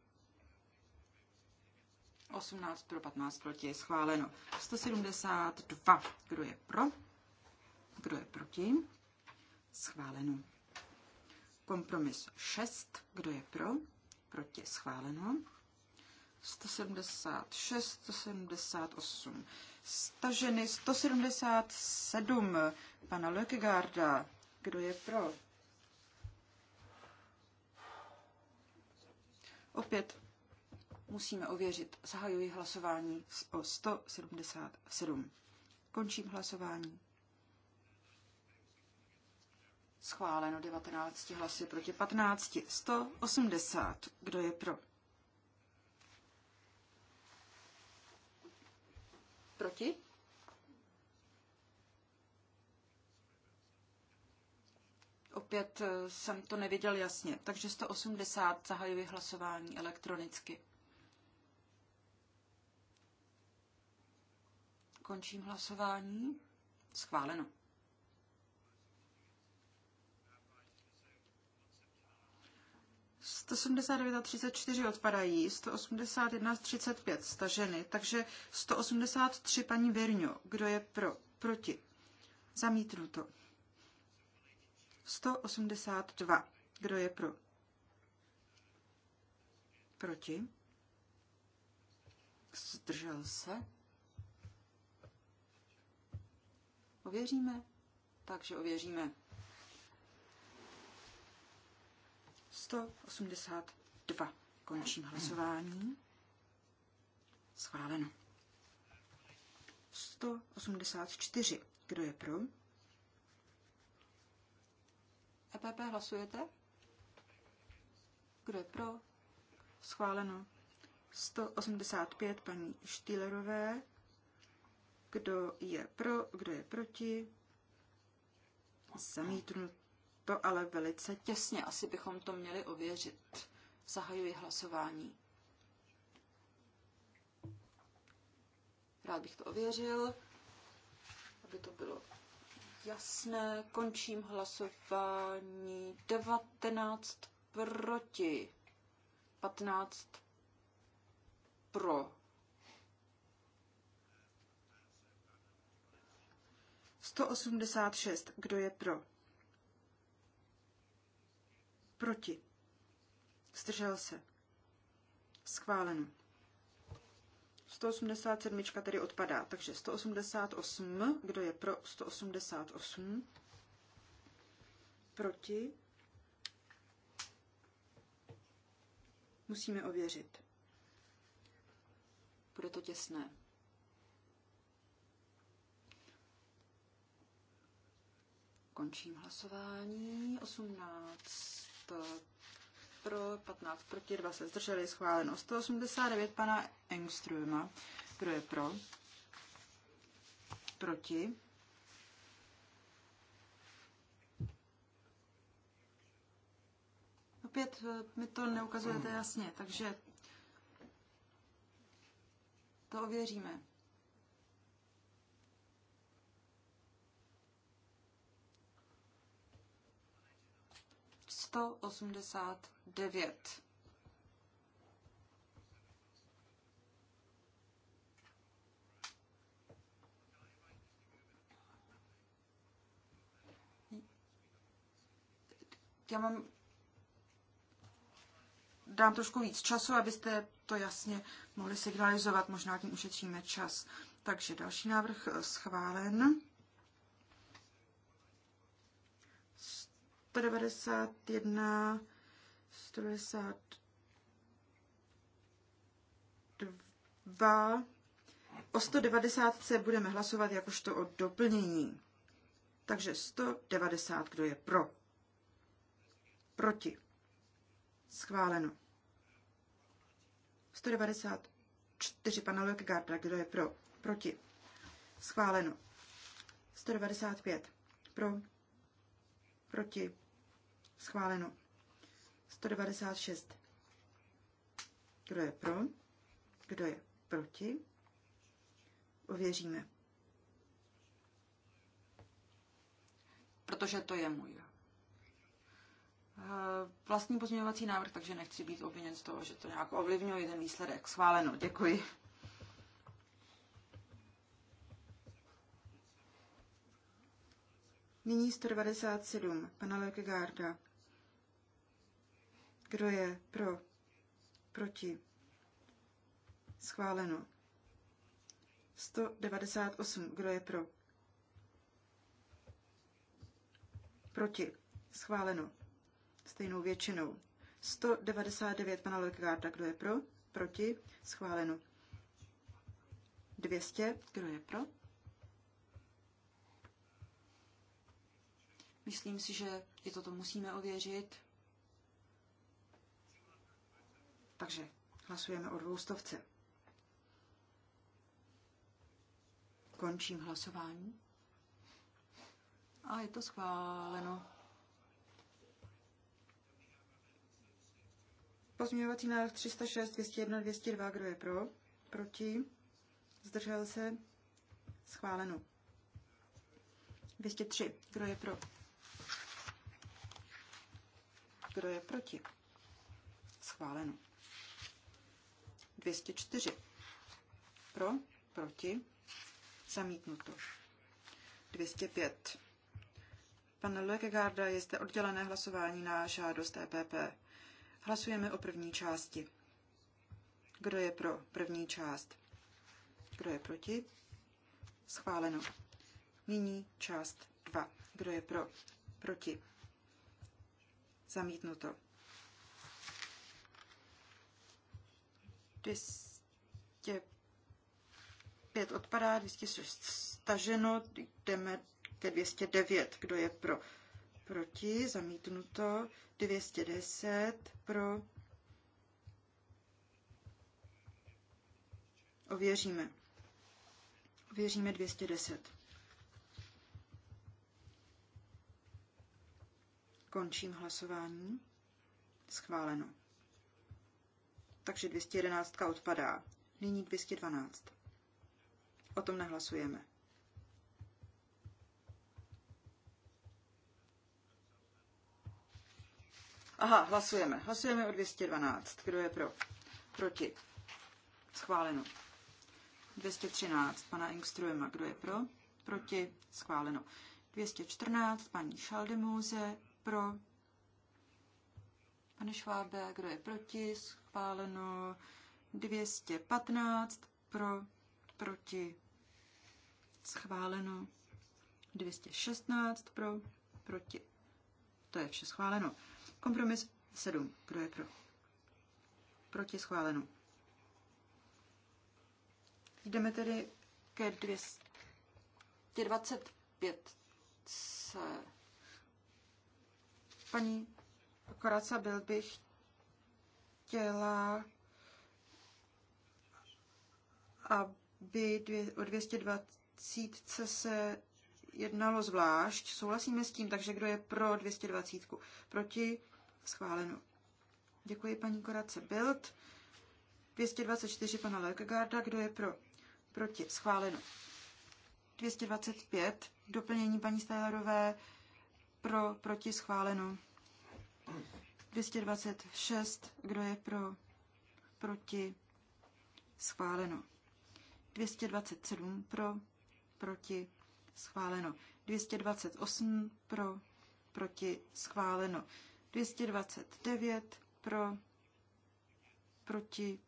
18 pro 15 proti je schváleno. 172. Kdo je pro? Kdo je proti? Schváleno. Kompromis 6. Kdo je pro? Proti schváleno. 176, 178. Staženy 177 pana Lökegarda. Kdo je pro? Opět musíme ověřit. Zahajuji hlasování o 177. Končím hlasování. Schváleno 19 hlasy proti 15. 180. Kdo je pro? Proti? Opět eh, jsem to neviděl jasně, takže 180 zahajuji hlasování elektronicky. Končím hlasování. Schváleno. 189 a 34 odpadají, 181 a 35 staženy, takže 183 paní Verňo, kdo je pro, proti, zamítnuto. 182, kdo je pro, proti, zdržel se. Ověříme? Takže ověříme. 182. Končím hlasování. Schváleno. 184. Kdo je pro? EPP hlasujete? Kdo je pro? Schváleno. 185 paní Štýlerové. Kdo je pro, kdo je proti? Zamítnut to ale velice těsně. Asi bychom to měli ověřit. Zahajuji hlasování. Rád bych to ověřil, aby to bylo jasné. Končím hlasování 19 proti 15 pro. Sto osmdesát šest. Kdo je pro? Proti. Zdržel se. Schváleno. 187 tedy odpadá, takže 188, kdo je pro 188, proti, musíme ověřit. Bude to těsné. Končím hlasování. 18 pro, 15 proti, 2 se zdrželi, schváleno 189 pana Engströma. Kdo je pro? Proti? Opět eh, mi to neukazujete jasně, takže to ověříme. 189. Já mám dám trošku víc času, abyste to jasně mohli signalizovat, možná tím ušetříme čas. Takže další návrh eh, schválen. 191, 192. O 190 se budeme hlasovat jakožto o doplnění. Takže 190, kdo je pro? Proti. Schváleno. 194 pana Lökgarda, kdo je pro? Proti. Schváleno. 195. Pro. Proti. Schváleno. 196. Kdo je pro? Kdo je proti? Ověříme. Protože to je můj eh, vlastní pozměňovací návrh, takže nechci být obviněn z toho, že to nějak ovlivňuje ten výsledek. Schváleno, děkuji. Nyní 197, pana Lekegarda. Kdo je pro? Proti? Schváleno. 198. Kdo je pro? Proti. Schváleno. Stejnou většinou. 199 pana Lekgárda. Kdo je pro? Proti. Schváleno. 200. Kdo je pro? Myslím si, že i toto musíme ověřit. Takže hlasujeme o dvoustovce. Končím hlasování. A je to schváleno. Pozměňovací návrh 306, 201, 202. Kdo je pro? Proti? Zdržel se? Schváleno. 203. Kdo je pro? Kdo je proti? Schváleno. 204. Pro, proti, zamítnuto. 205. Pan Lekegarda je zde oddělené hlasování na žádost EPP. Hlasujeme o první části. Kdo je pro první část? Kdo je proti? Schváleno. Nyní část 2. Kdo je pro? Proti. Zamítnuto. 205 odpadá, 206 staženo, jdeme ke 209, kdo je pro, proti, zamítnuto, 210 pro, ověříme. Ověříme 210. Končím hlasování. Schváleno takže 211 odpadá. Nyní 212. O tom nehlasujeme. Aha, hlasujeme. Hlasujeme o 212. Kdo je pro? Proti. Schváleno. 213 pana Engströma. Kdo je pro? Proti. Schváleno. 214 paní Šaldemouze. Pro. Pane Švábe, kdo je proti? Schváleno 215 pro, proti. Schváleno 216 pro, proti. To je vše schváleno. Kompromis 7. Kdo je pro? Proti schváleno. Jdeme tedy ke 225 se paní Koraca byl bych chtěla, aby dvě, o 220 se jednalo zvlášť. Souhlasíme s tím, takže kdo je pro 220? Proti? Schváleno. Děkuji paní Korace Bild. 224 pana Lekegarda, kdo je pro? Proti? Schváleno. 225, doplnění paní Stajlerové, pro, proti, schváleno. 226, kdo je pro, proti, schváleno. 227 pro, proti, schváleno. 228 pro, proti, schváleno. 229 pro, proti,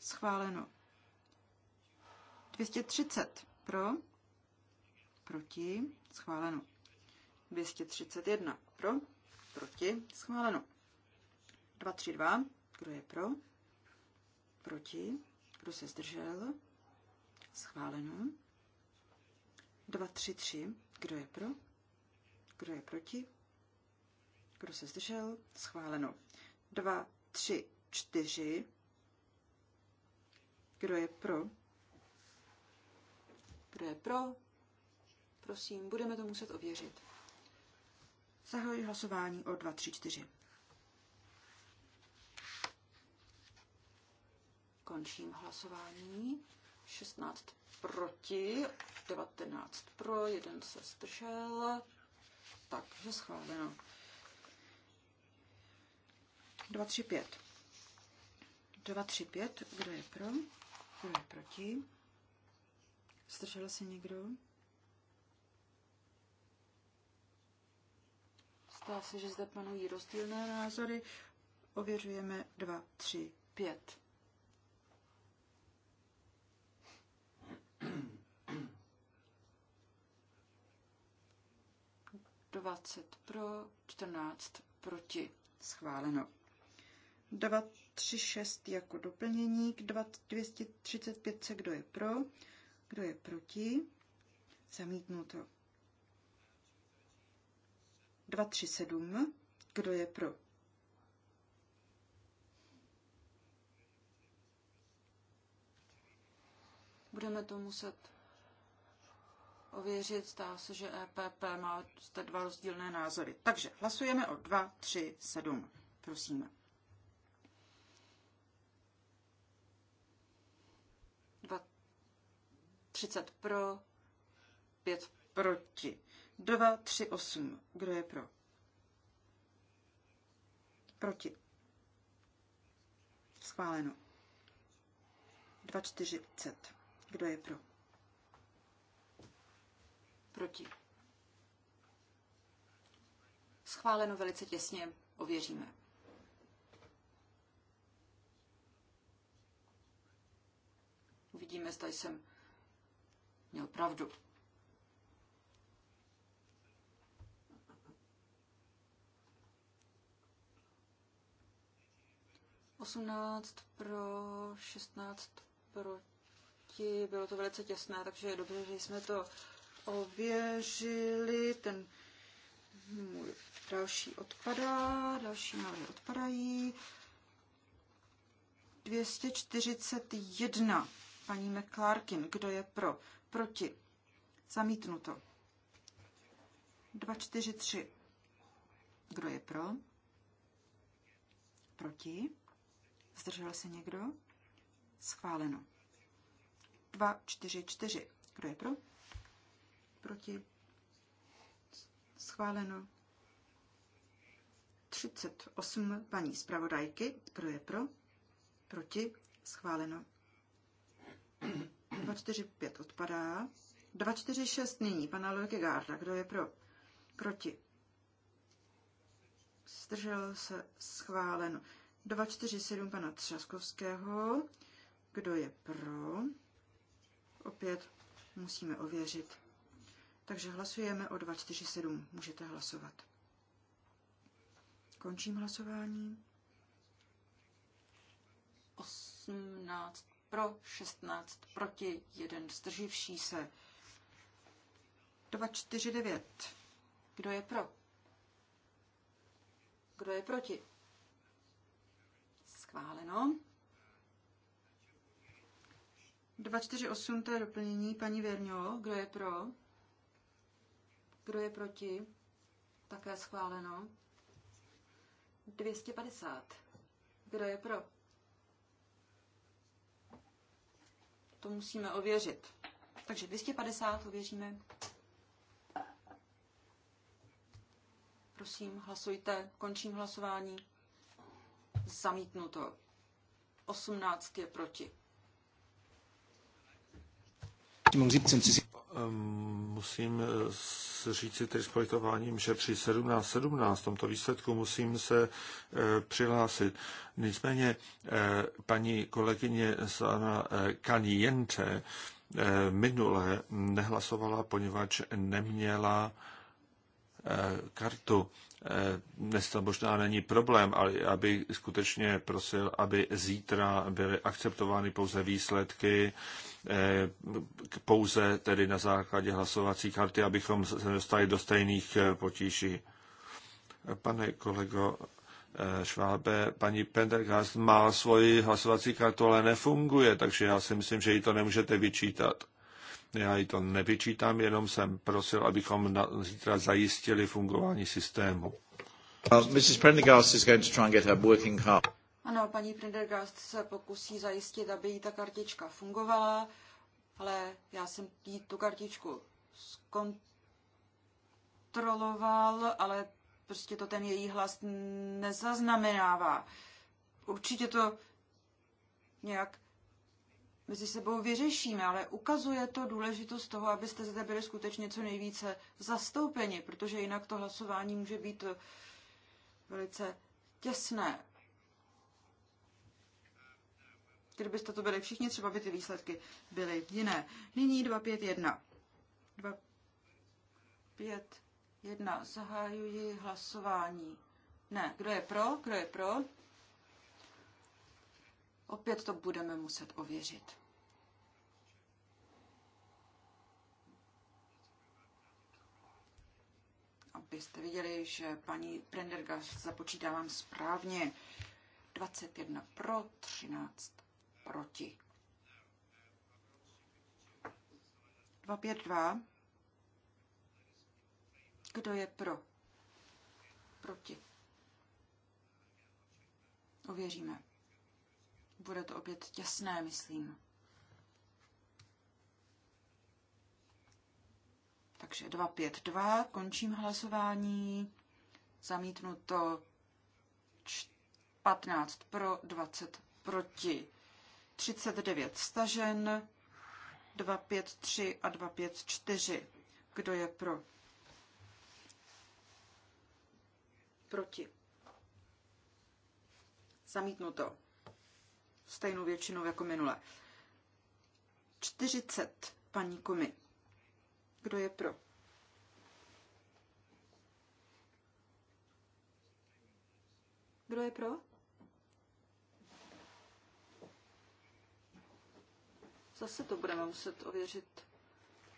schváleno. 230 pro, proti, schváleno. 231 pro, proti, schváleno. 2, 3, 2, kdo je pro, proti, kdo se zdržel, schváleno. 2, 3, 3, kdo je pro, kdo je proti, kdo se zdržel, schváleno. 2, 3, 4, kdo je pro, kdo je pro, prosím, budeme to muset ověřit. Zahajuji hlasování o 2, 3, 4. Končím hlasování. 16 proti, 19 pro, jeden se zdržel. Takže schváleno. 2, 3, 5. 2, 3, 5. Kdo je pro? Kdo je proti? Zdržel se někdo? Zdá se, že zde panují rozdílné názory. Ověřujeme 2, 3, 5. Dvacet pro, čtrnáct proti. Schváleno. 236 jako doplnění k 235, kdo je pro, kdo je proti. Zamítnuto. 237. Kdo je pro? Budeme to muset ověřit. Zdá se, že EPP má zde dva rozdílné názory. Takže hlasujeme o 2, 3, 7. Prosím. 30 pro, 5 proti. 2, 3, 8. Kdo je pro? Proti. Schváleno. 2, 4, Z. Kdo je pro? Proti. Schváleno velice těsně, ověříme. Uvidíme, zda jsem měl pravdu. 18 pro, 16 proti. Bylo to velice těsné, takže je dobře, že jsme to ověřili. Ten můj další odpadá, další návrhy odpadají. 241. Paní McClarkin, kdo je pro? Proti. Zamítnuto. 243. Kdo je pro? Proti. Zdržel se někdo? Schváleno. 2, 4, 4. Kdo je pro? Proti? Schváleno. 38 paní zpravodajky. Kdo je pro? Proti? Schváleno. 2, 4, 5 odpadá. 2, 4, 6 nyní. Pana Lojke Lojkegarda. Kdo je pro? Proti? Zdržel se schváleno. 247 pana Třaskovského. Kdo je pro? Opět musíme ověřit. Takže hlasujeme o 247. Můžete hlasovat. Končím hlasování. 18 pro, 16 proti, 1 zdrživší se. 249. Kdo je pro? Kdo je proti? Schváleno. 248, to je doplnění. Paní Věrňo, kdo je pro? Kdo je proti? Také schváleno. 250. Kdo je pro? To musíme ověřit. Takže 250 ověříme. Prosím, hlasujte. Končím hlasování zamítnuto. 18 je proti. Ehm, musím eh, říci tedy s politováním, že při 17.17 17, tomto výsledku musím se eh, přihlásit. Nicméně eh, paní kolegyně Sana e, Kaniente minule nehlasovala, poněvadž neměla Eh, kartu. Eh, dnes to možná není problém, ale bych skutečně prosil, aby zítra byly akceptovány pouze výsledky, eh, pouze tedy na základě hlasovací karty, abychom se dostali do stejných potíží. Pane kolego Švábe, paní Pendergast má svoji hlasovací kartu, ale nefunguje, takže já si myslím, že jí to nemůžete vyčítat. Já ji to nevyčítám, jenom jsem prosil, abychom na, zítra zajistili fungování systému. Uh, Prendergast Ano, paní Prendergast se pokusí zajistit, aby jí ta kartička fungovala, ale já jsem jí tu kartičku zkontroloval, ale prostě to ten její hlas nezaznamenává. Určitě to nějak mezi sebou vyřešíme, ale ukazuje to důležitost toho, abyste zde byli skutečně co nejvíce zastoupeni, protože jinak to hlasování může být eh, velice těsné. Kdybyste to byli všichni, třeba by ty výsledky byly jiné. Nyní 251. 251. Zahajuji hlasování. Ne, kdo je pro, kdo je pro? Opět to budeme muset ověřit. Abyste viděli, že paní Prendergast započítávám správně. 21 pro, 13 proti. 252. Kdo je pro? Proti. Ověříme. Bude to opět těsné, myslím. Takže 252, končím hlasování. Zamítnuto 15 pro, 20 proti. 39 stažen, 253 a 254. Kdo je pro? Proti. Zamítnuto stejnou většinou jako minule. 40 paní Komi. Kdo je pro? Kdo je pro? Zase to budeme muset ověřit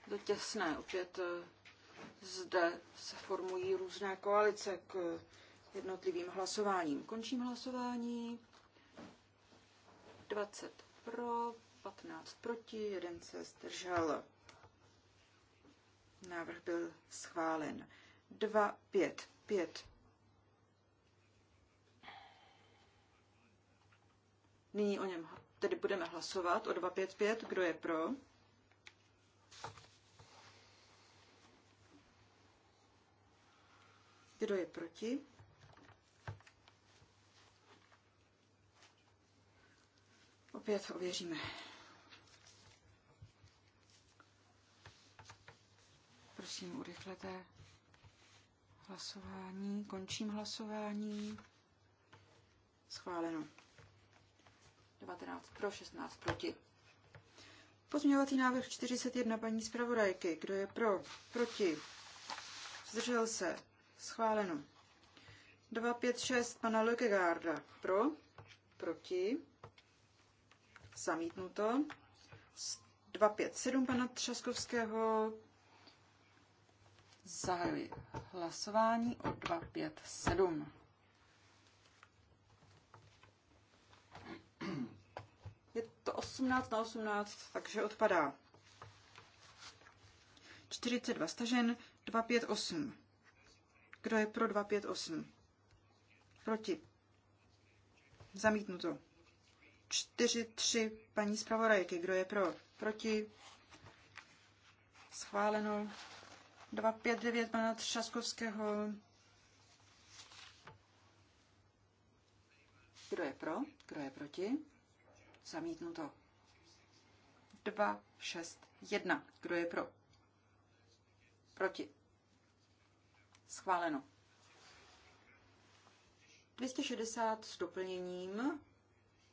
do těsné. Opět eh, zde se formují různé koalice k jednotlivým hlasováním. Končím hlasování. 20 pro, 15 proti, jeden se zdržel. Návrh byl schválen. 2, 5, 5. Nyní o něm tedy budeme hlasovat o 255. Kdo je pro? Kdo je proti? Opět ověříme. Prosím, urychlete hlasování. Končím hlasování. Schváleno. 19 pro, 16 proti. Pozměňovací návrh 41 paní zpravodajky. Kdo je pro? Proti? Zdržel se. Schváleno. 256 pana Lökegaarda. Pro? Proti? Zamítnuto. 257 pana Třaskovského. Zahajuji hlasování o 257. Je to 18 na 18, takže odpadá. 42 stažen, 258. Kdo je pro 258? Proti. Zamítnuto. 4-3 paní zpravodajky. Kdo je pro? Proti? Schváleno. 259 pana Třaskovského. Kdo je pro? Kdo je proti? Zamítnuto. 2, 6, 1. Kdo je pro? Proti. Schváleno. 260 s doplněním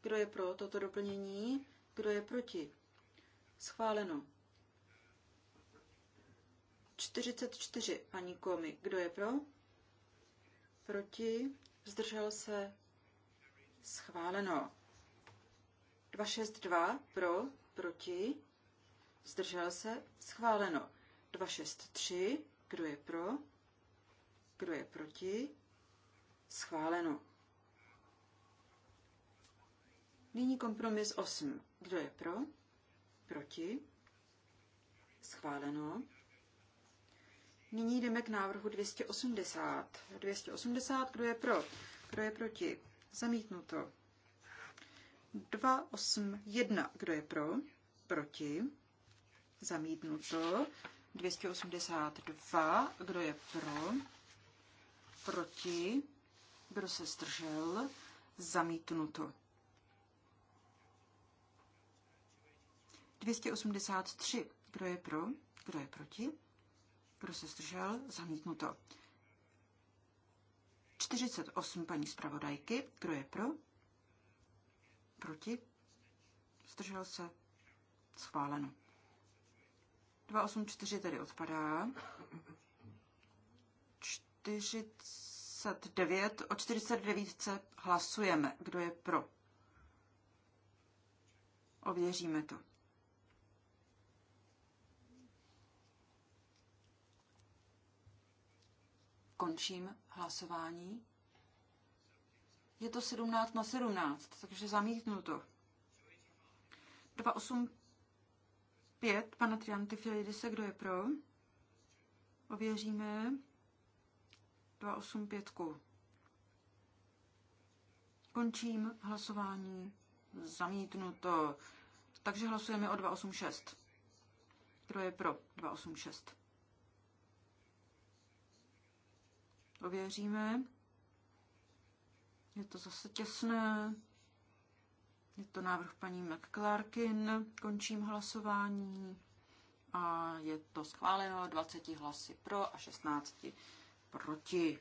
kdo je pro toto doplnění? Kdo je proti? Schváleno. 44, paní Komi. Kdo je pro? Proti? Zdržel se? Schváleno. 262, pro? Proti? Zdržel se? Schváleno. 263, kdo je pro? Kdo je proti? Schváleno. Nyní kompromis 8. Kdo je pro? Proti? Schváleno. Nyní jdeme k návrhu 280. 280, kdo je pro? Kdo je proti? Zamítnuto. 281, kdo je pro? Proti? Zamítnuto. 282, kdo je pro? Proti? Kdo se zdržel? Zamítnuto. 283. Kdo je pro? Kdo je proti? Kdo se zdržel? Zamítnuto. 48 paní zpravodajky. Kdo je pro? Proti? Zdržel se? Schváleno. 284 tedy odpadá. 49. O 49 hlasujeme. Kdo je pro? Ověříme to. Končím hlasování. Je to 17 na 17, takže zamítnu to. 285 pana Trianty Filidise, kdo je pro? Ověříme 285. Končím hlasování. Zamítnu to. Takže hlasujeme o 286. Kdo je pro 286? Ověříme. Je to zase těsné. Je to návrh paní McClarkin. Končím hlasování. A je to schváleno 20 hlasy pro a 16 proti.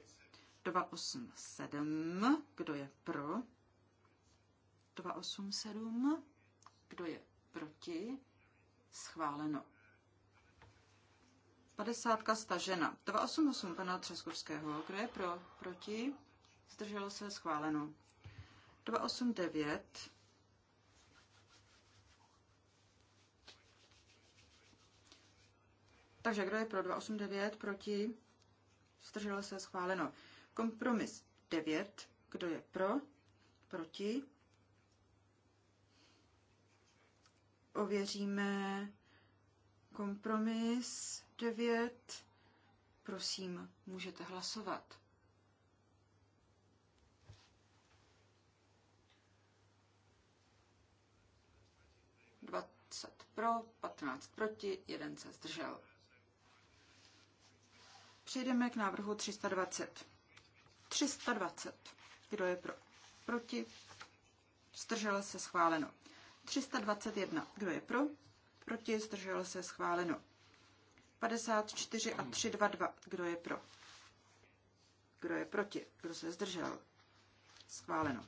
287. Kdo je pro? 287. Kdo je proti? Schváleno. 50 stažena. 288 pana třeskovského, Kdo je pro? Proti? Zdrželo se schváleno. 289. Takže kdo je pro 289? Proti? Zdrželo se schváleno. Kompromis 9. Kdo je pro? Proti? Ověříme kompromis 9. Prosím, můžete hlasovat. pro, 15 proti, jeden se zdržel. Přejdeme k návrhu 320. 320. Kdo je pro? Proti? Zdržel se schváleno. 321. Kdo je pro? Proti? Zdržel se schváleno. 54 a 322. Kdo je pro? Kdo je proti? Kdo se zdržel? Schváleno.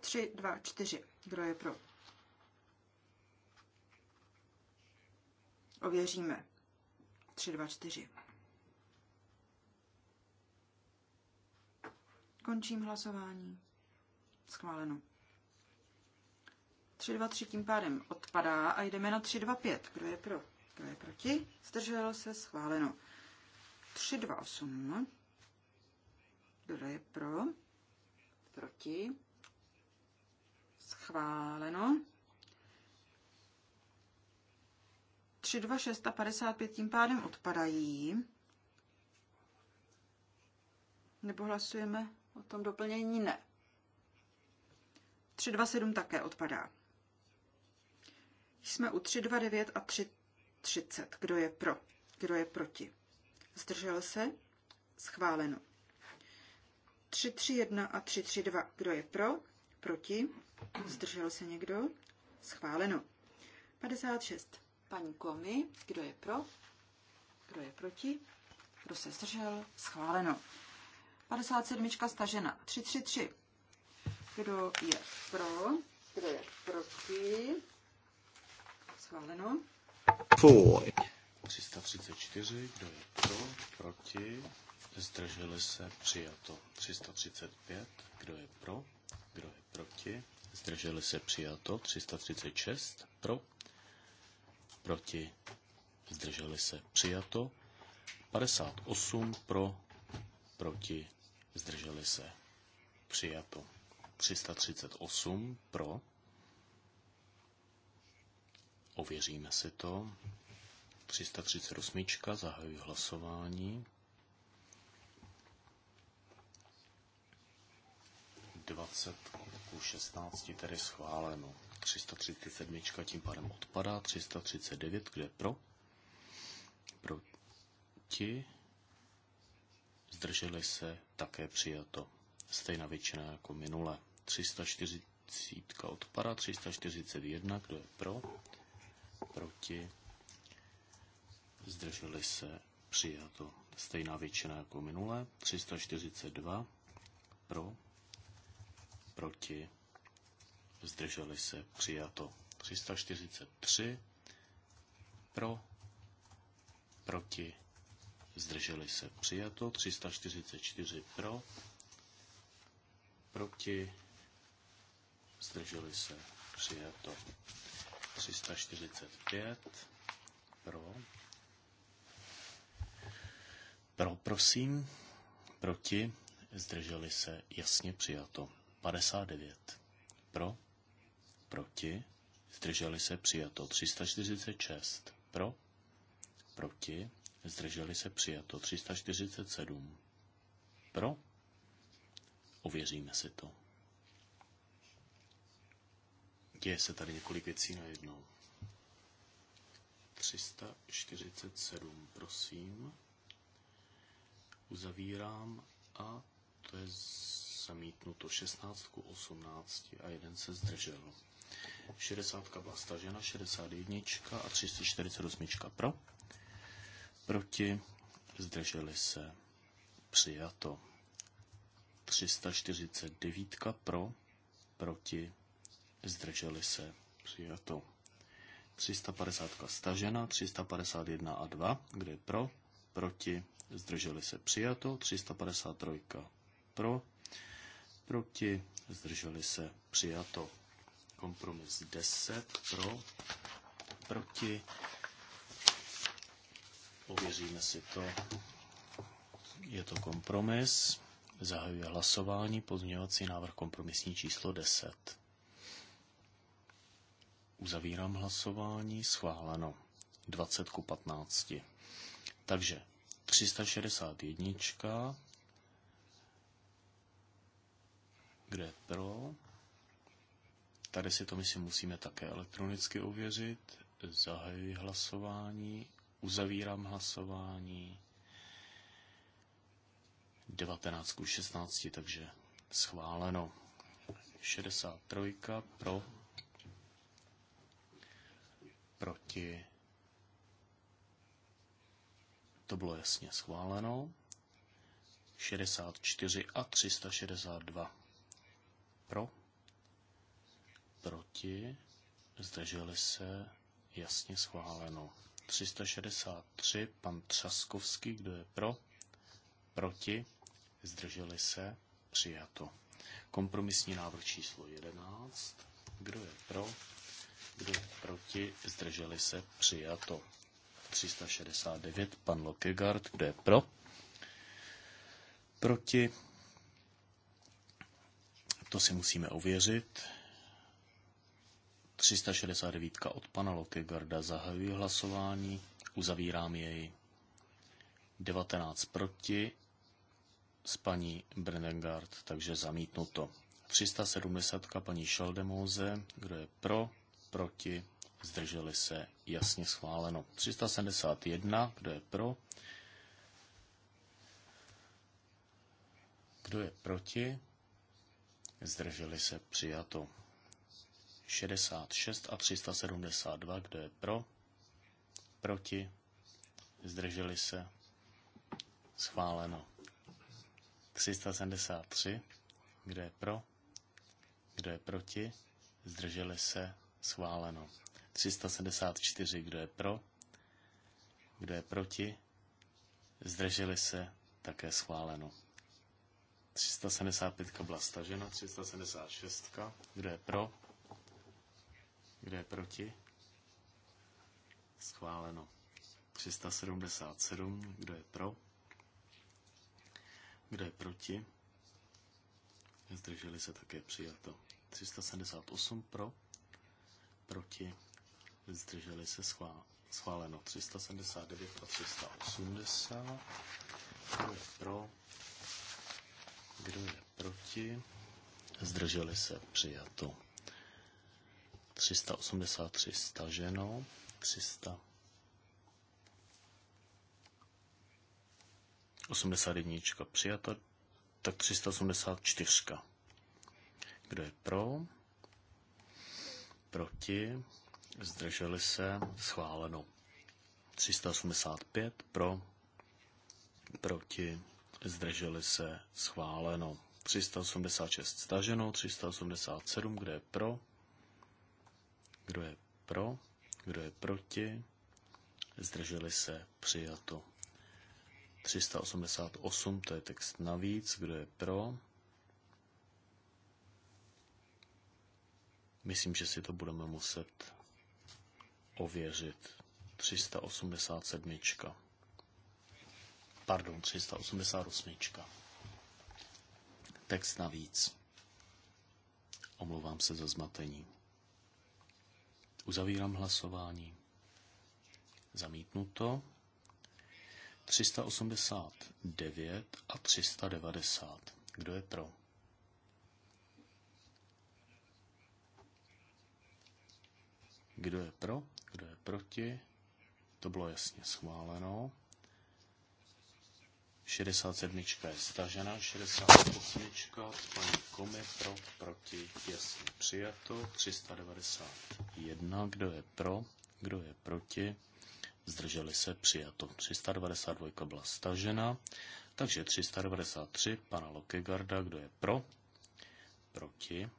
3, 2, 4. Kdo je pro? Ověříme. 3, 2, 4. Končím hlasování. Schváleno. 3, 2, 3 tím pádem odpadá a jdeme na 3, 2, 5. Kdo je pro? Kdo je proti? Zdržel se schváleno. 8. Kdo je pro? Proti? Schváleno. 6 a 55 tím pádem odpadají. Nebo hlasujeme o tom doplnění? Ne. 7 také odpadá. Jsme u 9 a 3 30. Kdo je pro? Kdo je proti? Zdržel se? Schváleno. 331 a 332. Kdo je pro? Proti? Zdržel se někdo? Schváleno. 56. Paní Komi. Kdo je pro? Kdo je proti? Kdo se zdržel? Schváleno. 57. Stažena. 333. Kdo je pro? Kdo je proti? Schváleno. 4. 334, kdo je pro, proti, zdrželi se, přijato. 335, kdo je pro, kdo je proti, zdrželi se, přijato. 336, pro, proti, zdrželi se, přijato. 58, pro, proti, zdrželi se, přijato. 338, pro, Ověříme si to. 338. Zahajuji hlasování. 20 ku 16 tedy schváleno. 337 tím pádem odpadá. 339, kde pro? Proti. Zdrželi se také přijato. Stejná většina jako minule. 340 odpadá. 341, kdo je pro? proti, zdrželi se, přijato. Stejná většina jako minule, 342 pro, proti, zdrželi se, přijato. 343 pro, proti, zdrželi se, přijato. 344 pro, proti, zdrželi se, přijato. 345 pro. Pro, prosím, proti, zdrželi se, jasně přijato. 59 pro, proti, zdrželi se, přijato. 346 pro, proti, zdrželi se, přijato. 347 pro, ověříme si to. Děje se tady několik věcí najednou. 347, prosím. Uzavírám a to je zamítnuto 16 ku 18 a jeden se zdržel. 60 byla stažena, 61 a 348 pro. Proti zdrželi se přijato. 349 pro, proti zdrželi se, přijato. 350 stažena, 351 a 2, kde je pro, proti, zdrželi se, přijato. 353 pro, proti, zdrželi se, přijato. Kompromis 10 pro, proti, ověříme si to. Je to kompromis. Zahajuje hlasování pozměňovací návrh kompromisní číslo 10. Uzavírám hlasování, schváleno 20 ku 15. Takže 361, kde je pro? Tady si to myslím musíme také elektronicky ověřit. Zahajuji hlasování, uzavírám hlasování. 19 ku 16, takže schváleno. 63 pro, proti. To bylo jasně schváleno. 64 a 362 pro, proti, zdrželi se, jasně schváleno. 363, pan Třaskovský, kdo je pro, proti, zdrželi se, přijato. Kompromisní návrh číslo 11, kdo je pro, kdo proti? Zdrželi se? Přijato. 369. Pan Lokegard. Kdo je pro? Proti? To si musíme ověřit. 369 od pana Lokegarda zahajuje hlasování, uzavírám jej. 19 proti s paní Brennengard, takže zamítnuto. 370 paní Šaldemóze, kdo je pro, proti, zdrželi se, jasně schváleno. 371, kdo je pro, kdo je proti, zdrželi se, přijato. 66 a 372, kdo je pro, proti, zdrželi se, schváleno. 373, kdo je pro, kdo je proti, zdrželi se, Schváleno. 374, kdo je pro, kdo je proti, zdrželi se, také schváleno. 375 byla stažena, 376, kdo je pro, kdo je proti, schváleno. 377, kdo je pro, kdo je proti, zdrželi se také přijato. 378 pro, proti, zdrželi se schvál, schváleno 379 a 380. Kdo je pro? Kdo je proti? Zdrželi se přijato. 383 staženo, 300 81 přijata, tak 384. Kdo je pro? proti, zdrželi se, schváleno. 385 pro, proti, zdrželi se, schváleno. 386 staženo, 387, kdo je pro, kdo je pro, kdo je proti, zdrželi se, přijato. 388, to je text navíc, kdo je pro, Myslím, že si to budeme muset ověřit. 387. Pardon, 388. Text navíc. Omlouvám se za zmatení. Uzavírám hlasování. Zamítnuto. 389 a 390. Kdo je pro? Kdo je pro? Kdo je proti? To bylo jasně schváleno. 67 je stažena, 68 paní Komi pro, proti, jasně přijato, 391, kdo je pro, kdo je proti, zdrželi se, přijato. 392 byla stažena, takže 393 pana Lokegarda, kdo je pro, proti,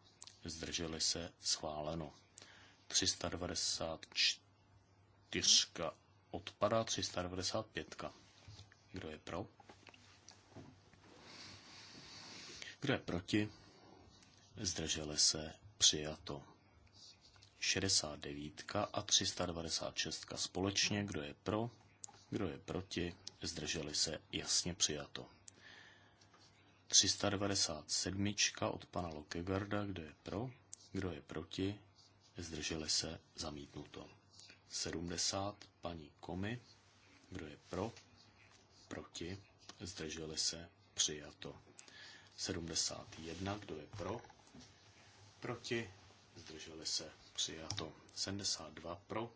zdrželi se, schváleno. 394 odpadá, 395. Kdo je pro? Kdo je proti? Zdrželi se přijato. 69 a 396 společně, kdo je pro, kdo je proti, zdrželi se jasně přijato. 397 od pana Lokegarda, kdo je pro, kdo je proti, zdrželi se, zamítnuto. 70, paní Komi, kdo je pro, proti, zdrželi se, přijato. 71, kdo je pro, proti, zdrželi se, přijato. 72 pro,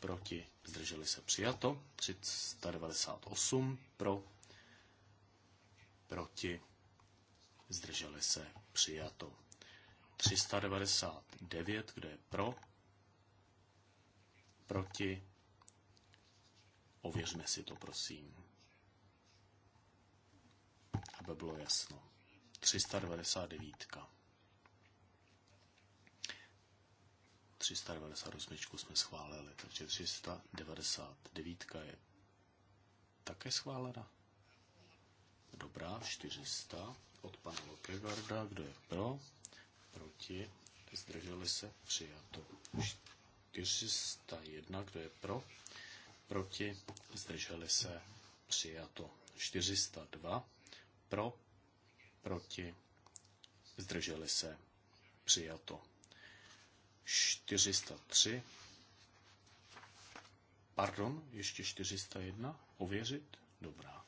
proti, zdrželi se, přijato. 398 pro, proti, zdrželi se, přijato. 399, kde je pro, proti, ověřme si to, prosím, aby bylo jasno. 399. 398 jsme schválili, takže 399 je také schválena. Dobrá, 400 od pana Lokegarda, kdo je pro? proti, zdrželi se, přijato. 401, kdo je pro, proti, zdrželi se, přijato. 402, pro, proti, zdrželi se, přijato. 403, pardon, ještě 401, ověřit, dobrá.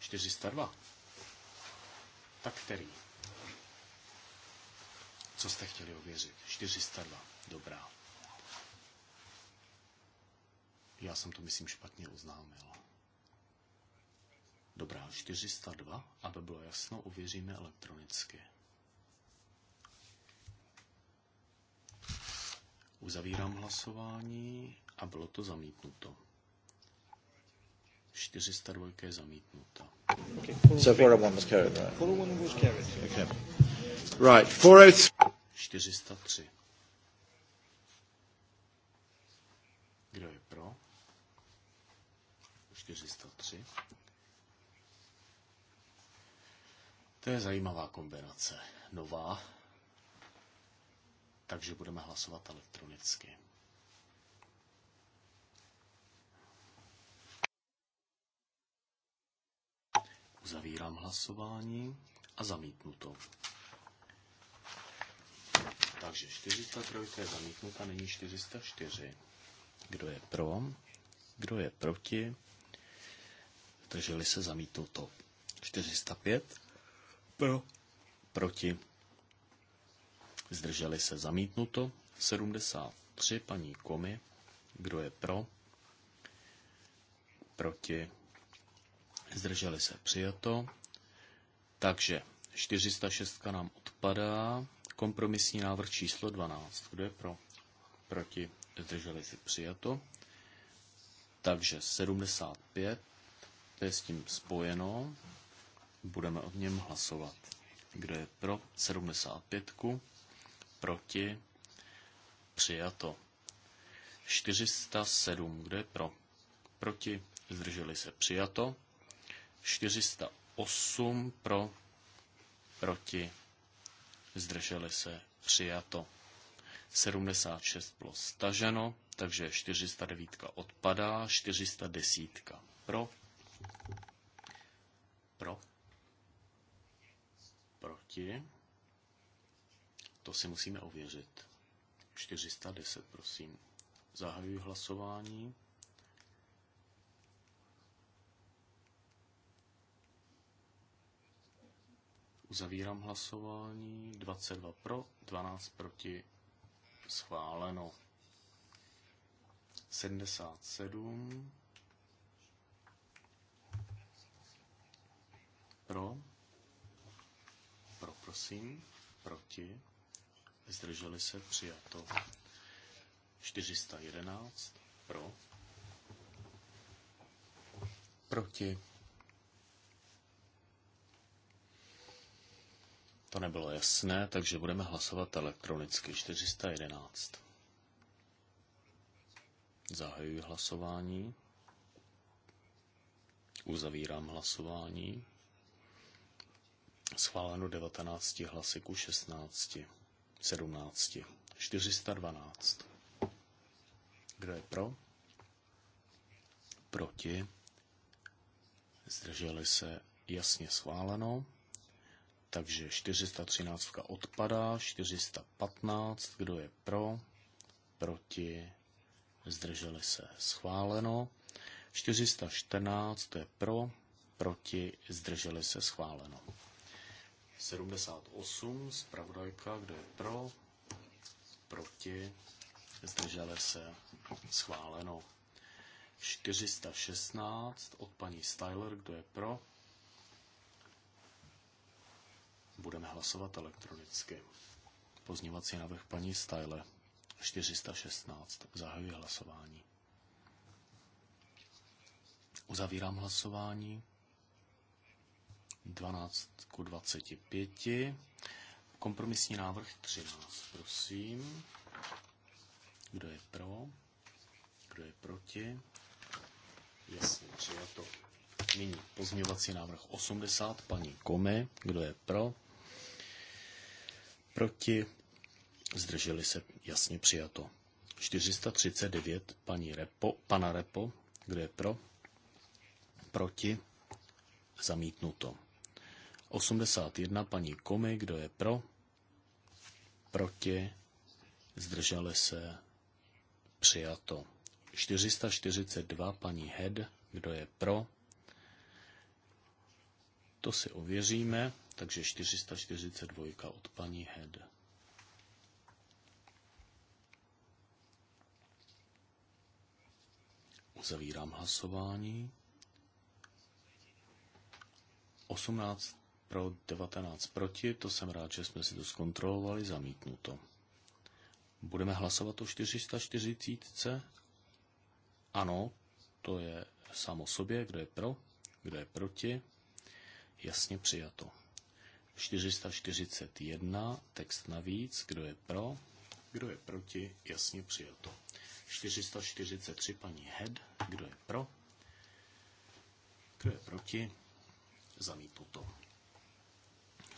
402. Tak který? Co jste chtěli ověřit? 402. Dobrá. Já jsem to, myslím, špatně oznámil. Dobrá, 402, aby bylo jasno, ověříme elektronicky. Uzavírám hlasování a bylo to zamítnuto. 402 je zamítnuto. Okay, so 401 was carried, right? 401 was carried. Okay. Right, 403. Kdo je pro? 403. To je zajímavá kombinace. Nová. Takže budeme hlasovat elektronicky. Uzavírám hlasování a zamítnu to. Takže 403 je zamítnuta, není 404. Kdo je pro? Kdo je proti? Drželi se zamítnuto. 405. Pro. Proti. Zdrželi se zamítnuto. 73. Paní Komi. Kdo je pro? Proti. Zdrželi se přijato. Takže 406 nám odpadá. Kompromisní návrh číslo 12. Kdo je pro? Proti? Zdrželi se přijato. Takže 75, to je s tím spojeno, budeme o něm hlasovat. Kdo je pro 75, proti, přijato. 407, kdo je pro, proti, zdrželi se, přijato. 408 pro, proti, zdrželi se, přijato. 76 bylo staženo, takže 409 odpadá, 410 pro, pro, proti, to si musíme ověřit. 410, prosím. Zahajuji hlasování. Uzavírám hlasování. 22 pro, 12 proti. Schváleno. 77 pro, pro prosím, proti, zdrželi se, přijato 411, pro, proti, To nebylo jasné, takže budeme hlasovat elektronicky. 411. Zahajuji hlasování. Uzavírám hlasování. Schváleno 19 hlasy ku 16. 17. 412. Kdo je pro? Proti? Zdrželi se jasně schváleno. Takže 413 odpadá, 415, kdo je pro, proti, zdrželi se, schváleno. 414, to je pro, proti, zdrželi se, schváleno. 78, zpravodajka, kdo je pro, proti, zdrželi se, schváleno. 416 od paní Styler, kdo je pro, budeme hlasovat elektronicky. Pozněvací návrh paní Style 416. Zahajuji hlasování. Uzavírám hlasování. 12 ku 25. Kompromisní návrh 13, prosím. Kdo je pro? Kdo je proti? Jasně, přijato. Nyní pozměvací návrh 80, paní Komy. Kdo je pro? proti, zdrželi se jasně přijato. 439 paní Repo, pana Repo, kdo je pro, proti, zamítnuto. 81 paní Komy, kdo je pro, proti, zdrželi se přijato. 442 paní Head, kdo je pro, to si ověříme. Takže 442 od paní Head. Uzavírám hlasování. 18 pro 19 proti, to jsem rád, že jsme si to zkontrolovali, zamítnuto. Budeme hlasovat o 440? Ano, to je samo sobě, kdo je pro, kdo je proti. Jasně přijato. 441, text navíc, kdo je pro, kdo je proti, jasně přijato. 443, paní Head, kdo je pro, kdo je proti, zamítnuto.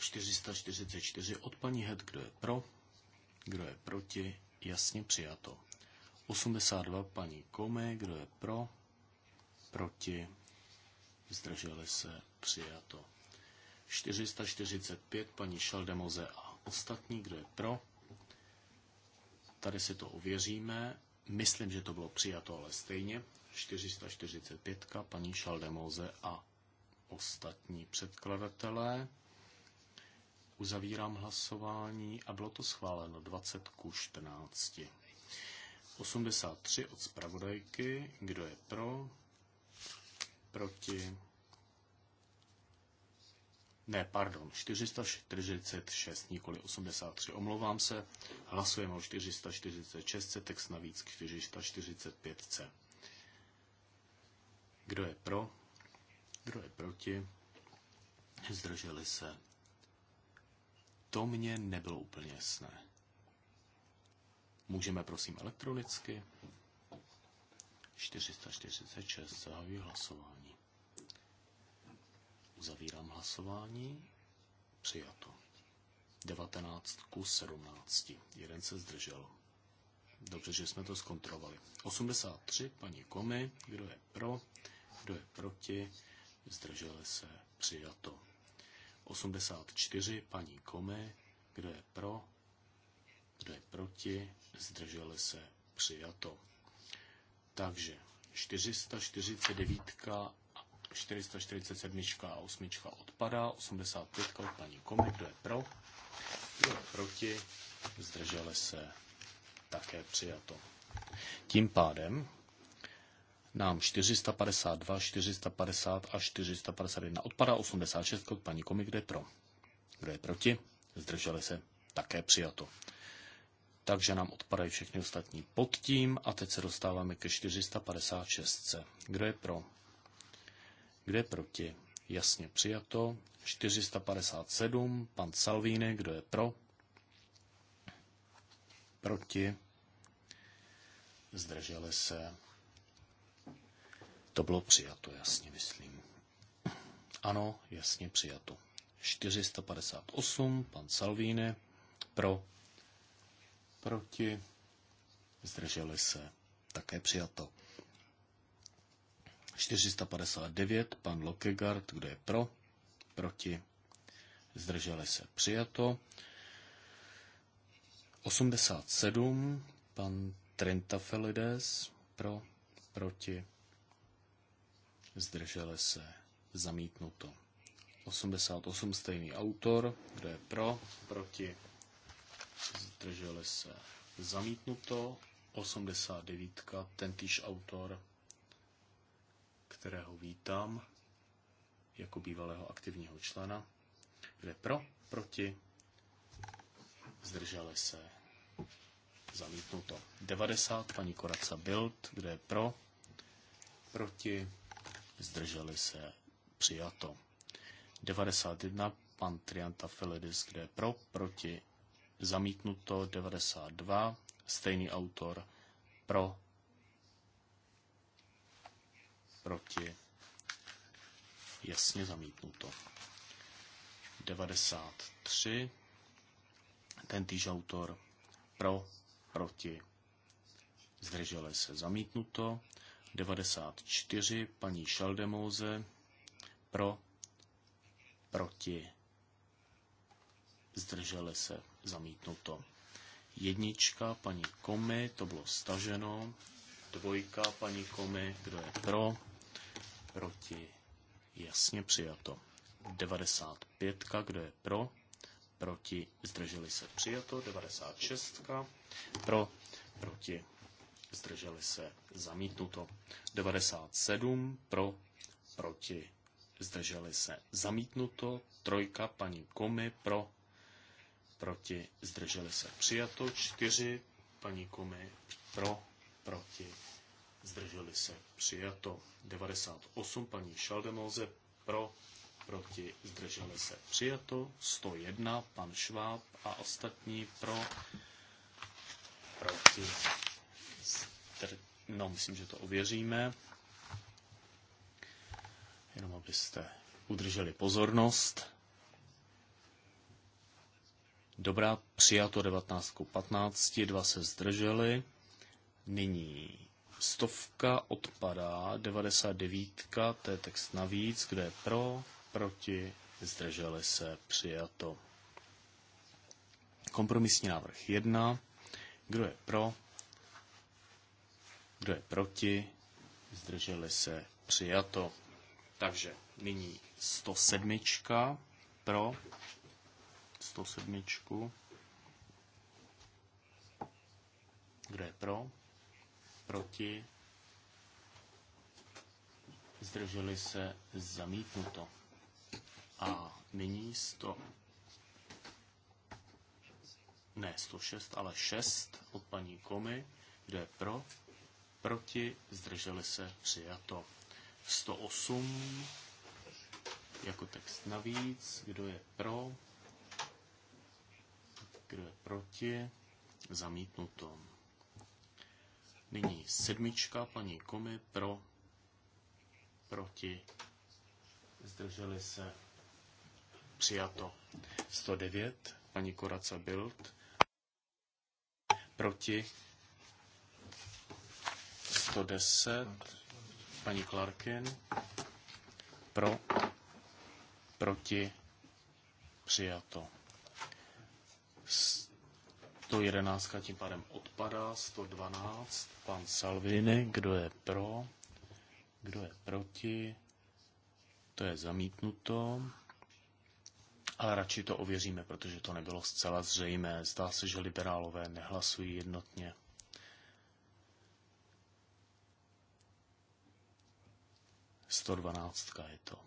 444 od paní Head, kdo je pro, kdo je proti, jasně přijato. 82 paní Kome, kdo je pro, proti, zdrželi se, přijato. 445 paní Šaldemoze a ostatní, kdo je pro. Tady si to ověříme. Myslím, že to bylo přijato, ale stejně. 445 paní Šaldemoze a ostatní předkladatelé. Uzavírám hlasování a bylo to schváleno 20 ku 14. 83 od zpravodajky. Kdo je pro? Proti? Ne, pardon, 446, nikoli 83, omlouvám se. Hlasujeme o 446, text navíc k 445C. Kdo je pro? Kdo je proti? Zdrželi se. To mně nebylo úplně jasné. Můžeme prosím elektronicky? 446, zahajuji hlasování. Uzavírám hlasování. Přijato. 19 ku 17. Jeden se zdržel. Dobře, že jsme to zkontrolovali. 83, paní Komy, kdo je pro, kdo je proti, zdrželi se, přijato. 84, paní Komy, kdo je pro, kdo je proti, zdrželi se, přijato. Takže 449 447 a 8 odpadá, 85 od paní Komy, kdo je pro, kdo je proti, zdrželi se také přijato. Tím pádem nám 452, 450 a 451 odpadá, 86 od paní Komy, kdo je pro, kdo je proti, zdrželi se také přijato. Takže nám odpadají všechny ostatní pod tím a teď se dostáváme ke 456. Kdo je pro? Kdo je proti? Jasně přijato. 457, pan Salvíny, kdo je pro? Proti? Zdrželi se. To bylo přijato, jasně myslím. Ano, jasně přijato. 458, pan Salvíny, pro? Proti? Zdrželi se. Také přijato. 459, pan Lokegard, kdo je pro, proti, zdrželi se, přijato. 87, pan Trentafelides, pro, proti, zdrželi se, zamítnuto. 88 stejný autor, kdo je pro, proti, zdrželi se, zamítnuto. 89, tentýž autor, kterého vítám jako bývalého aktivního člena. Kde pro, proti, zdrželi se, zamítnuto. 90, paní Koraca Bild, kde je pro, proti, zdrželi se, přijato. 91, pan Trianta Felidis, kde je pro, proti, zamítnuto. 92, stejný autor, pro, proti, jasně zamítnuto. 93, týž autor, pro, proti, zdrželi se zamítnuto. 94, paní Šaldemouze pro, proti, zdrželi se zamítnuto. Jednička, paní Komy, to bylo staženo. Dvojka, paní Komy, kdo je pro, proti, jasně přijato. 95, kdo je pro, proti, zdrželi se přijato. 96, pro, proti, zdrželi se zamítnuto. 97, pro, proti, zdrželi se zamítnuto. Trojka, paní Komy, pro, proti, zdrželi se přijato. 4, paní Komy, pro, proti, zdrželi se, přijato. 98 paní Šaldemoze pro, proti, zdrželi se, přijato. 101 pan Šváb a ostatní pro, proti, zdr... no myslím, že to ověříme. Jenom abyste udrželi pozornost. Dobrá, přijato 19 15, dva se zdrželi. Nyní Stovka odpadá, 99, to je text navíc, kde je pro, proti, zdrželi se, přijato. Kompromisní návrh 1, kdo je pro, kdo je proti, zdrželi se, přijato. Takže nyní 107 pro 107. Kdo je pro? proti, zdrželi se zamítnuto. A nyní 100, ne 106, ale 6 od paní Komy, kde je pro, proti, zdrželi se přijato. 108 jako text navíc, kdo je pro, kdo je proti, zamítnuto. Nyní sedmička, paní Komi, pro, proti, zdrželi se, přijato. 109, paní Koraca Bild, proti, 110, paní Clarkin, pro, proti, přijato. 111 tím pádem odpadá, 112, pan Salvini, kdo je pro, kdo je proti, to je zamítnuto, ale radši to ověříme, protože to nebylo zcela zřejmé. Zdá se, že liberálové nehlasují jednotně. Sto dvanáctka je to.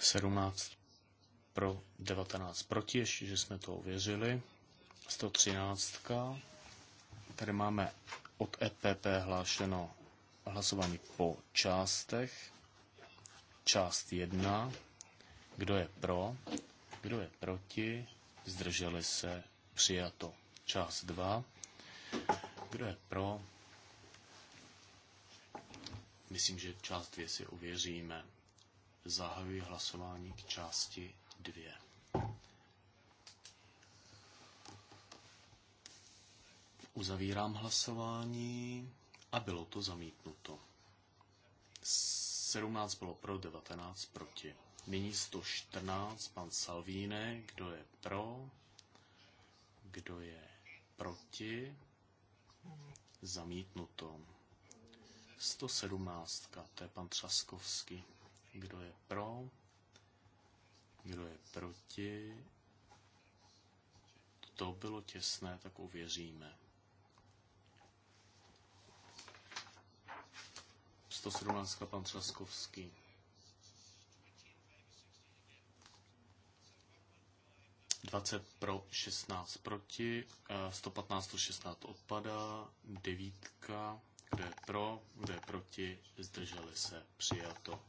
Sedmnáct pro, 19 proti, ještě, že jsme to ověřili. 113. Tady máme od EPP hlášeno hlasování po částech. Část 1. Kdo je pro? Kdo je proti? Zdrželi se? Přijato. Část 2. Kdo je pro? Myslím, že část 2 si uvěříme. Zahajuji hlasování k části Dvě. Uzavírám hlasování a bylo to zamítnuto. 17 bylo pro, 19 proti. Nyní 114, pan Salvíne, kdo je pro, kdo je proti, zamítnuto. 117, to je pan Třaskovský, kdo je pro, kdo je proti? To bylo těsné, tak uvěříme. 117. pan Třaskovský. pro, 16 proti, 115, eh, 16 odpadá, devítka, kdo je pro, kdo je proti, zdrželi se, přijato.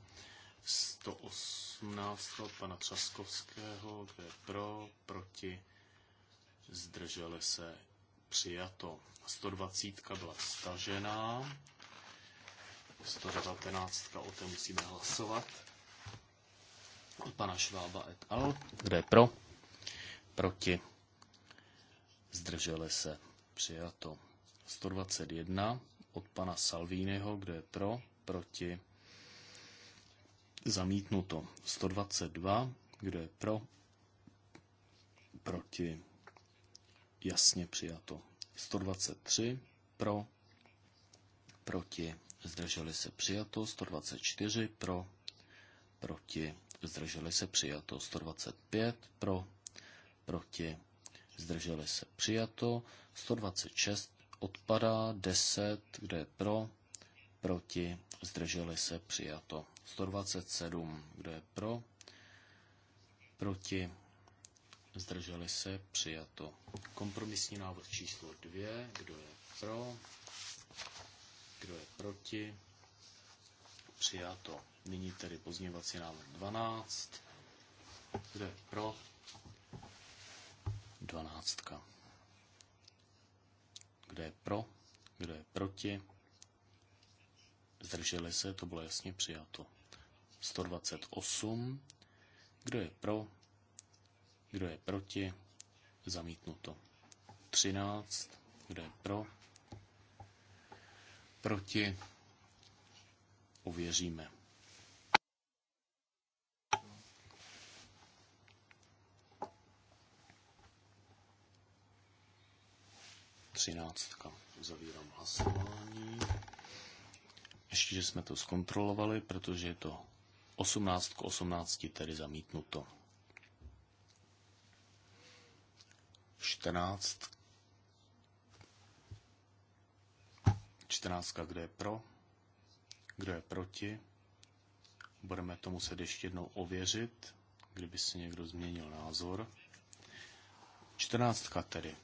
118 pana Třaskovského, kde je pro, proti, zdrželi se, přijato. 120 byla stažená, 119 o té musíme hlasovat. Od pana Švába et al. Kde je pro, proti, zdrželi se, přijato. 121 od pana Salvínyho, kde je pro, proti, Zamítnuto. 122. Kdo je pro? Proti. Jasně přijato. 123. Pro. Proti. Zdrželi se přijato. 124. Pro. Proti. Zdrželi se přijato. 125. Pro. Proti. Zdrželi se přijato. 126. Odpadá. 10. Kde je pro? Proti. Zdrželi se přijato. 127. Kdo je pro? Proti? Zdrželi se? Přijato. Kompromisní návrh číslo 2. Kdo je pro? Kdo je proti? Přijato. Nyní tedy pozměňovací návrh 12. Kdo je pro? 12. Kdo je pro? Kdo je proti? Zdrželi se, to bylo jasně přijato. 128. Kdo je pro? Kdo je proti? Zamítnuto. 13. Kdo je pro? Proti? Ověříme. Třináctka. Zavírám hlasování. Ještě, že jsme to zkontrolovali, protože je to 18 k 18 tedy zamítnuto. 14. 14. Kdo je pro? Kdo je proti? Budeme to muset ještě jednou ověřit, kdyby se někdo změnil názor. 14. tedy.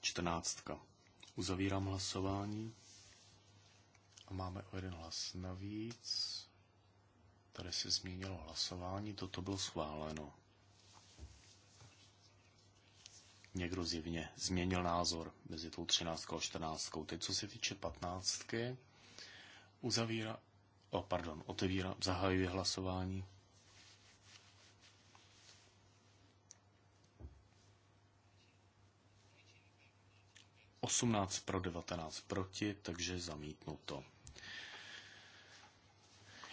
14. Uzavírám hlasování máme o jeden hlas navíc. Tady se změnilo hlasování, toto bylo schváleno. Někdo zjevně změnil názor mezi tou 13 a 14. Teď, co se týče 15, uzavírá, o, oh, pardon, otevírá, zahajuje hlasování. Osmnáct pro devatenáct proti, takže zamítnuto.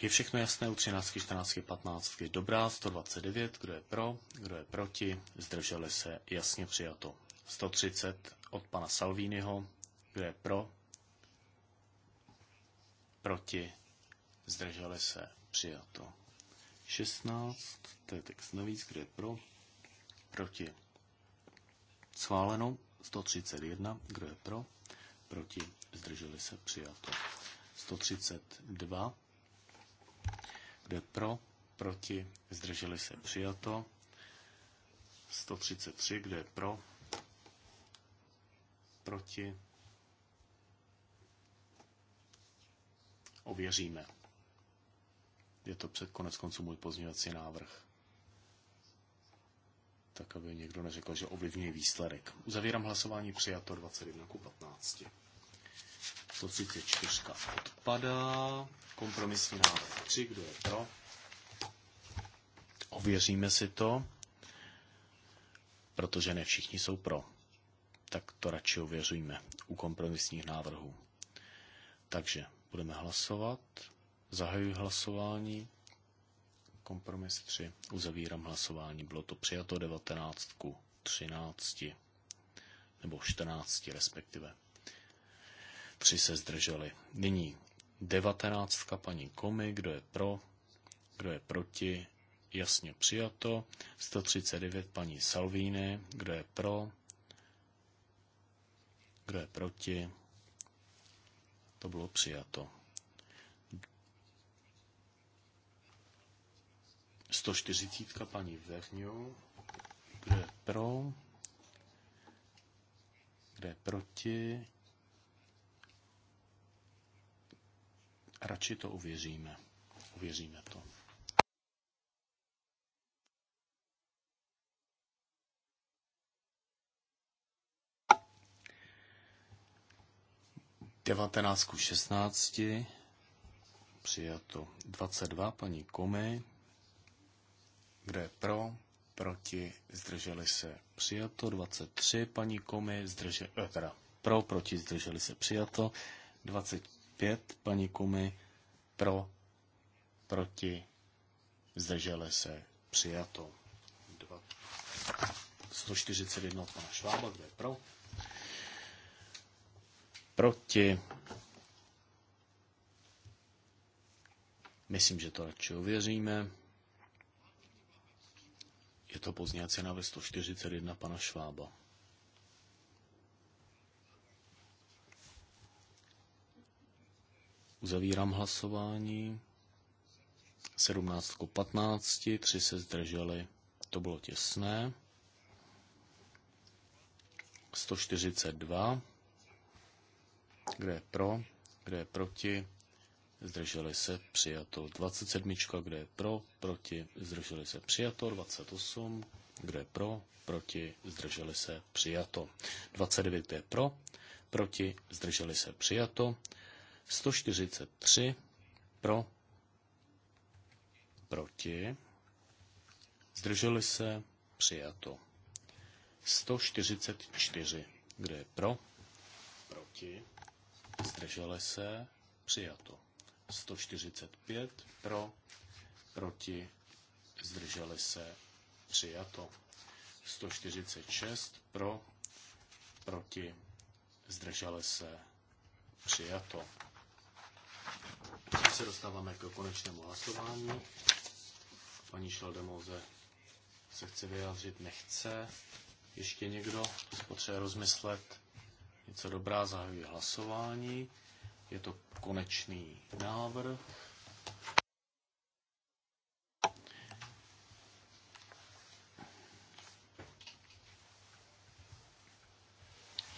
Je všechno jasné u 13, 14, 15. Dobrá, 129, kdo je pro, kdo je proti, zdrželi se, jasně přijato. 130 od pana Salviniho, kdo je pro, proti, zdrželi se, přijato. 16, to je text navíc, kdo je pro, proti, schváleno, 131, kdo je pro, proti, zdrželi se, přijato. 132, kde pro? Proti? Zdrželi se? Přijato. 133. Kde je pro? Proti? Ověříme. Je to před konec konců můj pozměňovací návrh. Tak, aby někdo neřekl, že ovlivňuje výsledek. Uzavírám hlasování přijato 21 ku 15. 134 odpadá. Kompromisní návrh 3, kdo je pro? Ověříme si to, protože ne všichni jsou pro. Tak to radši ověřujme u kompromisních návrhů. Takže budeme hlasovat. Zahajuji hlasování. Kompromis 3. Uzavírám hlasování. Bylo to přijato 19 ku 13 nebo 14 respektive tři se zdrželi. Nyní devatenáctka paní Komy, kdo je pro, kdo je proti, jasně přijato. 139 paní Salvíny, kdo je pro, kdo je proti, to bylo přijato. 140 paní Verňu, kdo je pro, kdo je proti, radši to uvěříme. Uvěříme to. Devatenáctku šestnácti přijato 22 paní Komy, kde pro, proti, zdrželi se přijato, 23 paní Komy, zdrže, eh, teda pro, proti, zdrželi se přijato, 20, 5, paní Kumy, pro, proti, zdrželi se, přijato. 141 pana Švába, kde je pro. Proti. Myslím, že to radši ověříme. Je to pozdňací návrh 141 pana Švába. Uzavírám hlasování. 17 k 15, 3 se zdrželi. To bylo těsné. 142. Kde je pro? Kde je proti? Zdrželi se přijato 27. Kde je pro? Proti? Zdrželi se přijato 28. Kde je pro? Proti? Zdrželi se přijato 29. Kde je pro? Proti? Zdrželi se přijato 143 pro, proti, zdrželi se, přijato. 144, kde je pro, proti, zdrželi se, přijato. 145 pro, proti, zdrželi se, přijato. 146 pro, proti, zdrželi se, přijato se dostáváme k konečnému hlasování. Paní Šeldemouze se chce vyjádřit, nechce. Ještě někdo potřebuje rozmyslet něco dobrá, zahajuje hlasování. Je to konečný návrh.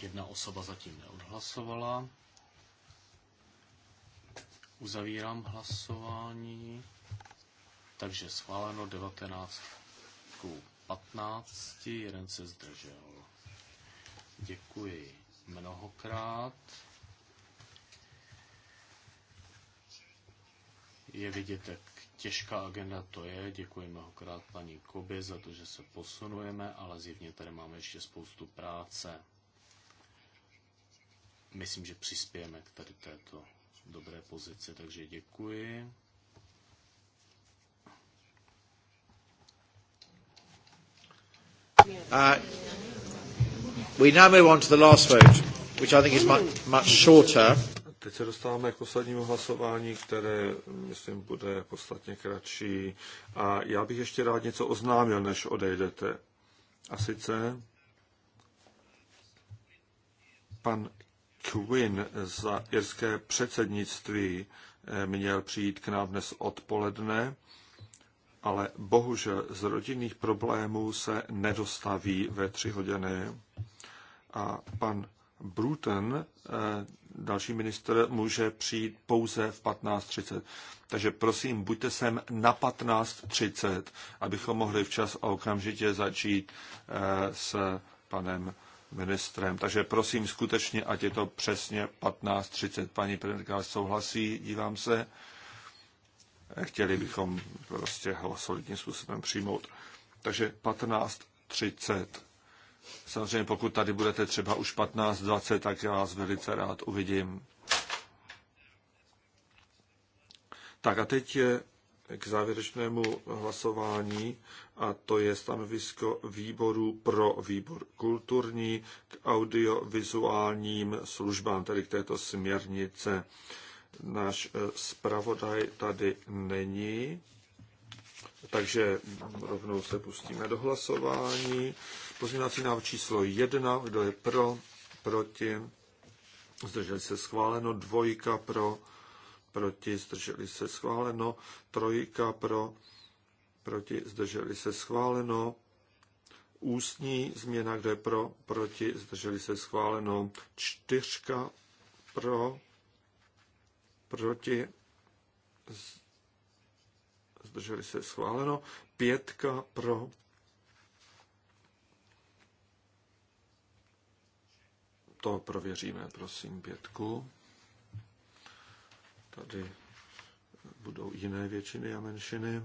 Jedna osoba zatím neodhlasovala. Uzavírám hlasování. Takže schváleno 19 k 15, jeden se zdržel. Děkuji mnohokrát. Je vidět, jak těžká agenda to je. Děkuji mnohokrát paní Kobě za to, že se posunujeme, ale zjevně tady máme ještě spoustu práce. Myslím, že přispějeme k tady této dobré pozici, takže děkuji. Uh, we now move on to the last vote, which I think is much, much shorter. Teď se dostáváme k poslednímu hlasování, které, myslím, bude podstatně kratší. A já bych ještě rád něco oznámil, než odejdete. A sice pan Twin za irské předsednictví eh, měl přijít k nám dnes odpoledne, ale bohužel z rodinných problémů se nedostaví ve tři hodiny. A pan Bruton, eh, další minister, může přijít pouze v 15.30. Takže prosím, buďte sem na 15.30, abychom mohli včas a okamžitě začít eh, s panem ministrem. Takže prosím skutečně, ať je to přesně 15.30. Paní premiérka souhlasí, dívám se. Chtěli bychom prostě ho solidním způsobem přijmout. Takže 15.30. Samozřejmě pokud tady budete třeba už 15.20, tak já vás velice rád uvidím. Tak a teď je k závěrečnému hlasování a to je stanovisko výboru pro výbor kulturní k audiovizuálním službám, tedy k této směrnice. Náš eh, zpravodaj tady není, takže rovnou se pustíme do hlasování. Pozměňovací návrh číslo jedna, kdo je pro, proti, zdrželi se schváleno, dvojka pro, proti, zdrželi se schváleno, trojka pro, proti, zdrželi se schváleno, ústní změna, kde pro, proti, zdrželi se schváleno, čtyřka pro, proti, zdrželi se schváleno, pětka pro, to prověříme, prosím, pětku. Tady budou jiné většiny a menšiny.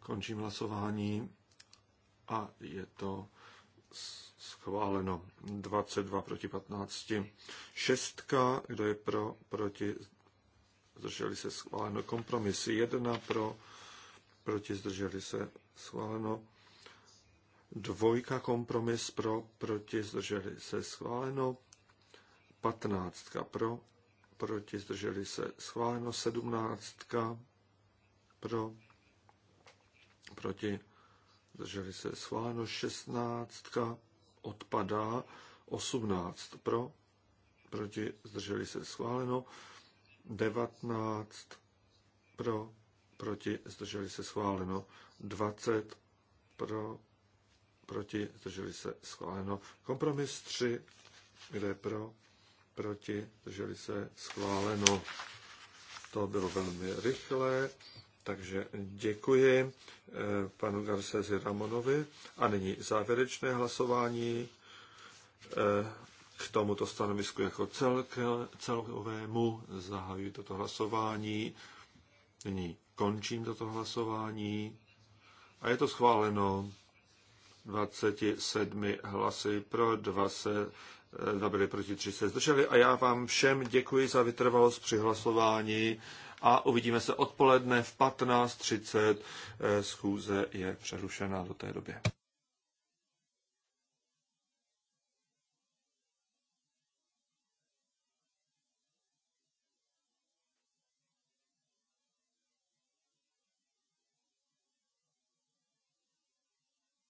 Končím hlasování a je to schváleno 22 proti 15. Šestka, kdo je pro, proti, zdrželi se schváleno. Kompromisy 1 pro, proti, zdrželi se schváleno. Dvojka kompromis pro, proti, zdrželi se schváleno. Patnáctka pro, proti, zdrželi se, schváleno, sedmnáctka, pro, proti, zdrželi se, schváleno, šestnáctka, odpadá, osmnáct, pro, proti, zdrželi se, schváleno, devatnáct, pro, proti, zdrželi se, schváleno, dvacet, pro, proti, zdrželi se, schváleno, kompromis tři, kde pro, proti, drželi se, schváleno. To bylo velmi rychlé, takže děkuji eh, panu Garcezi Ramonovi. A nyní závěrečné hlasování eh, k tomuto stanovisku jako celkovému. Zahajuji toto hlasování. Nyní končím toto hlasování. A je to schváleno 27 hlasy pro, 2 se Eh, dva byli proti, tři se zdrželi a já vám všem děkuji za vytrvalost při hlasování a uvidíme se odpoledne v 15.30. Eh, schůze je přerušena do té doby.